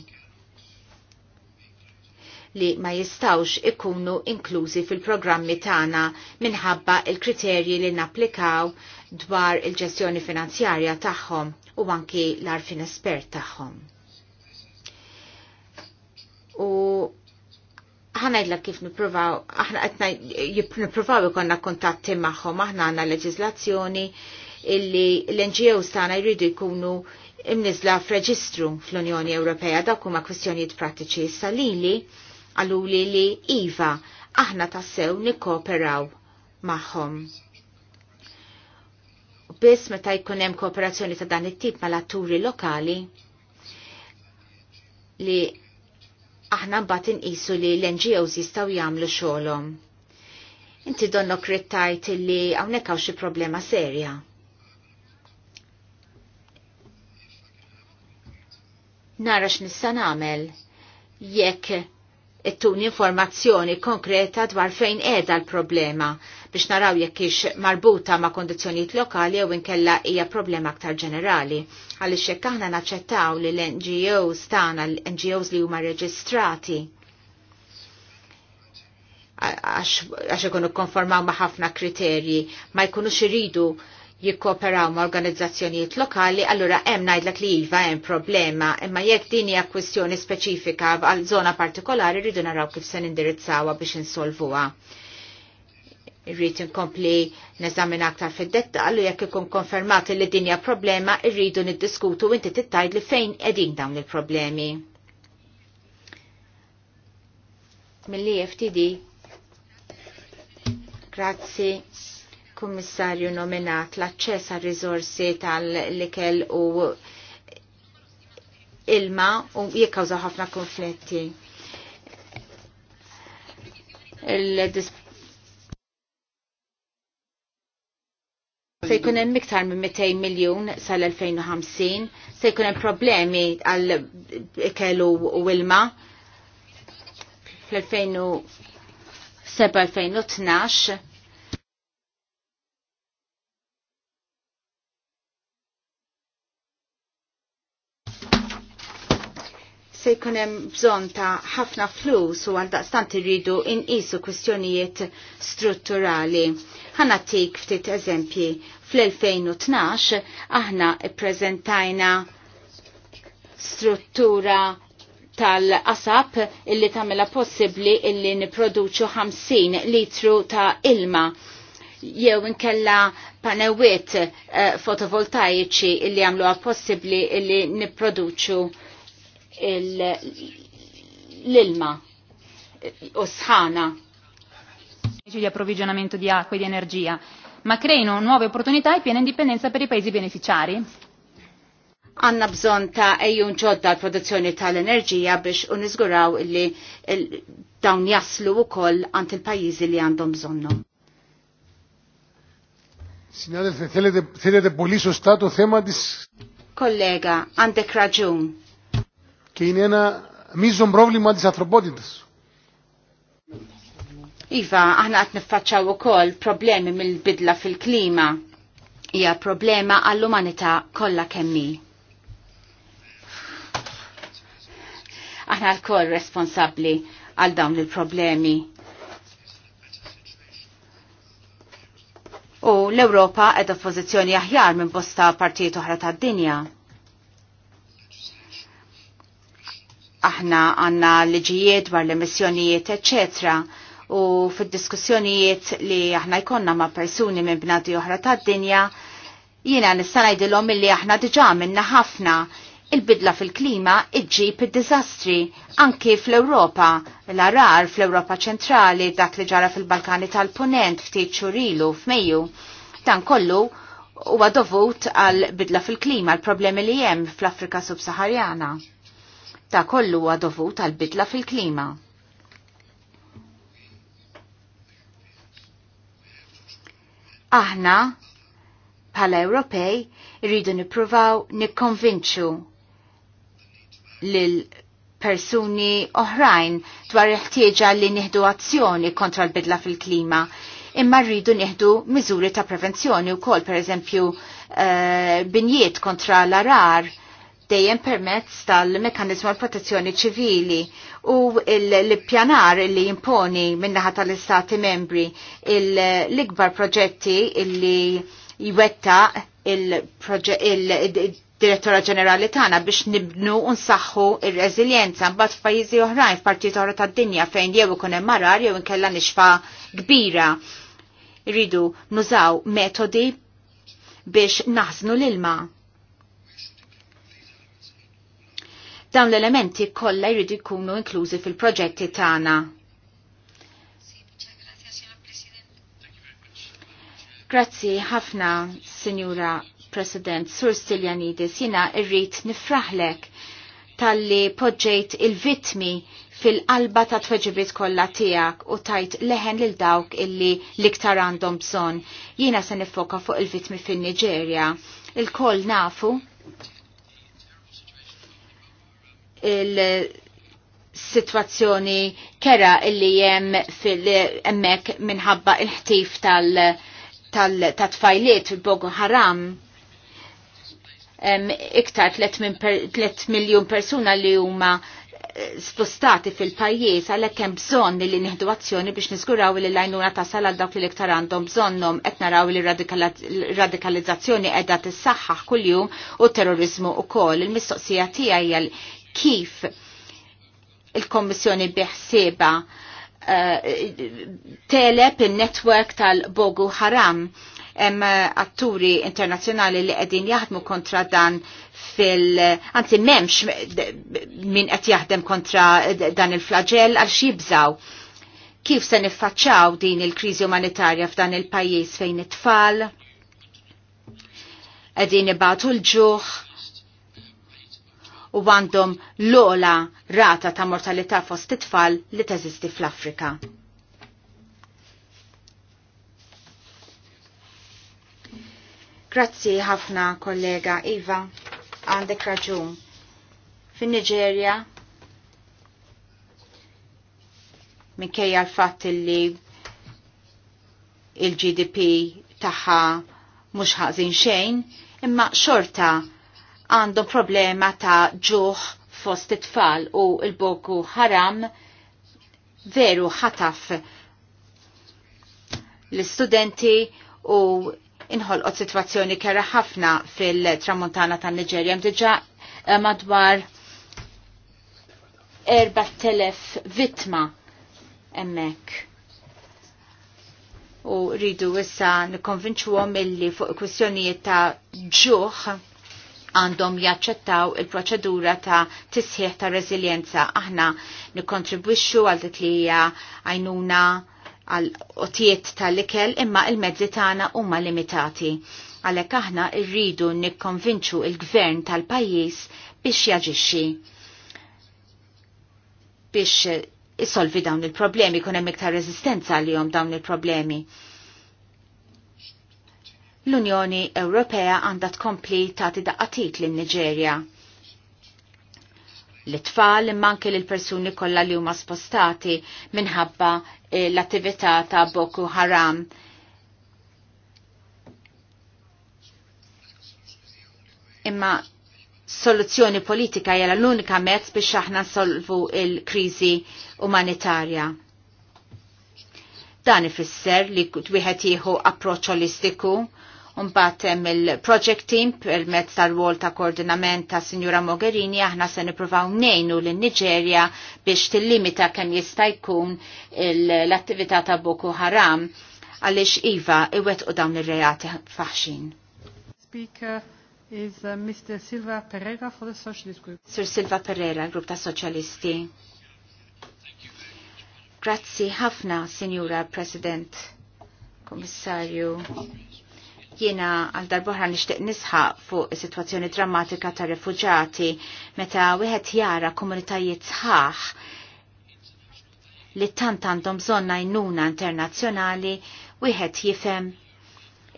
li ma jistawx ikunu inklużi fil-programmi tagħna minħabba il-kriterji li napplikaw dwar il-ġestjoni finanzjarja tagħhom u anki l-arfin espert tagħhom. U ħanajdlek kif nipruvaw, aħna qed nippruvaw ikonna kontatti magħhom, aħna għandna leġiżlazzjoni illi l-NGOs tagħna jridu jkunu imnizla f'reġistru fl-Unjoni Ewropea dak huma kwistjonijiet pratiċi issa lili għaluli li Iva, aħna tassew nikkooperaw maħħom. Biss meta jkun hemm kooperazzjoni ta' dan it-tip mal-atturi lokali li aħna mbagħad inqisu li l-NGOs jistgħu jagħmlu xogħolhom. Inti donno krittajt li hawnhekk hawn xi problema serja. Nara x'nista' nagħmel jekk tuni informazzjoni konkreta dwar fejn edha l-problema biex naraw jekk ix marbuta ma' kondizjonijiet lokali jew inkella hija problema aktar ġenerali. Għaliex jekk aħna naċċettaw li l-NGOs tagħna l-NGOs li huma reġistrati għax ikunu konformaw ma' ħafna kriterji, ma jkunux iridu jikkooperaw ma' organizzazzjonijiet lokali, allura hemm ngħidlek li iva hemm problema, imma jekk din hija kwistjoni speċifika għal żona partikolari rridu naraw kif se nindirizzawha biex insolvuha. Irrid inkompli neżamina aktar fid-dettall u jekk ikun konfermat li din hija problema rridu niddiskutu inti tittajd li fejn qegħdin dawn il-problemi. Mill-EFTD. Grazzi kummissarju nominat l-aċċess għal rizorsi tal-likel u ilma u jikkawża ħafna konfletti. Se jkun hemm iktar minn 200 miljun sal-2050, se jkun hemm problemi għal ikel u ilma fl-2007-2012 se jkun hemm bżonn ta' ħafna flus u għal daqstant irridu inqisu kwistjonijiet strutturali. Ħana tik ftit eżempji fl-2012 aħna ippreżentajna struttura tal-qasab illi tamela possibli illi niproduċu 50 litru ta' ilma jew inkella panewiet eh, fotovoltaiċi illi għamluha possibli illi niproduċu l-ilma u sħana. Di approvvigionamento di acqua e di energia, ma creino nuove opportunità e piena indipendenza per i paesi beneficiari. Għanna bżon ta' ejjun ġodda l-produzzjoni tal-enerġija biex unizguraw li dawn jaslu u koll għant il-pajizi li għandhom bżonnu. Signore, θέλετε πολύ σωστά το dis... Kollega, għandek raġun και είναι ένα μείζον πρόβλημα της ανθρωπότητας. Iva, aħna qed niffaċċaw ukoll problemi mill-bidla fil-klima. Hija problema għall-umanità kollha kemm hi. Aħna kol responsabbli għal dawn il-problemi. U l-Ewropa qiegħda pozizjoni aħjar minn bosta partijiet oħra tad-dinja. aħna għanna liġijiet dwar l-emissjonijiet, etc. u fil-diskussjonijiet li aħna jkonna ma' persuni minn bnadi oħra ta' dinja, jina nistanajdilom li aħna diġa minna ħafna il-bidla fil-klima iġġib id-dizastri anki fl-Europa, l-arar fl-Europa ċentrali dak li ġara fil-Balkani tal-Punent ftit ċurilu f'Mejju. Dan kollu huwa dovut għal bidla fil-klima l-problemi li hemm fl-Afrika subsaharjana. Ta' kollu huwa dovut bidla fil-klima. Aħna, bħala Ewropej, rridu nippruvaw nikkonvinċu lil persuni oħrajn dwar iħtieġa li nieħdu azzjoni kontra l-bidla fil-klima imma rridu nieħdu miżuri ta' prevenzjoni wkoll pereżempju uh, binjiet kontra l-arar dejjem permezz tal-mekanizmu għal protezzjoni ċivili u l-pjanar li jimponi minnaħa tal-istati membri l-ikbar proġetti li jwetta il-direttora ġenerali tagħna biex nibnu unsaħħu ir-reżiljenza mbagħad f'pajjiżi oħrajn f'partijiet oħra tad-dinja fejn jew ikun hemm marar jew inkella nixfa kbira. Irridu nużaw metodi biex naħsnu l-ilma Dawn l-elementi kollha jridu jkunu inklużi fil-proġetti tagħna. Grazzi ħafna, Sinjura President Sur Stiljanidis, jina irrit nifraħlek tal-li podġejt il-vitmi fil-qalba ta' tweġibiet kollha tiegħek u tajt leħen lil dawk illi liktar għandhom bżonn. Jiena se nifoka fuq il-vitmi fin-Niġerja. Il-koll nafu il-situazzjoni kera illi jem fil-emmek minħabba il-ħtif tal-tfajliet tal, Boko Haram iktar 3 miljon persuna li huma eh, spostati fil-pajjiż għalhekk hemm bżonn li nieħdu azzjoni biex niżguraw li l-għajnuna tasal għal dawk li l-iktar għandhom bżonnhom qed naraw li radikalizzazzjoni qiegħda tissaħħaħ kuljum u terrorizmu wkoll. Il-mistoqsija tiegħi kif il-Kommissjoni biħsieba eh, teleb il-network tal-Bogu Haram hemm eh, atturi internazzjonali li qegħdin jaħdmu kontra dan fil anzi m'hemmx min qed jaħdem kontra dan il-flagell għal xibżaw. Kif se niffaċċaw din il-kriżi umanitarja f'dan il-pajjiż fejn it-tfal? Qegħdin ibatu l-ġuħ u għandhom l-ola rata ta' mortalità fost it-tfal li teżisti fl-Afrika. Grazzi ħafna kollega Iva, għandek raġun. Fin niġerja minkejja l-fatt li il-GDP taħħa mhux ħażin xejn, imma xorta għandhom problema ta' ġuħ fost it-tfal u il boku Haram veru ħataf l-studenti u inħolqot situazzjoni kera ħafna fil-tramontana tan niġerja mdiġa eh, madwar 4.000 vittma emmek u rridu issa nikonvinċu għom illi fuq kwistjonijiet ta' ġuħ għandhom jaċċettaw il-proċedura ta' tisħieħ ta' reżiljenza. Aħna nikkontribwixxu għal dik li hija għajnuna għal otiet tal-ikel imma il-mezzi tagħna huma limitati. Għalhekk aħna rridu nikkonvinċu il-gvern tal-pajjiż biex jaġixxi biex isolvi dawn il-problemi, kun hemm iktar resistenza għalihom dawn il-problemi. il problemi l-Unjoni Ewropea għandha tkompli tagħti daqqatit lin niġerja l-tfal imma anke l-persuni kollha li huma spostati minħabba eh, l-attività ta' Boko Haram. Imma soluzzjoni politika jela l-unika mezz biex aħna solvu il-kriżi umanitarja. Dan ifisser li wieħed jieħu approċċ holistiku Unbat hemm il-project team permezz tal-wol ta' koordinament ta' Sinjura Mogherini aħna se nippruvaw nejnu lin niġerja biex tillimita kemm jista' jkun l-attività ta' Boko Haram għaliex iva iwet u dawn ir-reati faħxin. Speaker is uh, Mr. Silva Pereira for the Socialist Group. Sir Silva Pereira, grupp ta' Soċjalisti. Grazzi ħafna, Signora President, Komissarju. Jiena għal darbohra nishtiq nisħa fuq is-sitwazzjoni drammatika ta' refugġati meta wieħed jara komunitajiet sħaħ li tant għandhom bżonn għajnuna internazzjonali wieħed jifhem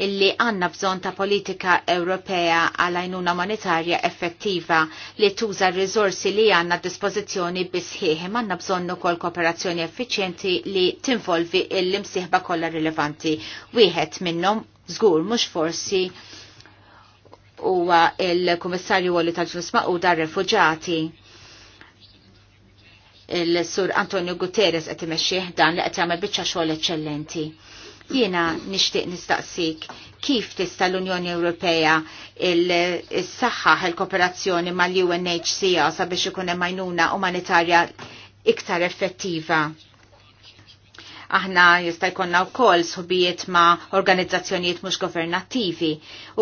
illi għanna bżon ta' politika Ewropea għal jnuna monetarja effettiva li tuża r-rizorsi li għanna dispozizjoni bisħieħ għanna bżon ukoll kooperazzjoni effiċjenti li tinvolvi l-imsieħba kollha rilevanti. Wieħed minnhom Zgur, mux forsi huwa il-Kummissarju għalli tal u dar refugjati il-Sur Antonio Guterres qed imexxih dan li qed jagħmel biċċa xogħol eċċellenti. Jiena nixtieq nistaqsik kif tista' l-Unjoni Ewropea s-saħħaħ il-kooperazzjoni mal-UNHCR sabiex ikun hemm għajnuna umanitarja iktar effettiva Aħna jista' jkollna wkoll sħubijiet ma' organizzazzjonijiet mhux governattivi.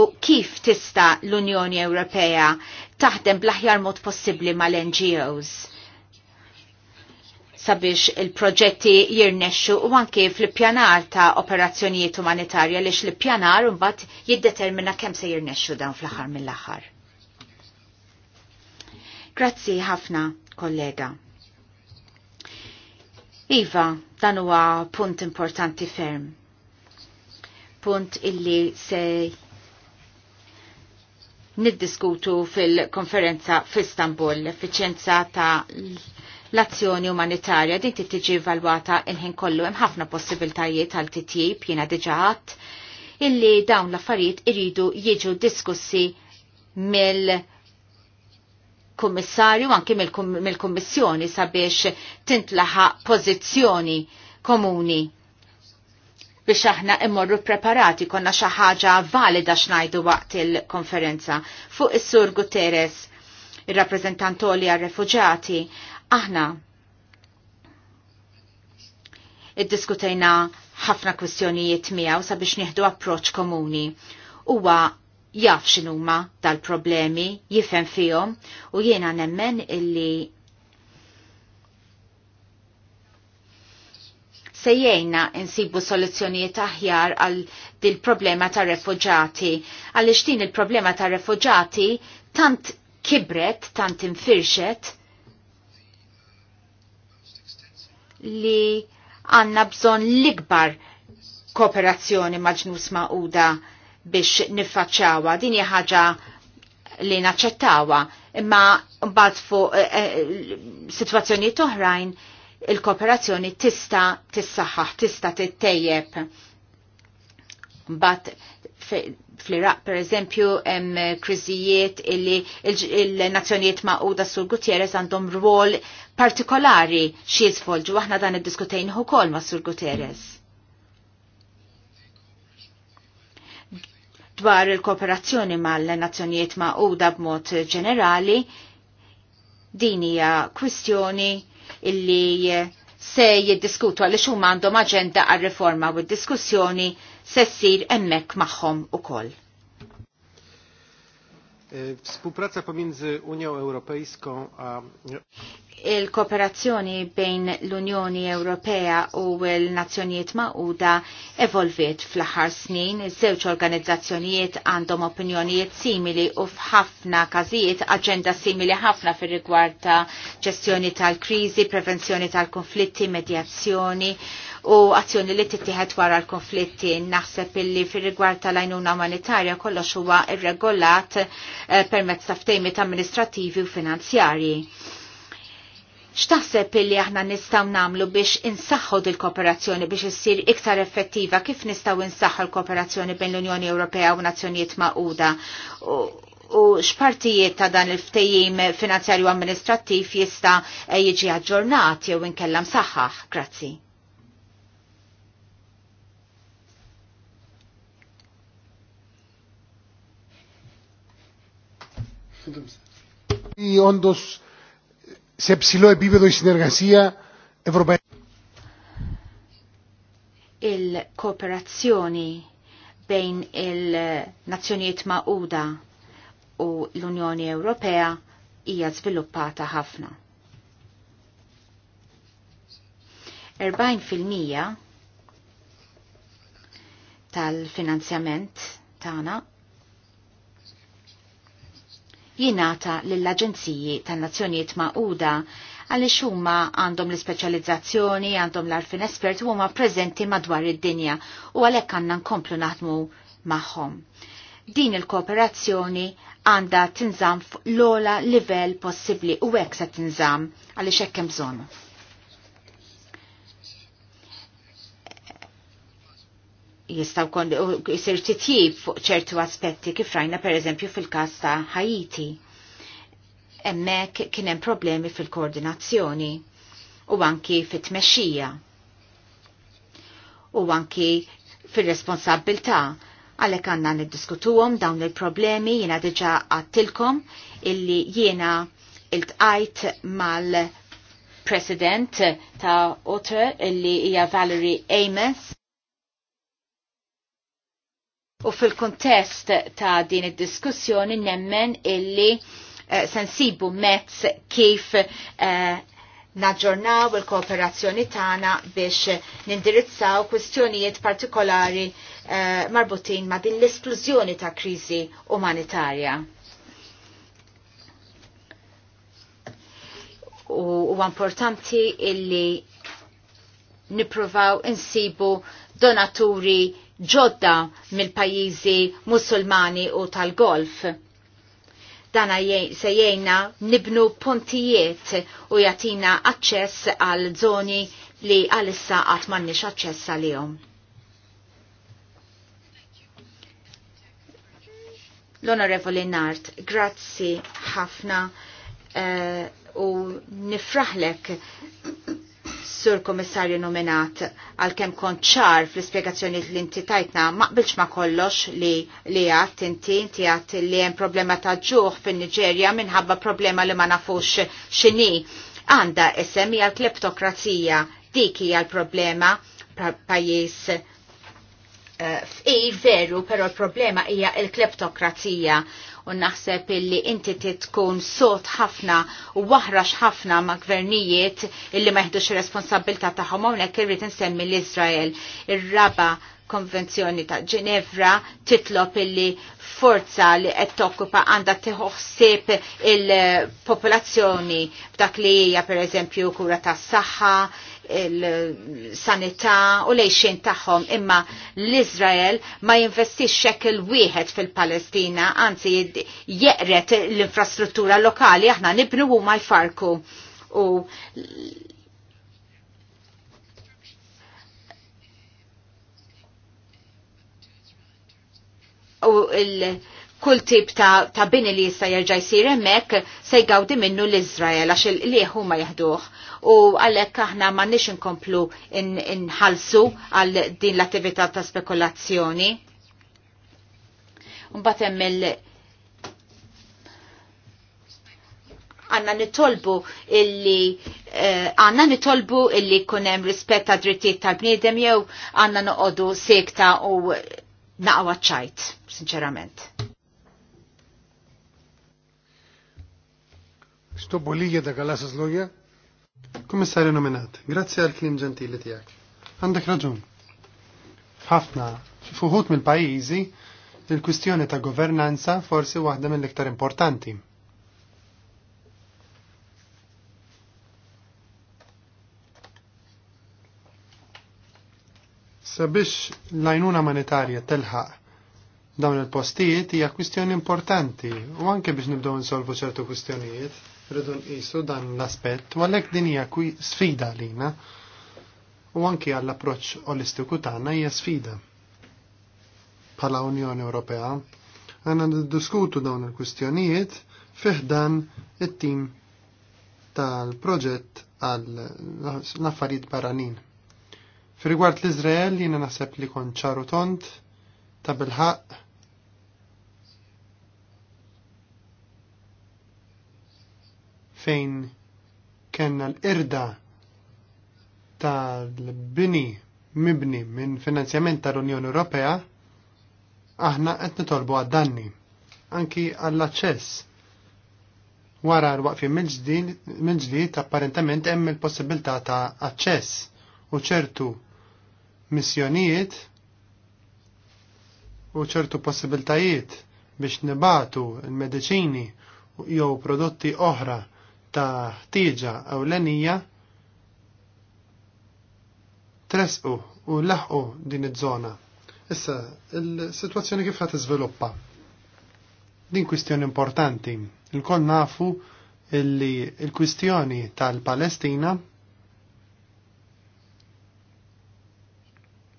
U kif tista' l-Unjoni Ewropea taħdem bl-aħjar mod possibbli mal-NGOs? sabiex il-proġetti jirnexxu u anke fl-ippjanar ta' operazzjonijiet umanitarja lix l-ippjanar mbagħad jiddetermina kemm se jirnexxu dawn fl-aħħar mill-aħħar. Grazzi ħafna, kollega. Iva, dan huwa punt importanti ferm. Punt illi se niddiskutu fil-konferenza f'Istanbul l-effiċenza ta' l-azzjoni umanitarja din tiġi valwata il-ħin kollu hemm ħafna possibiltajiet għal titjib jiena diġaħat illi dawn l-affarijiet iridu jiġu diskussi mill- kummissarju anki mill-Kummissjoni sabiex tintlaħa pożizzjoni komuni biex aħna immorru preparati konna xi ħaġa valida xnajdu waqt il-konferenza fuq is-Sur Guterres, ir-rappreżentantoli għar-refuġati, aħna iddiskutejna ħafna kwistjonijiet miegħu sabiex nieħdu approċċ komuni. Huwa jaf x'inhuma dal-problemi, jifhem fihom u jiena nemmen illi sejjejna insibu soluzzjonijiet aħjar għal dil problema ta' refugġati. Għaliex din il-problema ta' refugġati tant kibret, tant infirxet li għanna bżon l-ikbar kooperazzjoni maġnus uda biex niffaċċawha din hija ħaġa li naċċettawha imma mbagħad fuq eh, eh sitwazzjonijiet oħrajn il-kooperazzjoni tista' tissaħħaħ, tista' tittejjeb. Mbagħad fl-Iraq per eżempju hemm kriżijiet illi il-Nazzjonijiet Maquda Sur Gutierrez għandhom rwol partikolari xi jiżvolġu aħna dan hu wkoll ma' Sur Gutierrez. dwar il-kooperazzjoni mal-Nazzjonijiet Magħquda b'mod ġenerali, din hija kwistjoni illi se jiddiskutu għal huma għandhom aġenda għal-riforma u diskussjoni se ssir hemmhekk magħhom ukoll. E, współpraca pomiędzy Unią Europejską a il-kooperazzjoni bejn l-Unjoni Ewropea u l-Nazzjonijiet Magħquda evolviet fl-aħħar snin. Iż-żewġ organizzazzjonijiet għandhom opinjonijiet simili u f'ħafna każijiet aġenda simili ħafna fir-rigward ta' ġestjoni tal-kriżi, prevenzjoni tal-konflitti, medjazzjoni u azzjoni li tittieħed wara l-konflitti naħseb illi fir-rigward tal-għajnuna umanitarja kollox huwa irregolat eh, permezz ta' ftejmiet amministrativi u finanzjarji. X'taħseb illi aħna nistgħu nagħmlu biex insaħħu dil-kooperazzjoni biex issir iktar effettiva kif nistgħu insaħħu l-kooperazzjoni bejn l-Unjoni Ewropea u Nazzjonijiet Magħquda u x'partijiet ta' dan il-ftejjim finanzjarju amministrattiv jista' jiġi aġġornat jew inkellam saħħaħ. Grazzi. Il-kooperazzjoni bejn il-Nazzjonijiet Mauda u l-Unjoni Ewropea hija żviluppata ħafna. 40% tal-finanzjament tagħna jingħata lill-Aġenziji tan-Nazzjonijiet Magħquda għaliex huma għandhom l-ispeċjalizzazzjoni, għandhom l-arfin espert u huma preżenti madwar id-dinja u għalhekk għandna nkomplu naħdmu magħhom. Din il-kooperazzjoni għandha tinżamm l-ola livell possibbli u hekk se tinżamm għaliex hekk hemm jistaw kon jisir titjib fuq ċertu aspetti kif rajna per eżempju fil-kas ta' Haiti. Emmek kienem problemi fil-koordinazzjoni u anki fit-tmexxija u anki fil-responsabilta għalek għanna niddiskutuhom dawn il-problemi jiena diġa għattilkom illi jiena il-tqajt mal-president ta' Otter illi hija Valerie Amos U fil-kontest ta' din id-diskussjoni nemmen illi eh, sensibu mezz kif eh, naġġornaw il-kooperazzjoni tagħna biex nindirizzaw kwistjonijiet partikolari eh, marbutin ma' din l-esplużjoni ta' kriżi umanitarja. U huwa importanti illi nippruvaw insibu donaturi ġodda mill-pajjiżi musulmani u tal-golf. Dana sejjena nibnu pontijiet u jatina aċċess għal zoni li għalissa għat mannix għal għalihom. L-Onorevoli Nart, grazzi ħafna uh, u nifraħlek sur komissarju nominat għal kem konċar fl-ispiegazzjoni li inti tajtna maqbilx ma kollox li li għat inti inti għat li jem problema ta' ġuħ fin nigeria minħabba problema li ma nafux xini. Għanda isem hija l-kleptokrazija dik hija l-problema pajis eh, f'i veru, pero l-problema hija l-kleptokrazija u naħseb illi inti titkun sot ħafna u waħrax ħafna ma' gvernijiet illi ma jħdux responsabilta taħħom hawnhekk irrid insemmi l izrael Ir-raba konvenzjoni ta' Ginevra titlob illi forza li qed tokkupa għandha tiħoħsib il-popolazzjoni b'dak li hija pereżempju kura tas-saħħa, il-sanità u lejxin tagħhom imma l-Izrael ma jinvestix xekil wieħed fil-Palestina, anzi jeqret l-infrastruttura lokali aħna nibnu u ma jfarku. U u il- kull tip ta', ta bini li jista' jerġa' jsir hemmhekk se jgawdi minnu l-Iżrael għax il-qlieħ huma jaħduh. U għalhekk aħna m'għandniex inkomplu in għal din l-attività ta' spekulazzjoni. Mbagħad hemm il- għanna nitolbu illi eh, għanna uh, nitolbu illi kunem ta' drittijiet tal-bniedem jew għanna noqodu sekta u naqwa ċajt, sinċerament. Ευχαριστώ πολύ για τα καλά σας λόγια. nominat, grazzi għal klim ġentili tijak. Għandek raġun. Ħafna fuħut mill-pajizi, il-kwistjoni ta' governanza forsi waħda mill-iktar importanti. Sabiex l ajnuna monetarja telħaq dawn il-postijiet hija kwistjoni importanti u anke biex nibdew insolvu ċertu kwistjonijiet rridu nqisu dan l-aspett u għalhekk din hija sfida lina u anki għall-approċċ olistiku tagħna hija sfida. Bħala Unjoni Ewropea għandna niddiskutu dawn il-kwistjonijiet fiħdan it-tim tal-proġett għal l-affarijiet barranin. Fi rigward l-Izrael jiena naħseb li kon ċaru tont ta' bilħaq fejn kena l-irda tal-bini mibni minn finanzjament tal-Unjoni Ewropea, aħna qed nitolbu għad-danni, anki għall-aċċess. Wara l-waqfi mill-ġdid apparentament hemm il-possibilità ta' aċċess u ċertu missjonijiet u ċertu possibiltajiet biex nibatu il-medicini jew prodotti oħra ta' ħtieġa ewlenija tresqu u laħqu din iż-żona. Issa, il-sitwazzjoni kif ħat iżviluppa? Din kwistjoni importanti. Il-kol nafu illi il-kwistjoni tal-Palestina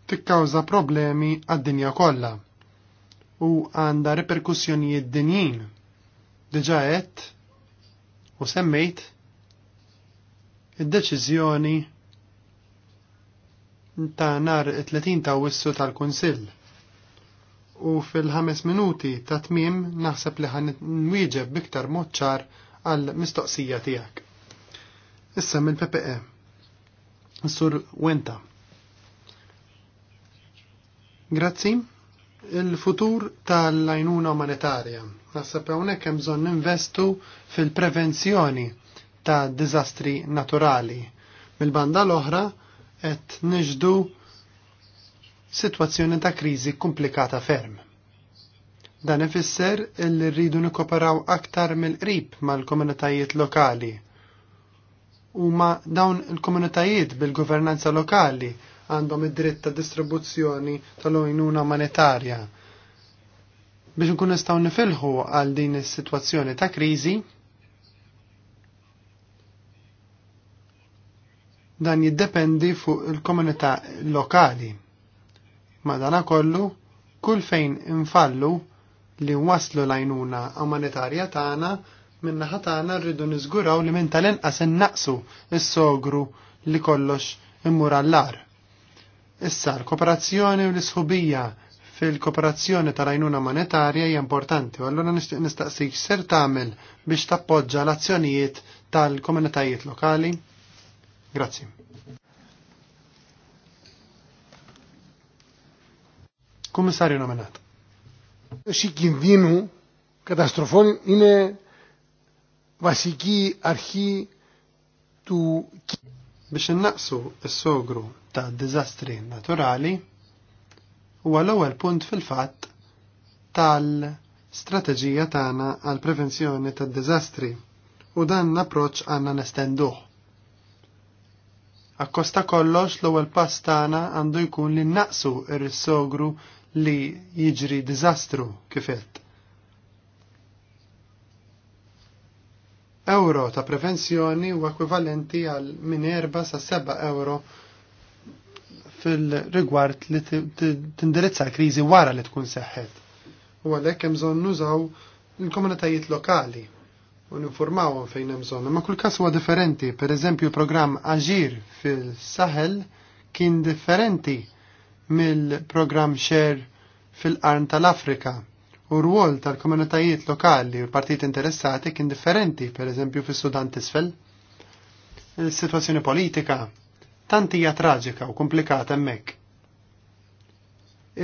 tikkawża problemi għad-dinja kollha u għandha reperkussjonijiet dinjin. Diġa qed u semmejt id-deċiżjoni ta' nar 30 ta' wissu tal-Kunsill u fil-5 minuti ta' tmiem naħseb li ħan nwieġeb biktar moċċar għal mistoqsija tiegħek. Issa mill-PPE. Sur Wenta. Grazzi il-futur tal-lajnuna monetarja. Naħseb hawnhekk hemm bżonn investu fil-prevenzjoni ta' diżastri naturali. Mill-banda l-oħra qed niġdu sitwazzjoni ta' kriżi komplikata ferm. Dan ifisser illi rridu nikoperaw aktar mill-qrib mal-komunitajiet lokali. Huma dawn il-komunitajiet bil-governanza lokali għandhom id-dritt ta' distribuzzjoni tal-ojnuna monetarja. Biex nkun nistgħu nifilħu għal din is-sitwazzjoni ta' kriżi, dan jiddependi fuq il-komunità lokali. Madana kollu, kull fejn infallu li waslu lajnuna monetarja tagħna minna ħatana rridu niżguraw li minn tal-inqas innaqsu s-sogru li kollox immur allar. Issa, l-kooperazzjoni u l-isħubija fil-kooperazzjoni tal-għajnuna monetarja hija importanti, u allura nistaqsik ser tagħmel biex tappoġġa l-azzjonijiet tal-komunitajiet lokali? Grazzi. Kummissarju nominat. Xie kindinu katastrofon vasiki arħi tu kindinu. Biex innaqsu s-sogru ta' dizastri naturali huwa l-ewwel punt fil-fatt tal-strateġija tagħna għal prevenzjoni tad diżastri u dan l-approċċ għandna nestenduh. Akkosta kollox l-ewwel pass tagħna għandu jkun li naqsu r-sogru li jiġri diżastru kifett. Euro ta' prevenzjoni u ekvivalenti għal minn 4 sa' 7 euro fil-rigward li tindirizza l-krizi wara li tkun seħħet. U għalhekk hemm bżonn nużaw il-komunitajiet lokali u ninformawhom fejn hemm bżonn. Ma kull każ huwa differenti, pereżempju programm Aġir fil-Saħel kien differenti mill-programm Share fil arn tal-Afrika u rwol tal-komunitajiet lokali u partijiet interessati kien differenti, per eżempju, fis-Sudan tisfel. Il-situazzjoni politika tant hija traġika u komplikata hemmhekk.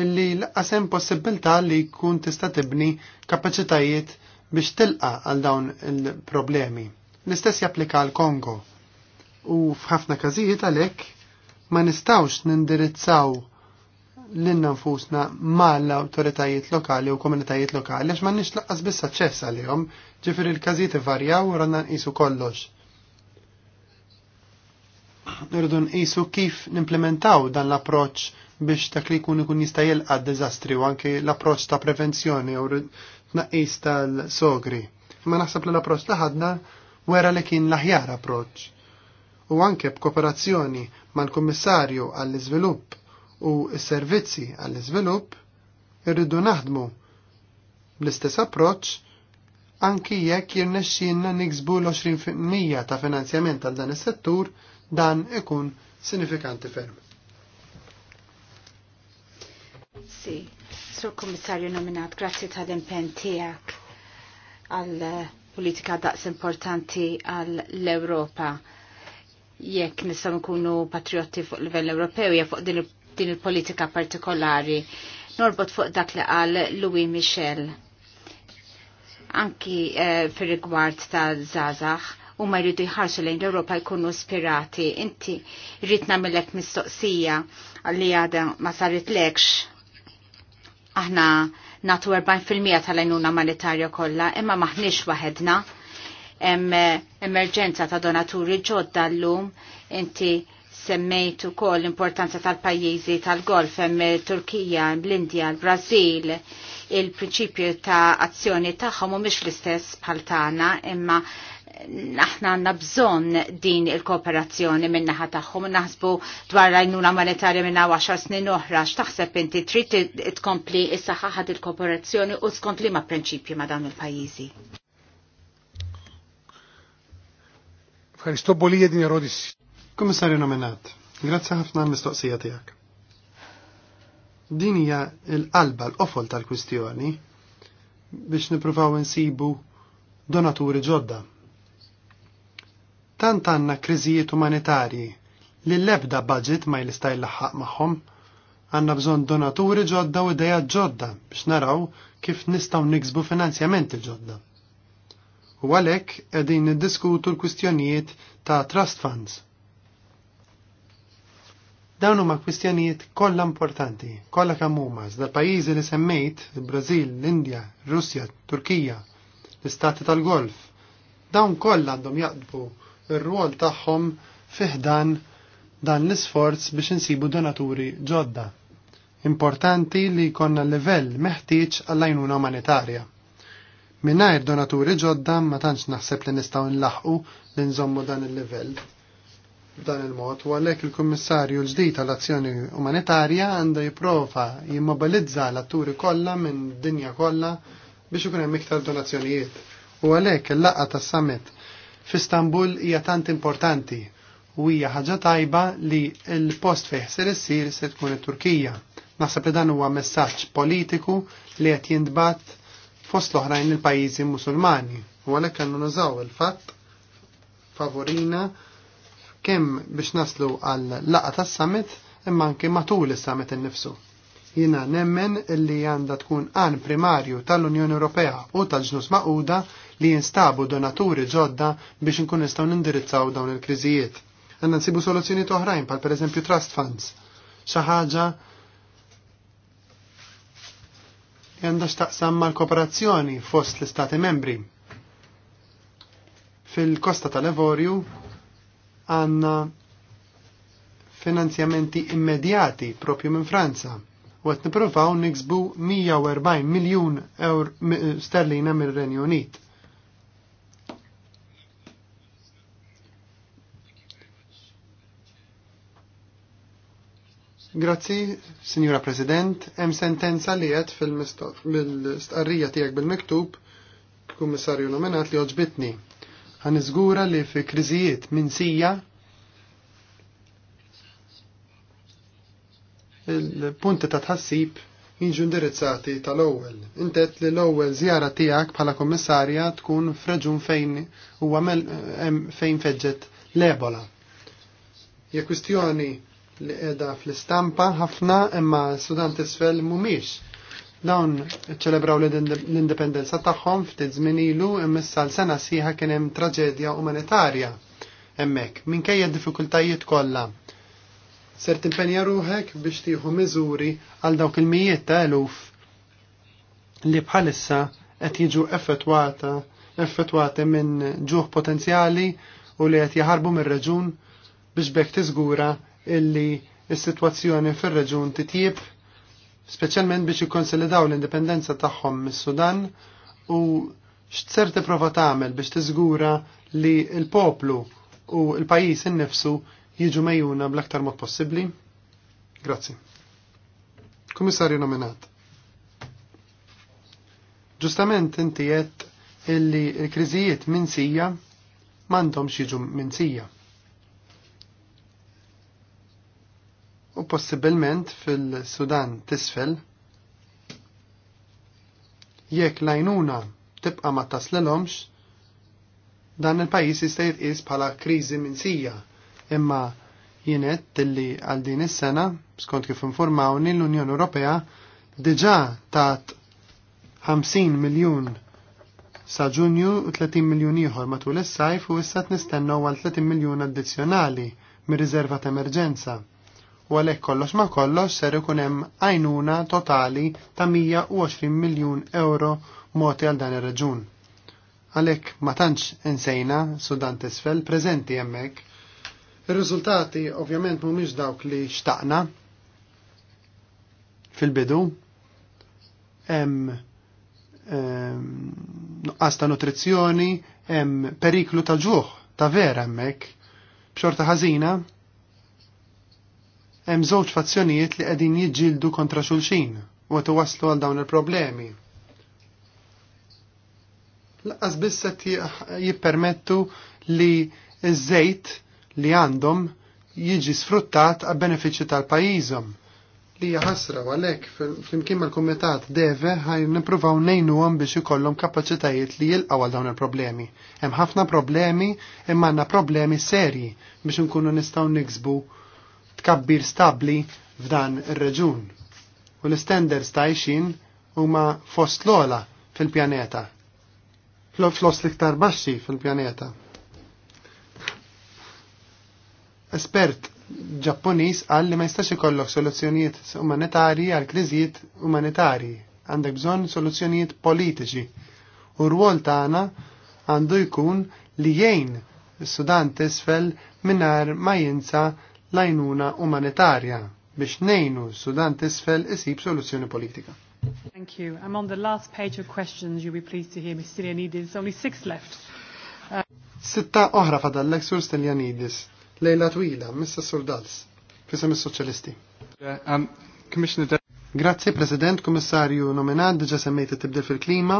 Illi l-qasem possibilità li jkun tista' tibni kapaċitajiet biex tilqa għal dawn il-problemi. L-istess japplika għal Kongo. U f'ħafna każijiet għalhekk ma nistawx nindirizzaw l-inna nfusna ma l-autoritajiet lokali u komunitajiet lokali, għax ma nix laqqas biss ċess għalihom, ġifir il-kazit varja u ranna nqisu kollox. Irridu nqisu kif nimplementaw dan l-approċ biex dak li jkun ikun jista' jilqa' diżastri u anke l-approċ ta' prevenzjoni u tnaqqis tal-sogri. Ma naħseb li l-approċ li ħadna wera li kien l-aħjar approċ. U anke b'kooperazzjoni mal-Kummissarju għall-Iżvilupp u s-servizzi għall-iżvilupp irridu naħdmu bl-istess approċċ anki jekk jirnexxinna niksbu l-20% ta' finanzjament għal dan is-settur dan ikun sinifikanti ferm. Si, Sur Kummissarju nominat, grazzi ta' l-impen tiegħek għal politika daqs importanti għal l-Ewropa jekk nistgħu nkunu patrioti fuq livell Ewropew ja fuq din il din il-politika partikolari. Norbot fuq dak li qal Louis Michel. Anki eh, fir rigward ta' Zazax u ma jridu jħarsu lejn l-Europa jkunu spirati. Inti rritna millek mistoqsija li għada ma sarit lekx. Aħna natu 40% tal-għajnuna monetarja kollha, imma maħniex waħedna. Em, eh, emerġenza ta' donaturi ġodda l-lum, inti Semmejt ukoll l-importanza tal-pajjiżi tal-golf hemm Turkija, l-Indja, l-Brażil, il-prinċipju ta' azzjoni tagħhom mhumiex l-istess bħal tagħna, imma aħna għandna bżonn din il-kooperazzjoni min-naħa tagħhom naħsbu dwar għajnuna monetarja minna 10 snin oħra x'taħseb inti trid tkompli issa ħaħad il-kooperazzjoni u tkompli ma' prinċipji ma' dawn il-pajjiżi. Ħaristo din erodis. Kummissarju nominat, grazzi ħafna mistoqsija tiegħek. Din hija l-qalba l-qofol tal-kwistjoni biex nippruvaw insibu donaturi ġodda. Tant għandna kriżijiet umanitarji li l-ebda budget ma jlistaj laħħaq magħhom, għandna bżonn donaturi ġodda u ideja ġodda biex naraw kif nistgħu niksbu finanzjamenti ġodda. U għalhekk qegħdin niddiskutu l-kwistjonijiet ta' trust funds Dawn huma kwistjonijiet kollha importanti, kollha kemm huma iżda pajjiżi li semmejt, il-Brażil, l-Indja, Russja, Turkija, l-Istati tal-Golf. Dawn kollha għandhom jaqdbu r-rwol tagħhom fiħdan dan l-isforz biex insibu donaturi ġodda. Importanti li jkollna livell meħtieġ għall-għajnuna umanitarja. Minnajr donaturi ġodda ma tantx naħseb li nistgħu nlaħqu li nżommu dan il-livell b'dan il-mod u għalhekk il-Kummissarju l-ġdid tal-Azzjoni Umanitarja għandha jipprova jimmobilizza l-atturi kollha minn dinja kollha biex ikun hemm iktar donazzjonijiet. U għalhekk il-laqgħa tas-summit f'Istanbul hija tant importanti u hija ħaġa tajba li l-post fejn ser issir se tkun it-Turkija. Naħseb li dan huwa messaġġ politiku li qed jintbat fost l-oħrajn il-pajjiżi Musulmani. U għalhekk għandu nużaw il-fatt favorina kemm biex naslu għal laqa tas-summit imma anke matul is-summit innifsu. Jiena nemmen illi għandha tkun għan primarju tal-Unjoni Ewropea u tal-ġnus maquda li jinstabu donaturi ġodda biex nkun nistgħu nindirizzaw dawn il-kriżijiet. Għanna nsibu soluzzjonijiet oħrajn bħal pereżempju trust funds. Xi ħaġa li għandha x'taqsam mal-kooperazzjoni fost l-Istati membri. Fil-Kosta tal-Evorju għanna finanzjamenti immedjati propju minn Franza u għet niprofaw niksbu 140 miljon eur sterlina mill renju Unit. Grazzi, Signora President, hemm sentenza li qed fil-istqarrija tiegħek bil-miktub, kummissarju nominat li oġbitni ħan iżgura li fi kriżijiet minn sija il-punti ta' tħassib jinġu indirizzati tal-ewwel. Intet li l-ewwel żjara tiegħek bħala kommissarja tkun f'reġun fejn huwa fejn feġġet l-ebola. Hija kwistjoni li qiegħda fl-istampa ħafna imma Sudan t'isfel mhumiex Dawn ċelebraw l-indipendenza tagħhom ftit żmien ilu imissa l-sena sieħa kien hemm traġedja umanitarja hemmhekk minkejja d-diffikultajiet kollha. Ser timpenja ruħek biex tieħu miżuri għal dawk il-mijiet ta' eluf li bħalissa qed jiġu effettwata effettwati minn ġuħ potenzjali u li qed jaħarbu mir-reġun biex bekk tiżgura illi s-sitwazzjoni fir-reġun titjib speċjalment biex jikkonsolidaw l-indipendenza tagħhom mis-Sudan u x'ser tipprova tagħmel biex tiżgura li l-poplu u l-pajjiż innifsu jiġu mejjuna bl-aktar mod possibbli? Grazzi. Kummissarju nominat. Ġustament inti qed illi l-kriżijiet minsija m'għandhomx jiġu minsija. u possibilment fil-Sudan tisfel. Jekk lajnuna tibqa ma taslelhomx, dan il-pajis jista' jitqies bħala kriżi minsija, imma jienet tilli għal din is-sena, skont kif informawni l-Unjoni Ewropea diġà tat 50 miljun sa ġunju u 30 miljun ieħor matul is-sajf u issa nistennu għal 30 miljun addizzjonali mir-riserva ta' emerġenza u għalhekk kollox ma kollox ser ikun hemm għajnuna totali ta' 120 miljun euro moti għal dan ir reġun Għalhekk ma tantx insejna Sudan t'isfel preżenti hemmhekk. Ir-riżultati ovvjament mhumiex dawk li xtaqna fil-bidu hemm ehm, nuqqas ta' nutrizzjoni, hemm periklu ta' ġuħ ta' vera hemmhekk. B'xorta ħażina, Hemm żewġ fazzjonijiet li qegħdin jiġġieldu kontra xulxin u qed iwasslu għal dawn il-problemi. Laqqas biss qed jippermettu li ż-żejt li għandhom jiġi sfruttat għal benefiċċju tal-pajjiżhom li ħasra għalhekk flimkien mal kumitat deve ħaj nippruvaw nejnu biex ikollhom kapaċitajiet li jilqgħu għal dawn il-problemi. Hemm ħafna problemi imma għandna problemi serji biex nkunu nistgħu niksbu tkabbir stabli f'dan ir-reġun. U l istenders ta' ixin huma fost l-ola fil-pjaneta. Flos l-iktar baxxi fil-pjaneta. Espert Ġappuniż qal li ma jistax ikollok soluzzjonijiet umanitarji għal kriżijiet umanitarji. Għandek bżonn soluzzjonijiet politiċi. U r-rwol tagħna għandu jkun li jgħin s-Sudan tisfel minnar ma jinsa lajnuna umanitarja biex nejnu Sudan tisfel isib soluzzjoni politika. Thank you. I'm on the last page of questions. You'll be pleased to hear, Mr. Stylianidis. Only six left. Uh... Sitta oħra fadal l Sur Stylianidis. Lejla twila, Mr. Soldals. fisa il soċjalisti um, Grazie, President, Komissarju nominat, diġa semmejt tibdil fil-klima.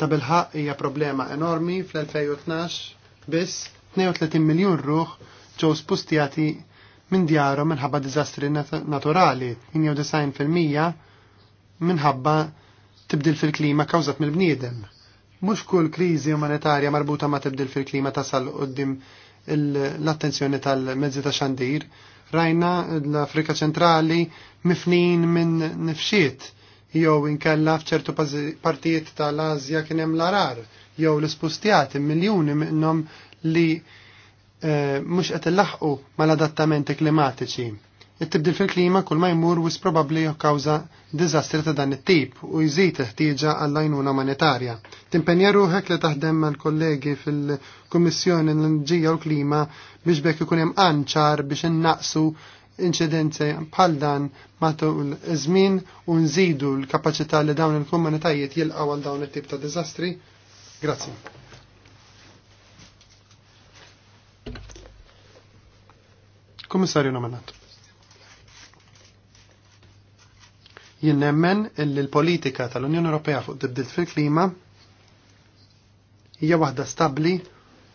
Tabelħa hija problema enormi fl-2012 biss 32 miljon ruħ ġew spustjati minn djarhom minħabba diżastri naturali, jew design fil-mija minħabba tibdil fil-klima kawzat mill-bniedem. Mhux kull kriżi umanitarja marbuta ma tibdil fil-klima tasal qudiem l-attenzjoni tal-mezzi ta' xandir. Rajna l-Afrika ċentrali mifnin minn nifxiet jew inkella f'ċertu partijiet tal-Azja kien hemm l-arar jew l-ispustjati miljuni minnhom li Eh, mhux qed ilaħqu mal-adattamenti klimatiċi. It-tibdil fil-klima kull ma jmur wis probabbli jokkawża diżastri ta' dan it-tip u jżid teħtieġa għall għajnuna umanitarja. Timpenja ruħek li taħdem mal-kollegi fil-Kummissjoni l-Enerġija u l-Klima biex bekk ikun hemm anċar biex innaqsu inċidenze bħal dan matul iż-żmien u nżidu l-kapaċità li dawn il-komunitajiet jilqgħu għal dawn it-tip ta' diżastri. Grazzi. Kummissarju nominat. Jien nemmen illi l-politika tal-Unjoni Ewropea fuq tibdil fil-klima hija waħda stabbli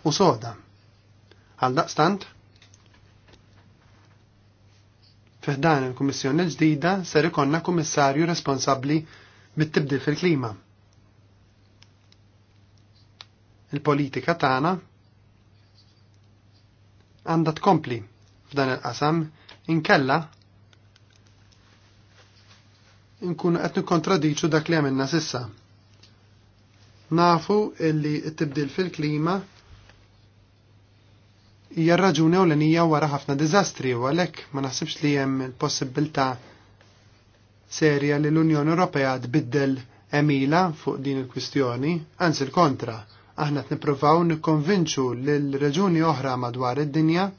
u soda. Għal daqstant, fiħdan il-Kummissjoni l-ġdida ser ikonna kummissarju responsabbli bit-tibdil fil-klima. Il-politika tagħna għandha tkompli f'dan il-qasam, inkella nkunu qed nikkontradiċu dak li għamilna sissa. Nafu illi t-tibdil fil-klima hija raġuni ewlenija wara ħafna diżastri u għalhekk ma naħsibx li hemm il-possibilità serja li l-Unjoni Ewropea tbiddel emila fuq din il-kwistjoni, anzi il-kontra, aħna t-niprofaw nikkonvinċu l-reġuni oħra madwar id-dinja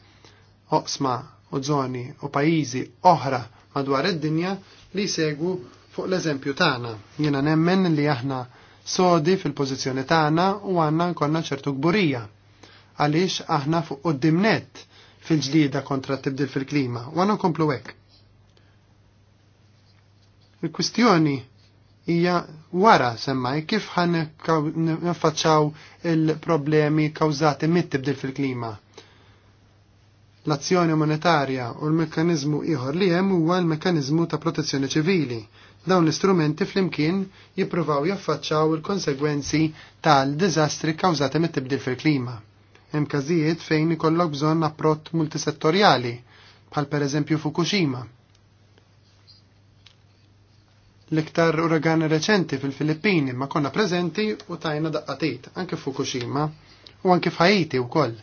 oqsma u zoni u pajizi oħra madwar id-dinja li segwu fuq l-eżempju tagħna. Jiena nemmen li aħna sodi fil-pożizzjoni tagħna u għandna nkollna ċertu gburija għaliex aħna fuq qoddimnet fil-ġlida kontra tibdil fil-klima. U għanna nkomplu hekk. Il-kwistjoni hija wara semma kif ħan il-problemi kawżati mit-tibdil fil-klima. L-azzjoni monetarja u l-mekkanizmu ieħor li hemm huwa l-mekkanizmu ta' protezzjoni ċivili. Dawn l-istrumenti flimkien jippruvaw jaffaċċaw il-konsegwenzi tal-diżastri kkawżati mit-tibdil fil-klima. Hemm każijiet fejn ikollok bżonn apprott multisettorjali, bħal pereżempju Fukushima. L-iktar uragani reċenti fil-Filippini ma konna preżenti u tajna daqqatit, anke Fukushima u anke f'Haiti wkoll.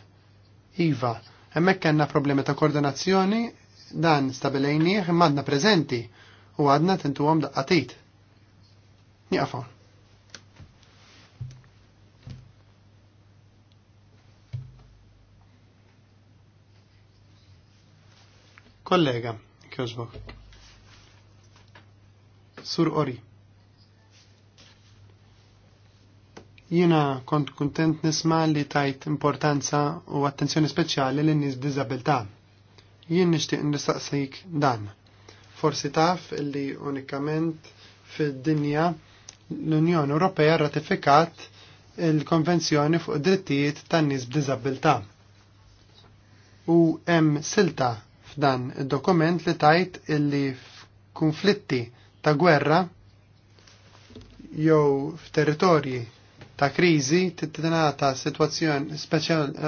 Iva, Hemmhekk kellna problemi ta' koordinazzjoni dan stabilejnieh imma għadna u għadna tintuhom daqqatit. Njafon. Kollega, kjożbok. Sur Ori. Jiena kont kuntent nisma li tajt importanza u attenzjoni speċjali lin nies b'diżabilità. Jien nixtieq nistaqsik dan. Forsi taf li unikament fid-dinja l-Unjoni Ewropea ratifikat il-Konvenzjoni fuq drittijiet tan-nies b'diżabilità. U hemm silta f'dan id-dokument li tajt illi f'kunflitti ta' gwerra jew f'territorji ta' kriżi titinata situazzjoni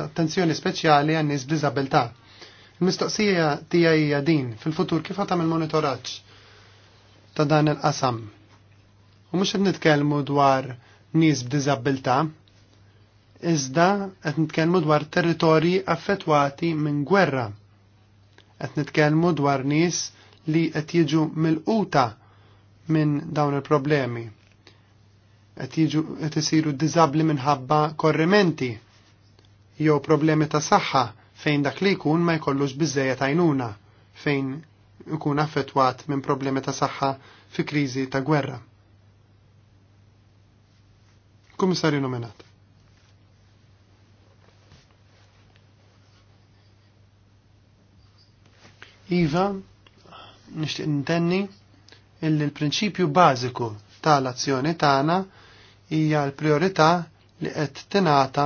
attenzjoni speċjali għan nies b'diżabilità. Il-mistoqsija tiegħi hija din fil-futur kif għatam il-monitoraġġ ta' dan il-qasam. U mhux qed nitkellmu dwar nies b'diżabilità, iżda qed nitkellmu dwar territorji affettwati minn gwerra. Qed nitkellmu dwar nies li qed jiġu mill minn dawn il-problemi qed isiru diżabbli minħabba korrimenti jew problemi ta' saħħa fejn dak li jkun ma jkollux biżejjed għajnuna fejn ikun affettwat minn problemi ta' saħħa fi kriżi ta' gwerra. Kummissarju nominat. Iva, nixtieq intenni il l-prinċipju bażiku tal-azzjoni tagħna hija l-priorità li qed tingħata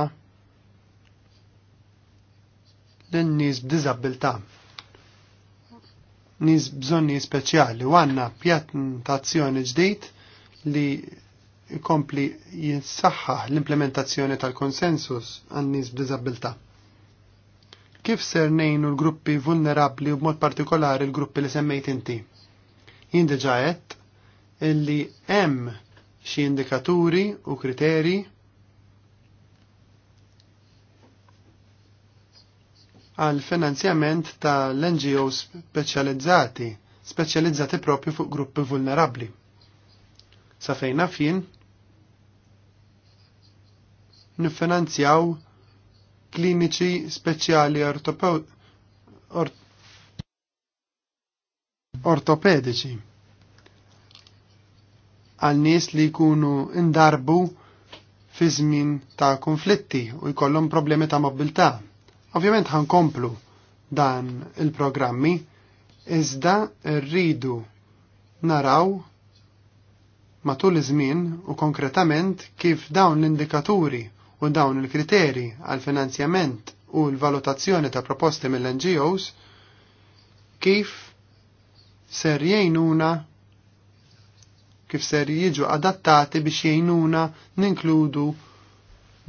lin-nies b'diżabilità. Nies bżonni speċjali u għandna pjantazzjoni ġdid li jkompli jinsaħħaħ l-implementazzjoni tal-konsensus għan-nies b'diżabilità. Kif ser nejnu l-gruppi vulnerabli u b'mod partikolari l-gruppi li semmejt inti? Jien diġa qed illi hemm xi indikaturi u kriteri għal finanzjament ta' l-NGO speċjalizzati, speċjalizzati propju fuq gruppi vulnerabli. Sa fejna fin, nifinanzjaw kliniċi speċjali ortopedici għal nies li jkunu indarbu fi żmien ta' konflitti u jkollhom problemi ta' mobilità. Ovvjament komplu dan il-programmi iżda rridu naraw matul iż-żmien u konkretament kif dawn l-indikaturi u dawn il-kriteri għal finanzjament u l-valutazzjoni ta' proposti mill-NGOs kif ser jgħinuna kif ser jiġu adattati biex jgħinuna ninkludu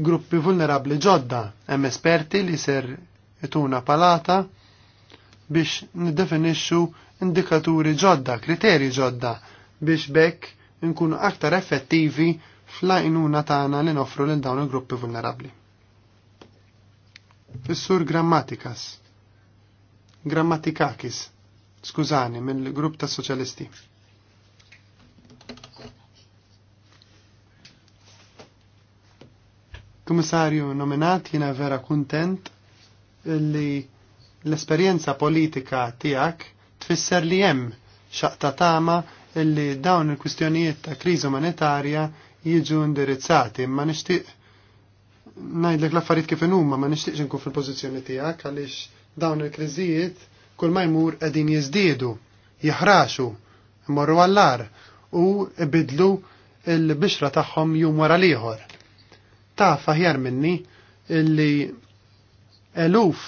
gruppi vulnerabli ġodda, hemm esperti li ser ituna palata biex niddefinixxu indikaturi ġodda, kriteri ġodda biex bekk nkunu aktar effettivi fl-għajnuna tagħna li noffru lil dawn il-gruppi vulnerabli. Fis-sur Grammatikas. Grammatikakis. Skużani, mill-grupp ta' soċjalisti. Kummissarju nominat jiena vera kuntent li l-esperjenza politika tiegħek tfisser li hemm xaqta tama illi dawn il-kwistjonijiet ta' kriżi umanitarja jiġu indirizzati, ma nixtieq ngħidlek l-affarijiet kif huma ma nixtieqx inkun fil-pożizzjoni tiegħek għaliex dawn il-kriżijiet kull ma jmur qegħdin jiżdiedu, jihraxu, morru għallar u ibidlu il-bixra tagħhom jum wara l-ieħor taf aħjar minni illi eluf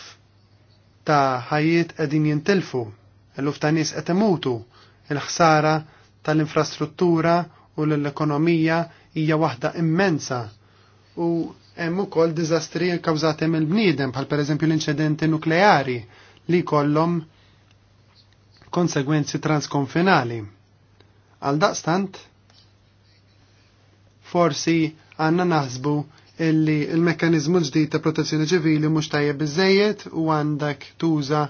ta' ħajiet qegħdin jintilfu, eluf ta' nies qed imutu, il-ħsara tal-infrastruttura u l-ekonomija hija waħda immensa u hemm ukoll diżastri kkawżati mill-bniedem bħal pereżempju l-inċidenti nukleari li kollhom konsegwenzi transkonfinali. Għal daqstant, forsi għanna naħsbu illi il-mekkanizmu ġdid ta' protezzjoni ċivili mhux tajjeb biżejjed u għandek tuża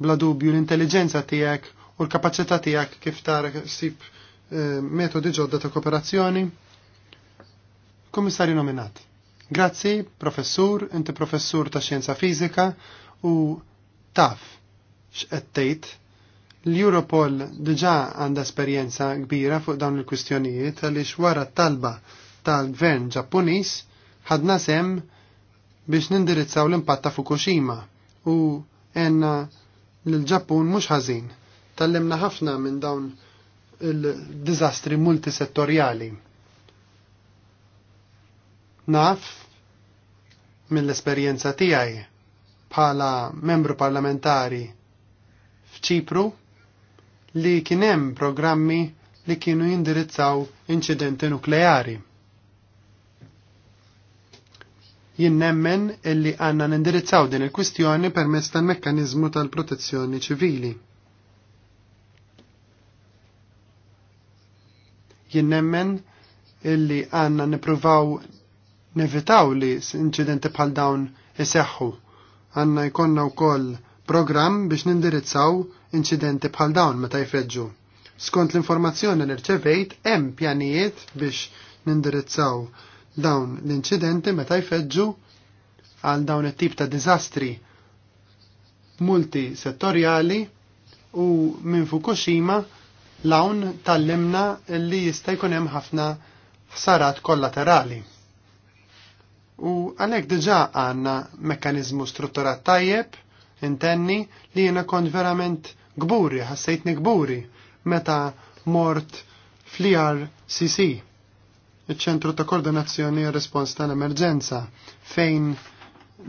bla dubju l-intelligenza tiegħek u l-kapaċità tiegħek kif tara sib eh, metodi ġodda ta' kooperazzjoni. Kummissarju nominat. Grazzi, professur, inti professur ta' xjenza fiżika u taf x'qed tgħid l-Europol diġà għandha esperjenza kbira fuq dawn il-kwistjonijiet għaliex wara t-talba tal-gvern Ġappuniż ħadna sem biex nindirizzaw l-impatt ta' Fukushima u għenna l-Ġappun mhux ħażin. Tallimna ħafna minn dawn il-dizastri multisettorjali. Naf mill-esperjenza tiegħi bħala membru parlamentari f'Ċipru li kien hemm programmi li kienu jindirizzaw inċidenti nukleari. jien nemmen illi għanna nindirizzaw din il-kwistjoni permezz tal-mekkanizmu tal-protezzjoni ċivili. Jien nemmen illi għanna nipruvaw nevitaw li inċidenti bħal dawn iseħħu. Għanna jkonna wkoll program biex nindirizzaw inċidenti bħal dawn meta jfeġġu. Skont l-informazzjoni li rċevejt, hemm pjanijiet biex nindirizzaw dawn l-inċidenti meta jfeġġu għal dawn it-tip ta' diżastri multisettorjali u minn Fukushima lawn tal-limna li jista' jkun hemm ħafna ħsarat kollaterali. U għalhekk diġà għandna mekkaniżmu strutturat tajjeb intenni li jiena kont verament gburi, ħassejtni gburi meta mort fl-IRCC iċ-ċentru ta' koordinazzjoni u respons tal-emerġenza fejn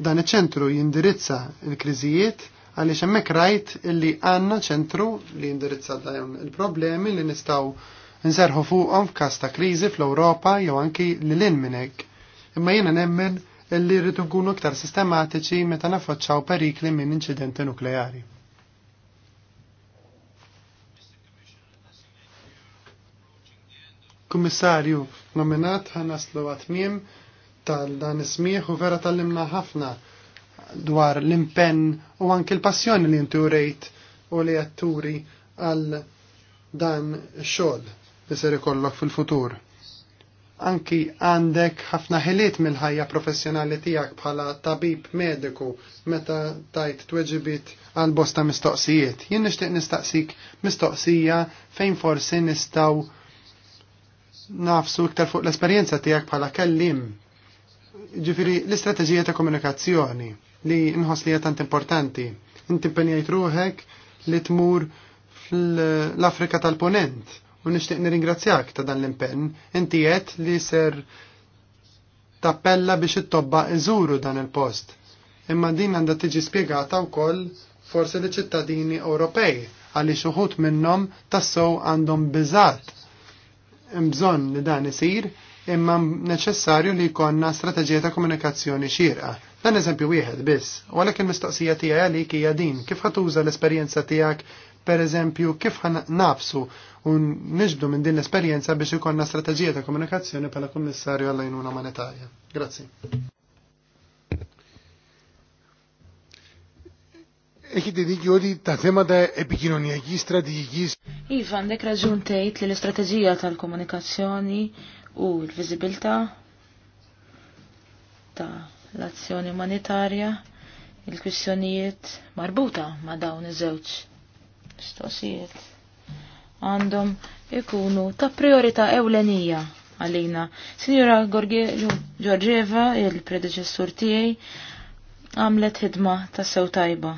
dan iċ-ċentru jindirizza l-kriżijiet għaliex hemmhekk rajt illi għandna ċentru li jindirizza dawn il-problemi li nistgħu nserħu fuqhom f'każ ta' kriżi fl-Ewropa jew anki lil hinn minn hekk. Imma jiena nemmen illi rridu nkunu aktar sistematiċi meta nafaċċaw perikli minn inċidenti nukleari. kummissarju nominat ħanaslu għatmiem tal-dan ismiħ u vera tal-limna ħafna dwar l-impenn u anki l-passjoni li jintu rejt u li jatturi għal dan xol li ser ikollok fil-futur. Anki għandek ħafna ħiliet mill-ħajja professjonali tijak bħala tabib mediku meta tajt tweġibit għal bosta mistoqsijiet. Jien nishtiq nistaqsik mistoqsija fejn forsi nistaw nafsu iktar fuq l-esperienza tijak bħala kellim. Ġifiri, l-istrateġija ta' komunikazzjoni li nħos li tant importanti. Inti penjajt ruħek li tmur fl-Afrika tal-Ponent u nishtiq nirringrazzjak ta' dan l-impenn. Inti jett li ser tappella biex it-tobba iżuru dan il-post. Imma din għandha tiġi spjegata wkoll forsi li ċittadini Ewropej għaliex xuħut minnhom tassew għandhom bizat bżonn li dan isir imma neċessarju li jkollna strateġija ta' komunikazzjoni xirqa. Dan eżempju wieħed biss, u għalhekk il-mistoqsija tiegħi għalik hija din kif ħatuża l-esperjenza tiegħek per eżempju kif nafsu u nġbdu minn din l-esperjenza biex ikonna strateġija ta' komunikazzjoni pala kummissarju għall-għajnuna monetarja. Grazzi. Έχετε δίκιο ότι τα θέματα επικοινωνιακής στρατηγικής... Ήβαν, δεν κραζούν τέιτ λίλη στρατηγία τα κομμουνικασιόνι u l-viżibilità ta' l-azzjoni umanitarja, il-kwistjonijiet marbuta ma' dawn iż-żewġ mistoqsijiet għandhom ikunu ta' priorità ewlenija għalina. Sinjura Giorgieva, il-predeċessur tiegħi, għamlet ħidma ta' sew tajba.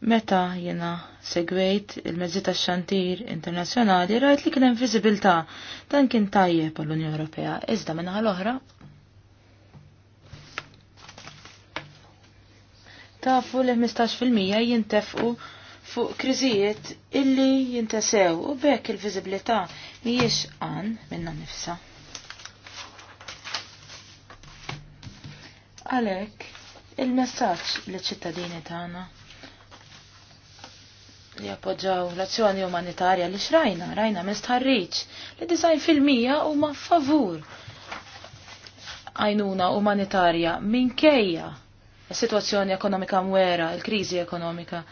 Meta jena segwejt il-mezzi ta' xantir internazzjonali rajt li kien hemm viżibilità dan kien tajjeb għall-Unjoni Ewropea iżda minnaħa l-oħra tafu li 15% jintefqu fuq kriżijiet illi jintesew u bekk il-viżibilità mhijiex għan minna nifsa. Għalek, il-messaġġ li ċittadini tagħna jappoġġaw l-azzjoni umanitarja li xrajna, rajna mistħarriċ li dizajn fil-mija u ma favur għajnuna umanitarja minkejja s situazzjoni ekonomika mwera, il-krizi ekonomika.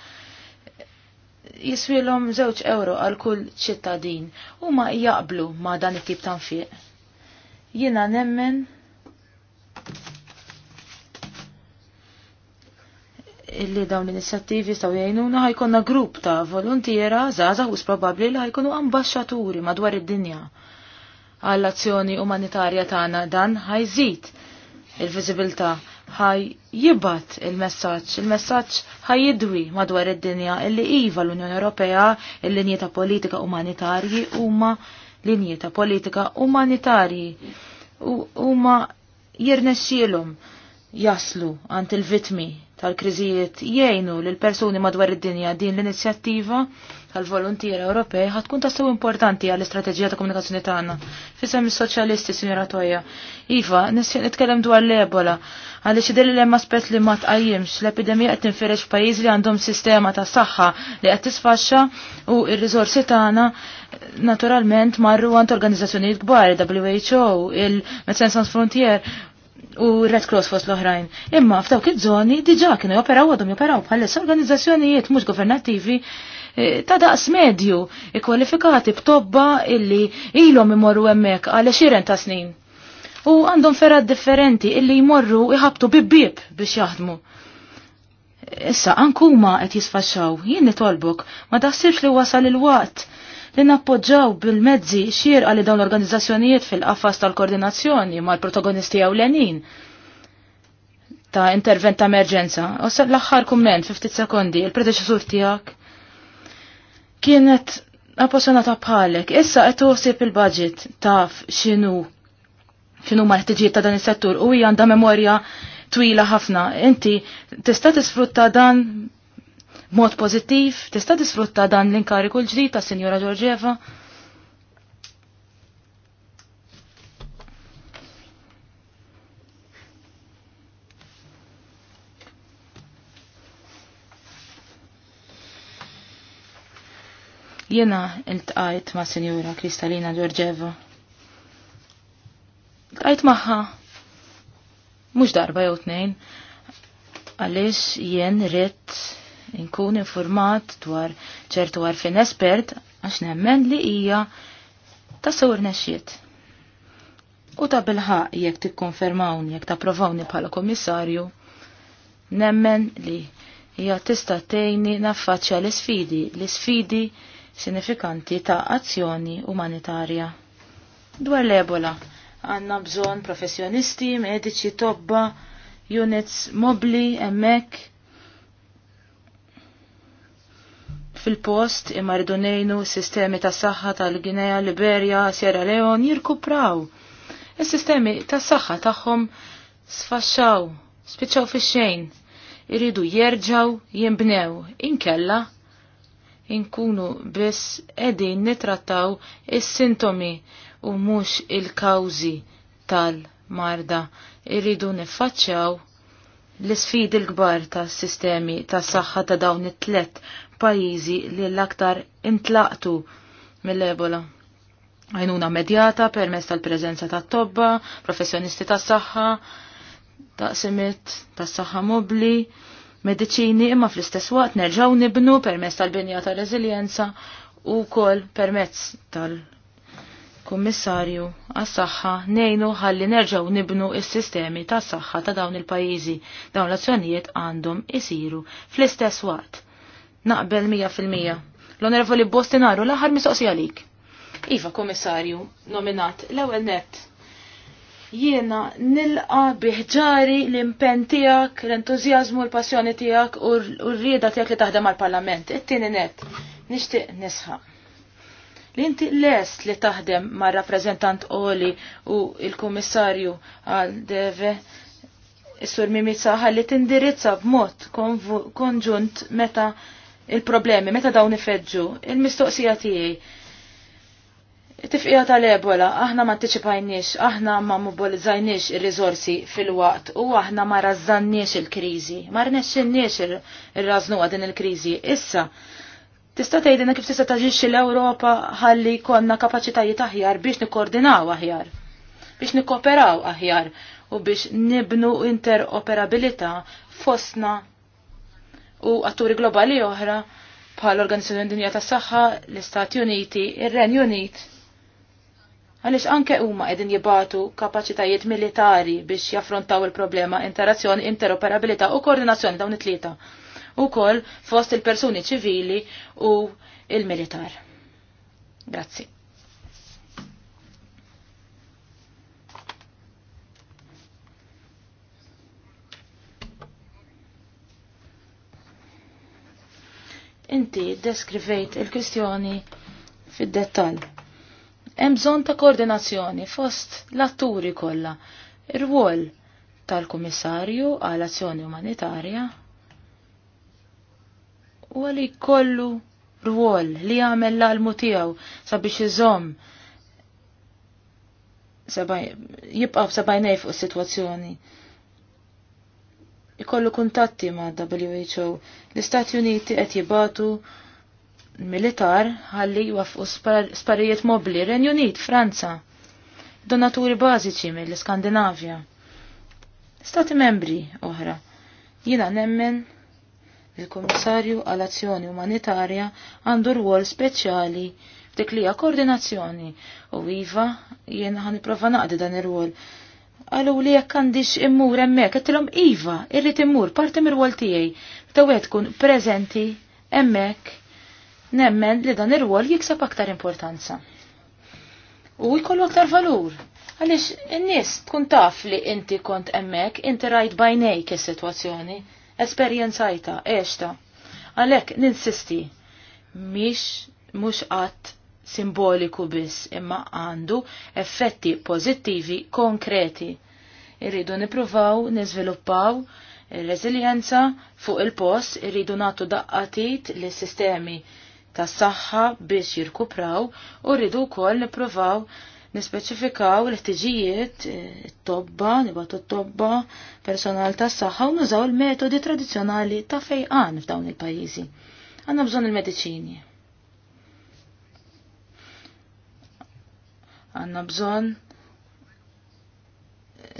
Jiswilhom żewġ euro għal kull ċittadin u ma jaqblu ma dan it-tip tanfiq. Jina Jiena nemmen illi dawn l-inizjattivi staw jgħinuna ħajkonna grupp ta' volontiera zaza u probabbli li ħajkonu ambasċaturi madwar id-dinja. Għall-azzjoni umanitarja tagħna dan ħajżid il-viżibilità ħaj jibbat il-messaġġ, il-messaġġ ħaj jidwi madwar id-dinja illi iva l-Unjoni Ewropea il-linji ta' politika umanitarji huma linji ta' politika umanitarji huma jirnexxielhom jaslu għand il-vitmi tal-kriżijiet jgħinu l persuni madwar id-dinja din l-inizjattiva tal-volontieri Ewropej ħad tkun tassew importanti għall istrateġija ta' komunikazzjoni tagħna. Fisem is-soċjalisti Sinjora Toja. Iva, nisfin nitkellem dwar l-Ebola għaliex idher li hemm aspett li ma tqajjimx l-epidemija qed tinferex f'pajjiż li għandhom sistema ta' saħħa li qed tisfaxxa u r-riżorsi tagħna naturalment marru għand organizzazzjonijiet kbar, WHO, il-Medecins Sans Frontier u Red Cross fost l-oħrajn. Imma f'dawk iż-żoni diġà kienu joperaw għadhom joperaw bħallis organizzazzjonijiet mhux governattivi eh, ta' daqs medju ikkwalifikati b'tobba illi ilhom imorru hemmhekk għal xiren ta' snin. U għandhom ferat differenti illi jmorru iħabtu bibbieb biex jaħdmu. Issa, ankuma qed jisfaxxaw, jien nitolbok, ma taħsibx li wasal il-waqt li nappoġġaw bil-mezzi xierqa li dawn l-organizzazzjonijiet fil-qafas tal-koordinazzjoni mal-protagonisti ewlenin ta' intervent ta' emerġenza. Ossa l-axħar kumment, 50 sekondi, il-predeċessur tijak kienet ta' bħalek, issa qed toħsib il-budget taf xinu xinu ma ħtiġiet ta' dan is-settur u hija għandha memorja twila ħafna. Inti tista' tisfrutta dan mod pozittiv tista' disfrutta dan l-inkariku l-ġdid ta' Sinjora Giorgieva. Jena il-tqajt ma' Sinjora Kristalina Giorgieva. Tqajt maħħa mhux darba jew tnejn għaliex jien ritt nkun informat dwar ċertu għarfin espert għax nemmen li hija ta' sewr nexiet. U ta' bilħaq jekk tikkonfermawni, jekk ta' provawni bħala komissarju, nemmen li hija tista' tejni naffaċċja l-isfidi, l-isfidi sinifikanti ta' azzjoni umanitarja. Dwar l-ebola, għanna bżon professjonisti, medici tobba, units mobli, emmek, fil-post imma rridu s-sistemi tas saħħa tal-Ginea, Liberja, Sierra Leone jirkupraw. Is-sistemi tas saħħa tagħhom sfaxxaw, spiċċaw fix-xejn, irridu jerġaw jinbnew inkella inkunu biss qegħdin nitrattaw is-sintomi u mhux il-kawżi tal-marda. Irridu niffaċċjaw l-isfidi l-kbar tas sistemi tas saħħa ta' dawn it-tlet pajizi li l-aktar intlaqtu mill-ebola. Għajnuna medjata permess tal-prezenza ta' tobba, professjonisti ta' saħħa, ta' simit ta' saħħa mobli, mediċini imma fl-istess waqt nerġaw nibnu permess tal-binja ta' reżiljenza u kol permezz tal-Kummissarju għas-saħħa nejnu ħalli nerġaw nibnu is-sistemi ta' saħħa ta' dawn il-pajjiżi. Dawn l-azzjonijiet għandhom isiru fl-istess waqt. Naqbel 100%. L-Onorevoli Bostinaru l-aħħar mistoqsija għalik. Iva, komissarju, nominat l-ewwel net. Jiena nilqa biħġari l-impen tiegħek, l-entużjażmu l-passjoni tiegħek u r-rieda tiegħek li taħdem mal-Parlament. It-tieni net nixtieq nisħaq li inti lest li taħdem ma' rappresentant Oli u il-Komissarju għal deve Is-sur Mimica li tindirizza b'mod konġunt meta il-problemi meta dawn ifeġġu, il-mistoqsija tiegħi. Tifqija tal-ebola, aħna ma antiċipajniex, aħna ma mobilizzajniex il-rizorsi fil-waqt u aħna ma razzanniex il-krizi, ma rnexxinniex il raznu din il-krizi. Issa, tista' tgħidilna kif tista' taġix l-Ewropa ħalli konna kapaċitajiet aħjar biex nikkoordinaw aħjar, biex nikkoperaw aħjar u biex nibnu interoperabilità fosna u atturi globali oħra bħal l-Organizzazzjoni Dinja tas-Saħħa, l-Istati Uniti, ir-Renju Unit. Għaliex anke huma qegħdin jibatu kapaċitajiet militari biex jaffrontaw il-problema interazzjoni, interoperabilità u koordinazzjoni dawn it-tlieta. Ukoll fost il-persuni ċivili u il-militar. Grazzi. Inti deskrivejt il-kwistjoni fid-dettall. Hemm bżonn ta' koordinazzjoni fost l-atturi kollha, ir wol tal-Kummissarju għal azzjoni umanitarja u għalli kollu rwol li għamel l-almu tiegħu sabiex iżomm jibqaw sabajnej fuq is-sitwazzjoni ikollu kuntatti ma' WHO. L-Istati Uniti qed jibatu militar ħalli jwafqu sparijiet mobli Renju Unit, Franza, donaturi bażiċi mill-Skandinavja. Stati membri oħra. Jina nemmen il-Komissarju għal Azzjoni Umanitarja għandu rwol speċjali f'dik li koordinazzjoni u iva jien ħan naqdi dan ir-rwol għalu li jekk għandix immur emmek, għattilom Iva, irrit immur, parti mir-wol tijaj, tawet kun prezenti emmek, nemmen li dan ir-wol jiksab aktar importanza. U jkollu aktar valur. Għalix, n-nis tkun taf li inti kont emmek, inti rajt bajnej kis situazzjoni, esperienzajta, eċta. Għalek, ninsisti, mish, mux għat simboliku biss imma għandu effetti pozittivi konkreti. Irridu nipruvaw, niżviluppaw il-reżiljenza fuq il-post, irridu nagħtu daqqatit li sistemi ta' saħħa biex jirkupraw u rridu wkoll nippruvaw nispeċifikaw l-ħtiġijiet eh, it tobba nibatu t-tobba, personal ta' saħħa u nużaw il-metodi tradizzjonali ta' fejqan f'dawn il pajjiżi Għandna bżonn il mediċini Għanna bżon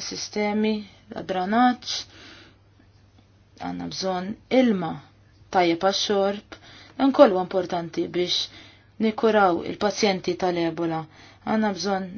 sistemi għadranaċ, għanna bżon ilma tajja pa xorb, dan kollu importanti biex nikuraw il-pazjenti tal-ebola. Għanna bżon